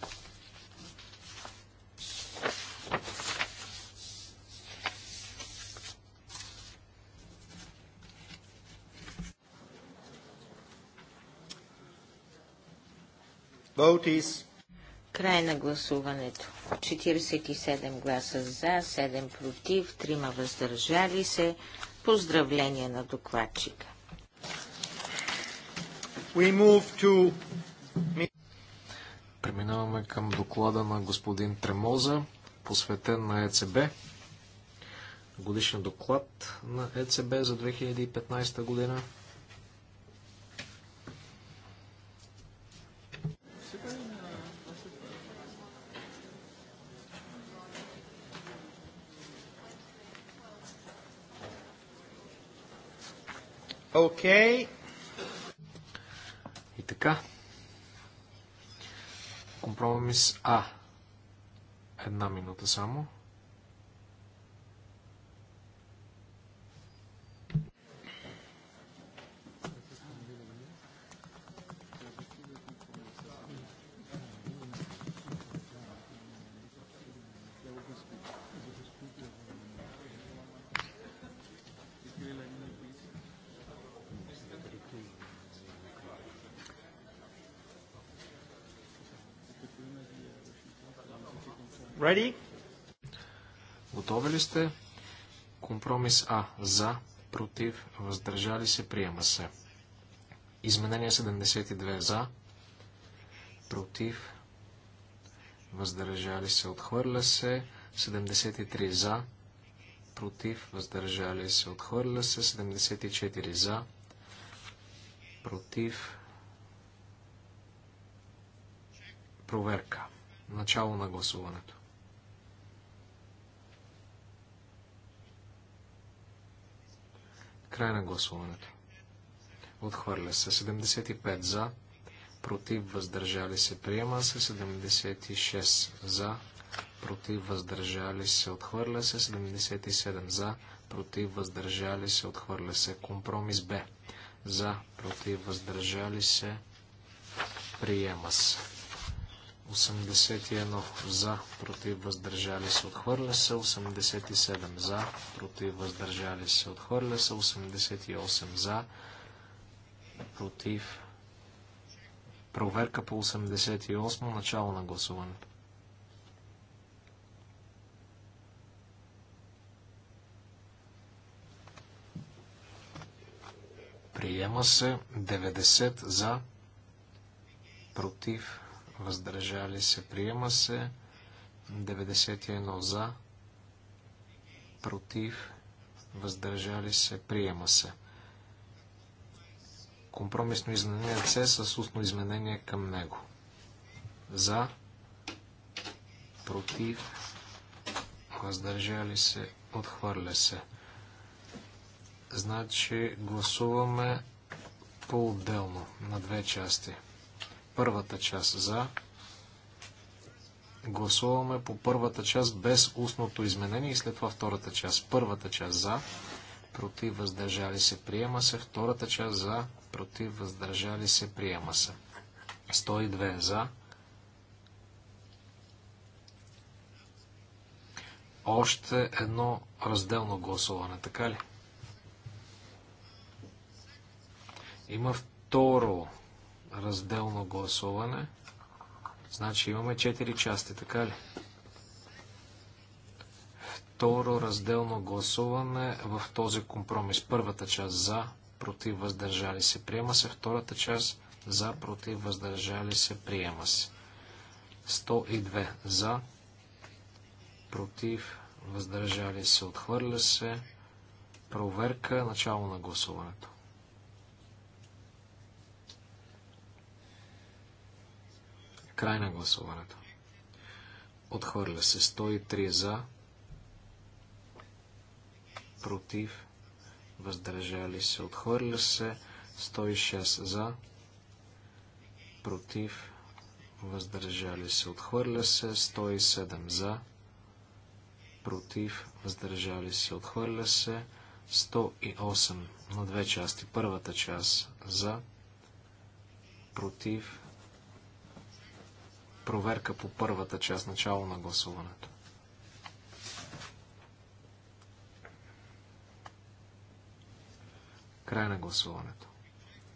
Край на гласуването. 47 гласа за, 7 против, 3 въздържали се. Поздравление на докладчика. To... Преминаваме към доклада на господин Тремоза, посветен на ЕЦБ. Годишен доклад на ЕЦБ за 2015 година. Окей. Okay. И така. Компромис А. Една минута само. Ready? Готови ли сте? Компромис А. За, против, въздържали се, приема се. Изменение 72 за, против, въздържали се, отхвърля се. 73 за, против, въздържали се, отхвърля се. 74 за, против, проверка. Начало на гласуването. Край на гласуването. Отхвърля се 75 за, против въздържали се. Приема се 76 за, против въздържали се. Отхвърля се 77 за, против въздържали се. Отхвърля се. Компромис Б. За, против въздържали се. Приема се. 81 за, против въздържали се, отхвърля се, 87 за, против въздържали се, отхвърля се, 88 за, против. Проверка по 88, начало на гласуване. Приема се 90 за, против въздържали се, приема се. 91 за, против, въздържали се, приема се. Компромисно изменение С с устно изменение към него. За, против, въздържали се, отхвърля се. Значи гласуваме по-отделно на две части. Първата част за. Гласуваме по първата част без устното изменение и след това втората част. Първата част за. Против въздържали се. Приема се. Втората част за. Против въздържали се. Приема се. 102 за. Още едно разделно гласуване, така ли? Има второ разделно гласуване. Значи имаме 4 части, така ли? Второ разделно гласуване в този компромис. Първата част за, против, въздържали се, приема се. Втората част за, против, въздържали се, приема се. 102 за, против, въздържали се, отхвърля се. Проверка, начало на гласуването. Край на гласуването. Отхвърля се 103 за, против, въздържали се. Отхвърля се 106 за, против, въздържали се. Отхвърля се 107 за, против, въздържали се. Отхвърля се 108 на две части. Първата част за, против, Проверка по първата част, начало на гласуването. Край на гласуването.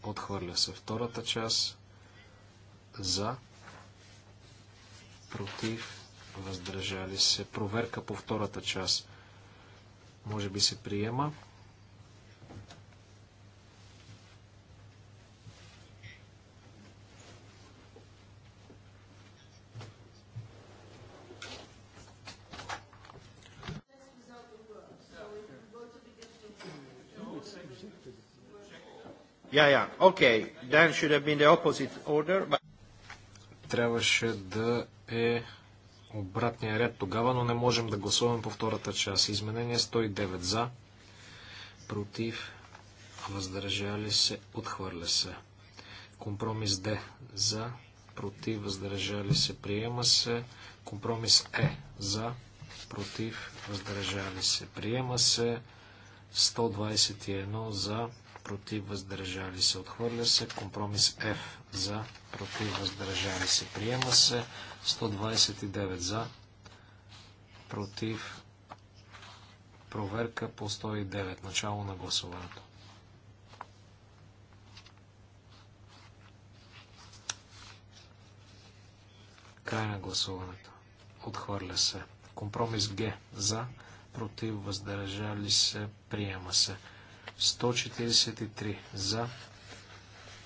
Отхвърля се втората част. За. Против. Въздържали се. Проверка по втората част. Може би се приема. Yeah, yeah. Okay. Then should have been the opposite order, but... Трябваше да е обратния ред тогава, но не можем да гласуваме по втората част. Изменение 109 за, против, въздържали се, отхвърля се. Компромис Д за, против, въздържали се, приема се. Компромис Е за, против, въздържали се, приема се. 121 за, против, въздържали се, отхвърля се. Компромис F за, против, въздържали се, приема се. 129 за, против, проверка по 109, начало на гласуването. Край на гласуването. Отхвърля се. Компромис Г за, против, въздържали се, приема се. 143 за,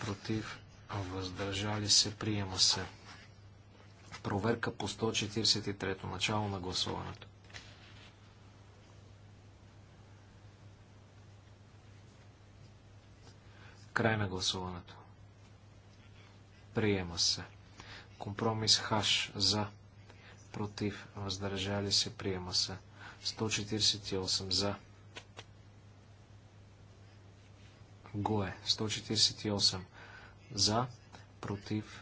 против, въздържали се, приема се. Проверка по 143 начало на гласуването. Край на гласуването. Приема се. Компромис хаш за. Против. Въздържали се. Приема се. 148 за Гое 148 за, против,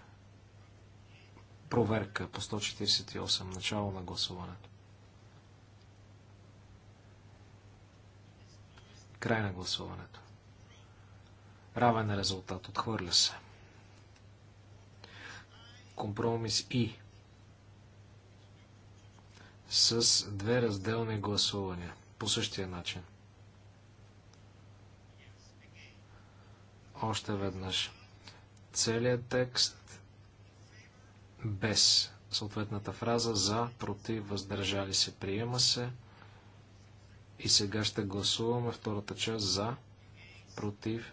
проверка по 148, начало на гласуването. Край на гласуването. Равен е резултат. Отхвърля се. Компромис И. С две разделни гласувания. По същия начин. Още веднъж. Целият текст без съответната фраза за, против, въздържали се, приема се. И сега ще гласуваме втората част за, против,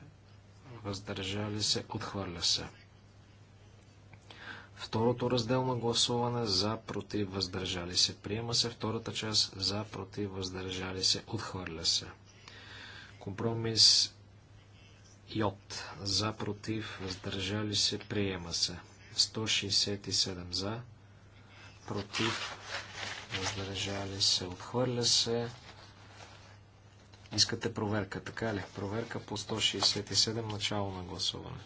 въздържали се, отхвърля се. Второто разделно гласуване за, против, въздържали се, приема се. Втората част за, против, въздържали се, отхвърля се. Компромис йод, За, против, въздържали се, приема се. 167 за, против, въздържали се, отхвърля се. Искате проверка, така ли? Проверка по 167, начало на гласуване.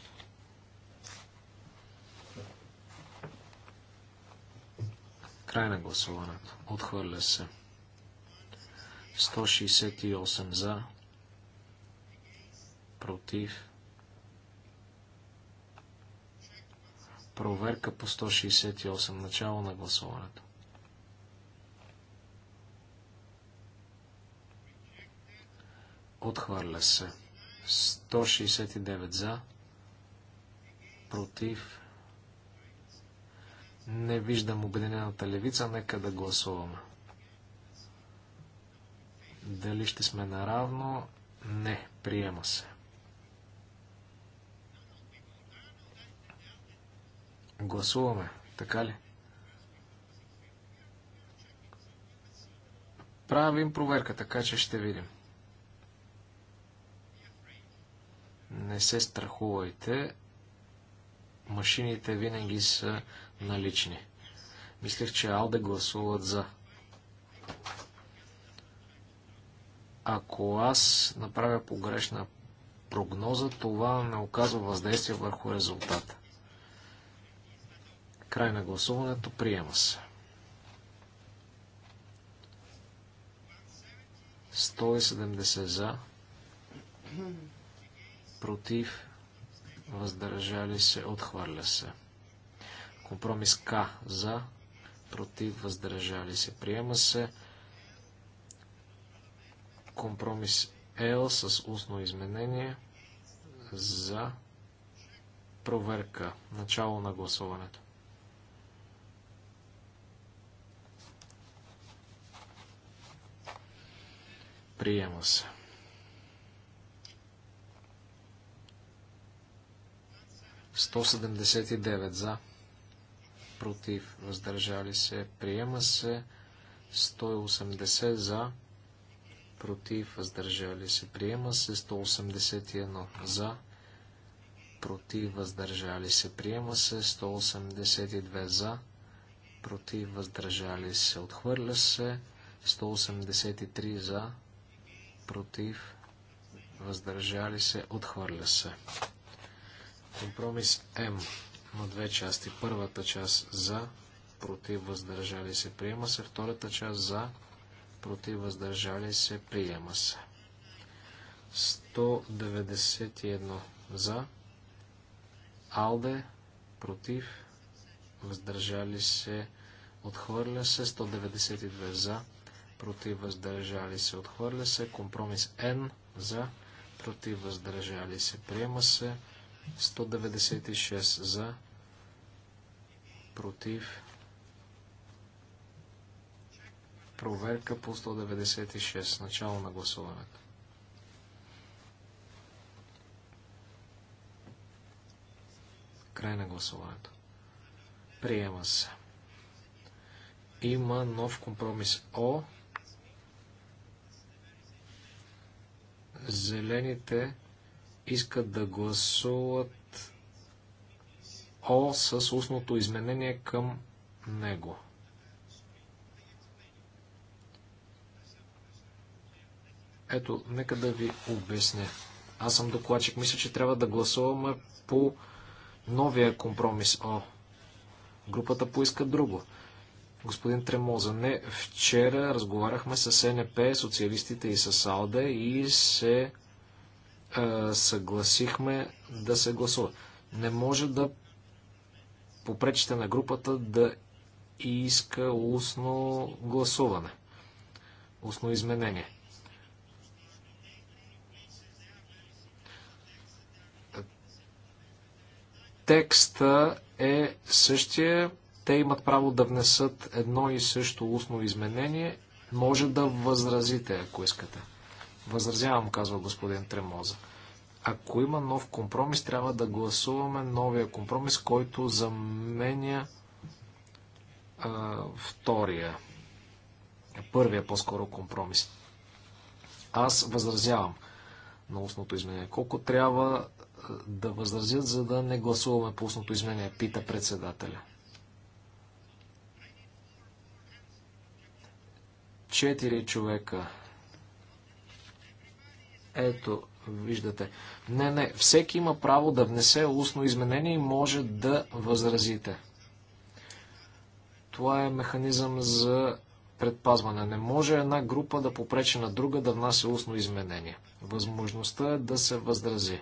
Край на гласуването. Отхвърля се. 168 за, против. Проверка по 168. Начало на гласуването. Отхвърля се. 169 за. Против. Не виждам Обединената левица. Нека да гласуваме. Дали ще сме наравно? Не. Приема се. Гласуваме, така ли? Правим проверка, така че ще видим. Не се страхувайте. Машините винаги са налични. Мислех, че Алде гласуват за. Ако аз направя погрешна прогноза, това не оказва въздействие върху резултата. Край на гласуването. Приема се. 170 за. Против. Въздържали се. Отхвърля се. Компромис К за. Против. Въздържали се. Приема се. Компромис Л с устно изменение за проверка. Начало на гласуването. Приема се. Сто седемдесет и девет за. Против. Въздържали се. Приема се. 180 за, против, въздържали се. Приема се 181 за, против, въздържали се. Приема се 182 за, против, въздържали се. Отхвърля се 183 за, против, въздържали се, отхвърля се. Компромис М на две части. Първата част за, против, въздържали се, приема се. Втората част за, против, въздържали се, приема се. 191 за, Алде, против, въздържали се, отхвърля се, 192 за, против въздържали се, отхвърля се. Компромис N за, против въздържали се, приема се. 196 за, против. Проверка по 196. Начало на гласуването. Край на гласуването. Приема се. Има нов компромис О Зелените искат да гласуват О с устното изменение към него. Ето, нека да ви обясня. Аз съм докладчик. Мисля, че трябва да гласуваме по новия компромис О. Групата поиска друго господин Тремоза. Не, вчера разговаряхме с НП, социалистите и с АЛДЕ и се е, съгласихме да се гласува. Не може да попречите на групата да иска устно гласуване, устно изменение. Текста е същия, те имат право да внесат едно и също устно изменение. Може да възразите, ако искате. Възразявам, казва господин Тремоза. Ако има нов компромис, трябва да гласуваме новия компромис, който заменя а, втория. Първия по-скоро компромис. Аз възразявам на устното изменение. Колко трябва да възразят, за да не гласуваме по устното изменение, пита председателя. 4 човека. Ето, виждате. Не, не, всеки има право да внесе устно изменение и може да възразите. Това е механизъм за предпазване. Не може една група да попречи на друга да внася устно изменение. Възможността е да се възрази.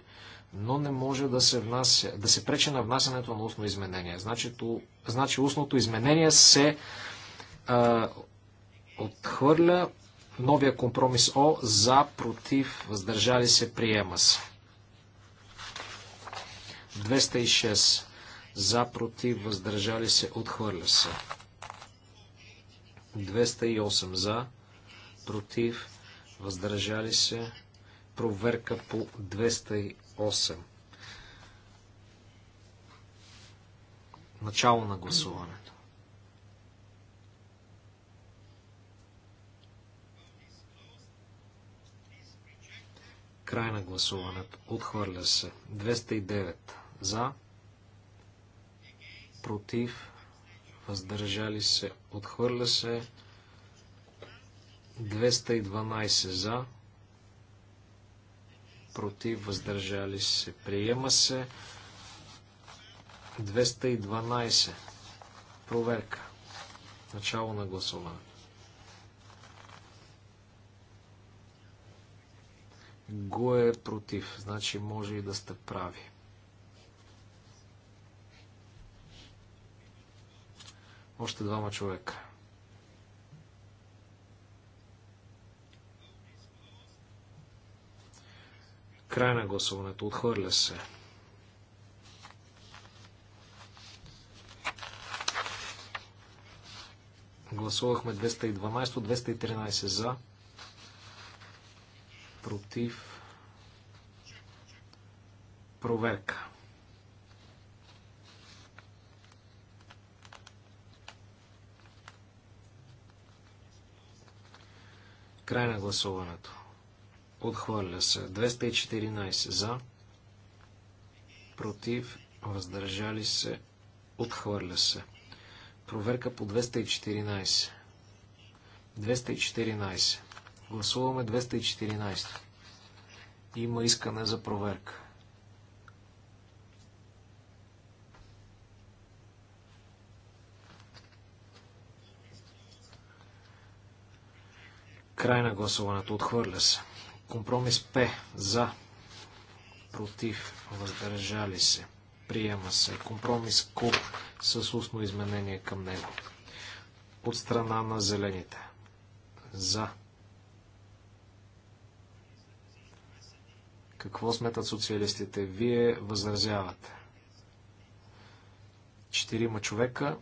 Но не може да се, внася, да се пречи на внасянето на устно изменение. Значи, то, значи устното изменение се а, отхвърля. Новия компромис О за, против, въздържали се, приема се. 206 за, против, въздържали се, отхвърля се. 208 за, против, въздържали се, проверка по 208. Начало на гласуването. Край на гласуването. Отхвърля се. 209. За. Против. Въздържали се. Отхвърля се. 212 за. Против. Въздържали се. Приема се. 212. Проверка. Начало на гласуването. го е против, значи може и да сте прави. Още двама човека. Край на гласуването. Отхвърля се. Гласувахме 212-213 за против, проверка. Край на гласуването. Отхвърля се. 214 за. Против. Въздържали се. Отхвърля се. Проверка по 214. 214. Гласуваме 214. Има искане за проверка. Край на гласуването. Отхвърля се. Компромис П. За. Против. Въздържали се. Приема се. Компромис К. с устно изменение към него. От страна на зелените. За. Какво сметат социалистите? Вие възразявате. Четирима човека.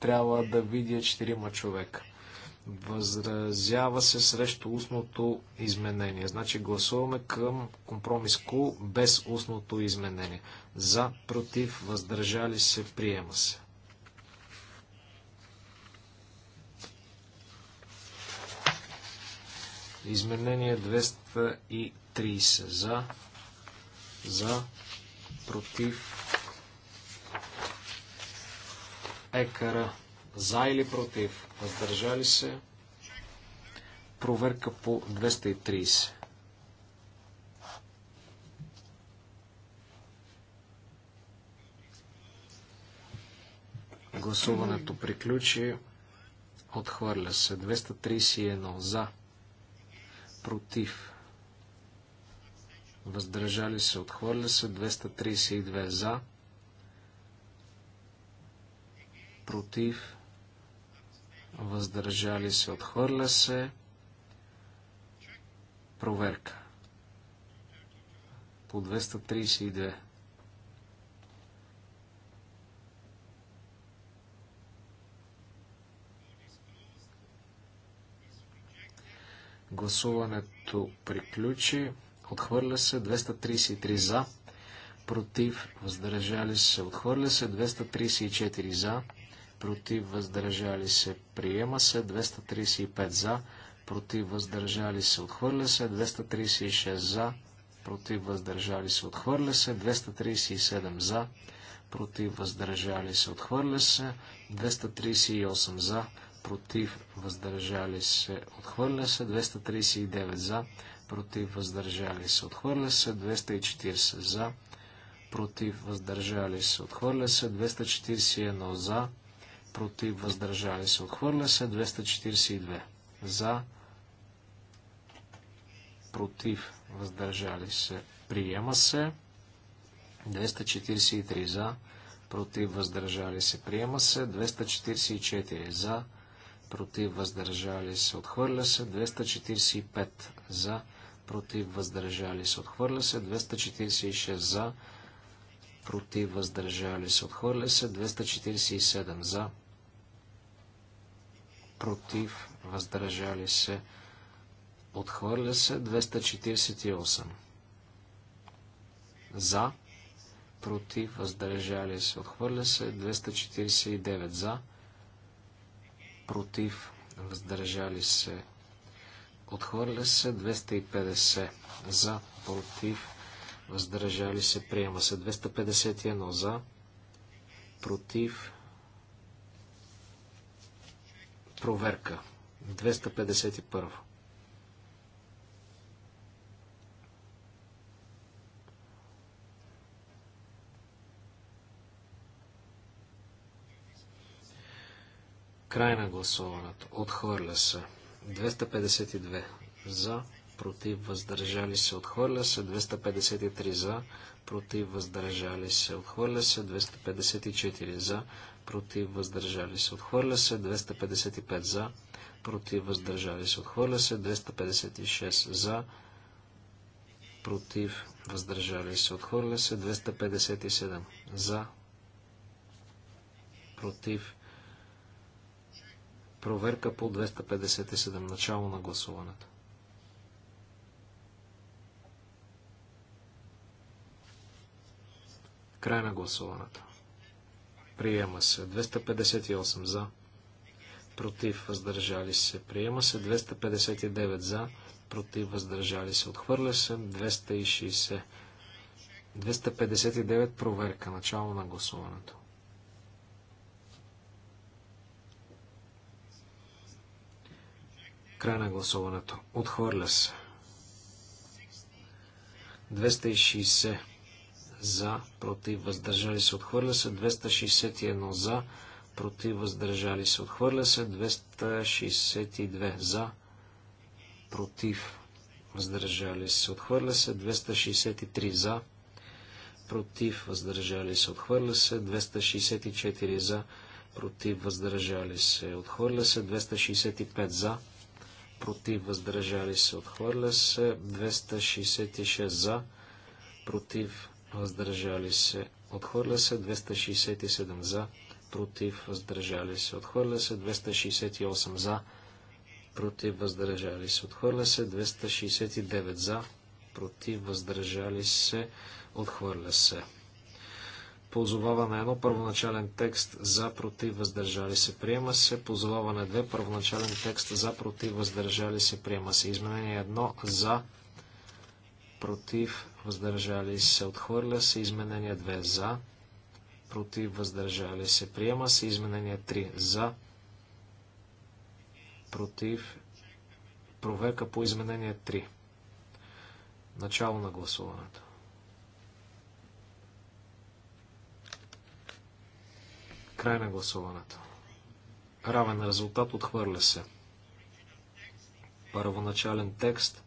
Трябва да видя четирима човека. Възразява се срещу устното изменение. Значи гласуваме към компромис Q без устното изменение. За, против, въздържали се, приема се. Изменение 230 за, за, против, екара, за или против, въздържали се, проверка по 230. Гласуването приключи. Отхвърля се. 231 за против, въздържали се, отхвърля се, 232 за, против, въздържали се, отхвърля се, проверка по 232. Гласуването приключи. Отхвърля се 233 за. Против. Въздържали се. Отхвърля се 234 за. Против. Въздържали се. Приема се 235 за. Против. Въздържали се. Отхвърля се 236 за. Против. Въздържали се. Отхвърля се 237 за. Против. Въздържали се. Отхвърля се 238 за против, въздържали се, отхвърля се, 239 за, против, въздържали се, отхвърля се, 240 за, против, въздържали се, отхвърля се, 241 за, против, въздържали се, отхвърля се, 242 за, против, въздържали се, приема се, 243 за, против, въздържали се, приема се, 244 за, против въздържали се, отхвърля се, 245 за, против въздържали се, отхвърля се, 246 за, против въздържали се, отхвърля се, 247 за, против въздържали се, отхвърля се, 248 за, против въздържали се, отхвърля се, 249 за, против, въздържали се, отхвърля се 250 за, против, въздържали се, приема се 251 за, против, проверка 251. Край на гласуването. Отхвърля се. 252 за, против, въздържали се. Отхвърля се. 253 за, против, въздържали се. Отхвърля се. 254 за, против, въздържали се. Отхвърля се. 255 за, против, въздържали се. Отхвърля се. 256 за, против, въздържали се. Отхвърля се. 257 за, против, Проверка по 257. Начало на гласуването. Край на гласуването. Приема се. 258 за. Против. Въздържали се. Приема се. 259 за. Против. Въздържали се. Отхвърля се. 260. 259. Проверка. Начало на гласуването. Край на гласуването. Отхвърля се. 260 за, против, въздържали се, отхвърля се. 261 за, против, въздържали се, отхвърля се. 262 за, против, въздържали се, отхвърля се. 263 за, против, въздържали се, отхвърля се. 264 за, против, въздържали се, отхвърля се. 265 за, против, въздържали се, отхвърля се. 266 за, против, въздържали се, отхвърля се. 267 за, против, въздържали се, отхвърля се. 268 за, против, въздържали се, отхвърля се. 269 за, против, въздържали се, отхвърля се позовава на едно първоначален текст за против въздържали се приема се, позовава на две първоначален текст за против въздържали се приема се. Изменение едно за против въздържали се отхвърля се, изменение 2 за против въздържали се приема се, изменение 3 за против проверка по изменение 3. Начало на гласуването. Край на гласуването. Равен резултат отхвърля се. Първоначален текст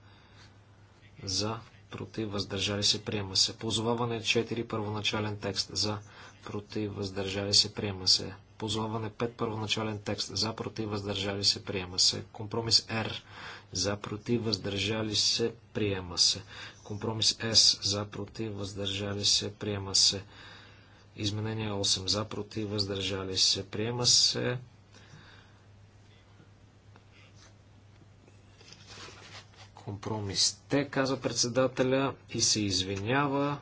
за против въздържали се приема се. Позоваване 4 първоначален текст за против въздържали се приема се. Позоваване 5 първоначален текст за против въздържали се приема се. Компромис Р за против въздържали се приема се. Компромис С за против въздържали се приема се. Изменение 8 за, против, въздържали се. Приема се. Компромис Те, каза председателя и се извинява.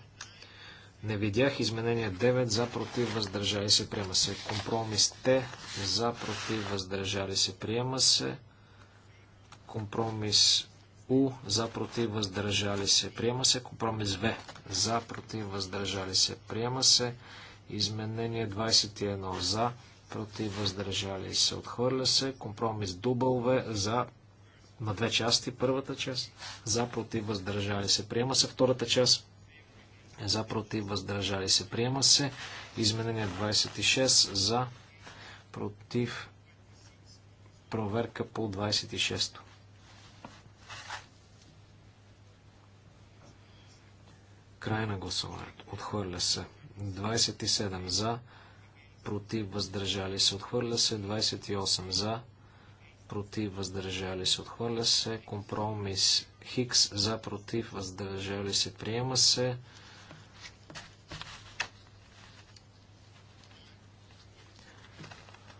Не видях изменение 9 за против въздържали се приема се. Компромис Т за против въздържали се приема се. Компромис У за против въздържали се приема се. Компромис В за против въздържали се приема се. Изменение 21 за, против, въздържали се, отхвърля се. Компромис дубълве за на две части. Първата част за, против, въздържали се, приема се. Втората част за, против, въздържали се, приема се. Изменение 26 за, против, проверка по 26-то. Край на гласуването. Отхвърля се. 27 за, против, въздържали се, отхвърля се. 28 за, против, въздържали се, отхвърля се. Компромис Хикс за, против, въздържали се, приема се.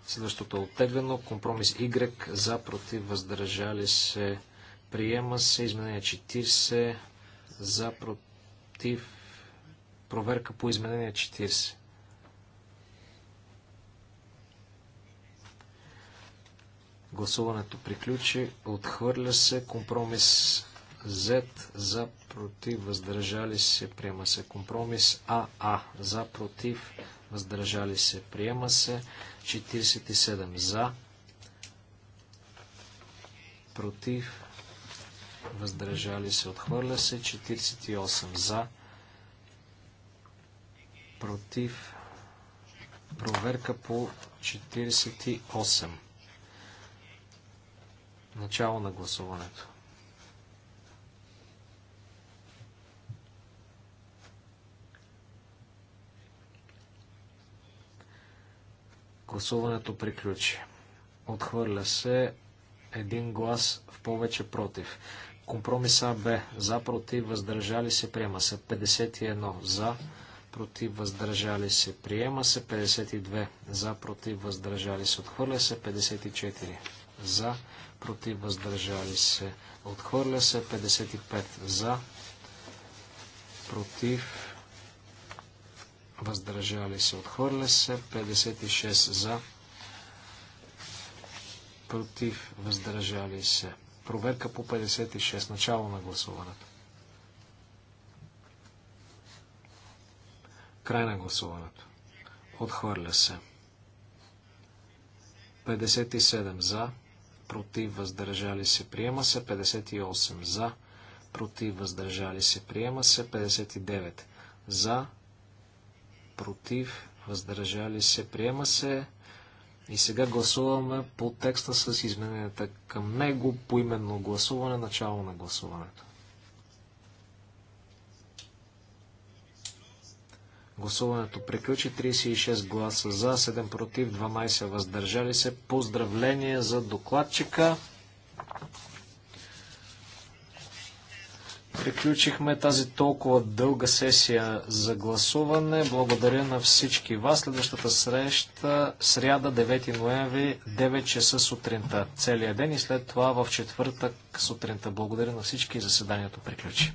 Следващото е оттеглено. Компромис Y за, против, въздържали се, приема се. Изменение 40 за, против, Проверка по изменение 40. Гласуването приключи. Отхвърля се компромис Z за против, въздържали се, приема се. Компромис АА за против, въздържали се, приема се. 47 за против, въздържали се, отхвърля се. 48 за против. Проверка по 48. Начало на гласуването. Гласуването приключи. Отхвърля се един глас в повече против. Компромиса Б. За против. Въздържали се. Приема се. 51. За против, въздържали се, приема се. 52 за, против, въздържали се, отхвърля се. 54 за, против, въздържали се, отхвърля се. 55 за, против, въздържали се, отхвърля се. 56 за, против, въздържали се. Проверка по 56. Начало на гласуването. Край на гласуването. Отхвърля се. 57 за, против въздържали се, приема се. 58 за, против въздържали се, приема се. 59 за, против въздържали се, приема се. И сега гласуваме по текста с измененията към него, по именно гласуване, начало на гласуването. Гласуването приключи 36 гласа за, 7 против, 12 въздържали се. Поздравление за докладчика. Приключихме тази толкова дълга сесия за гласуване. Благодаря на всички вас. Следващата среща сряда 9 ноември 9 часа сутринта. Целият ден и след това в четвъртък сутринта. Благодаря на всички. Заседанието приключи.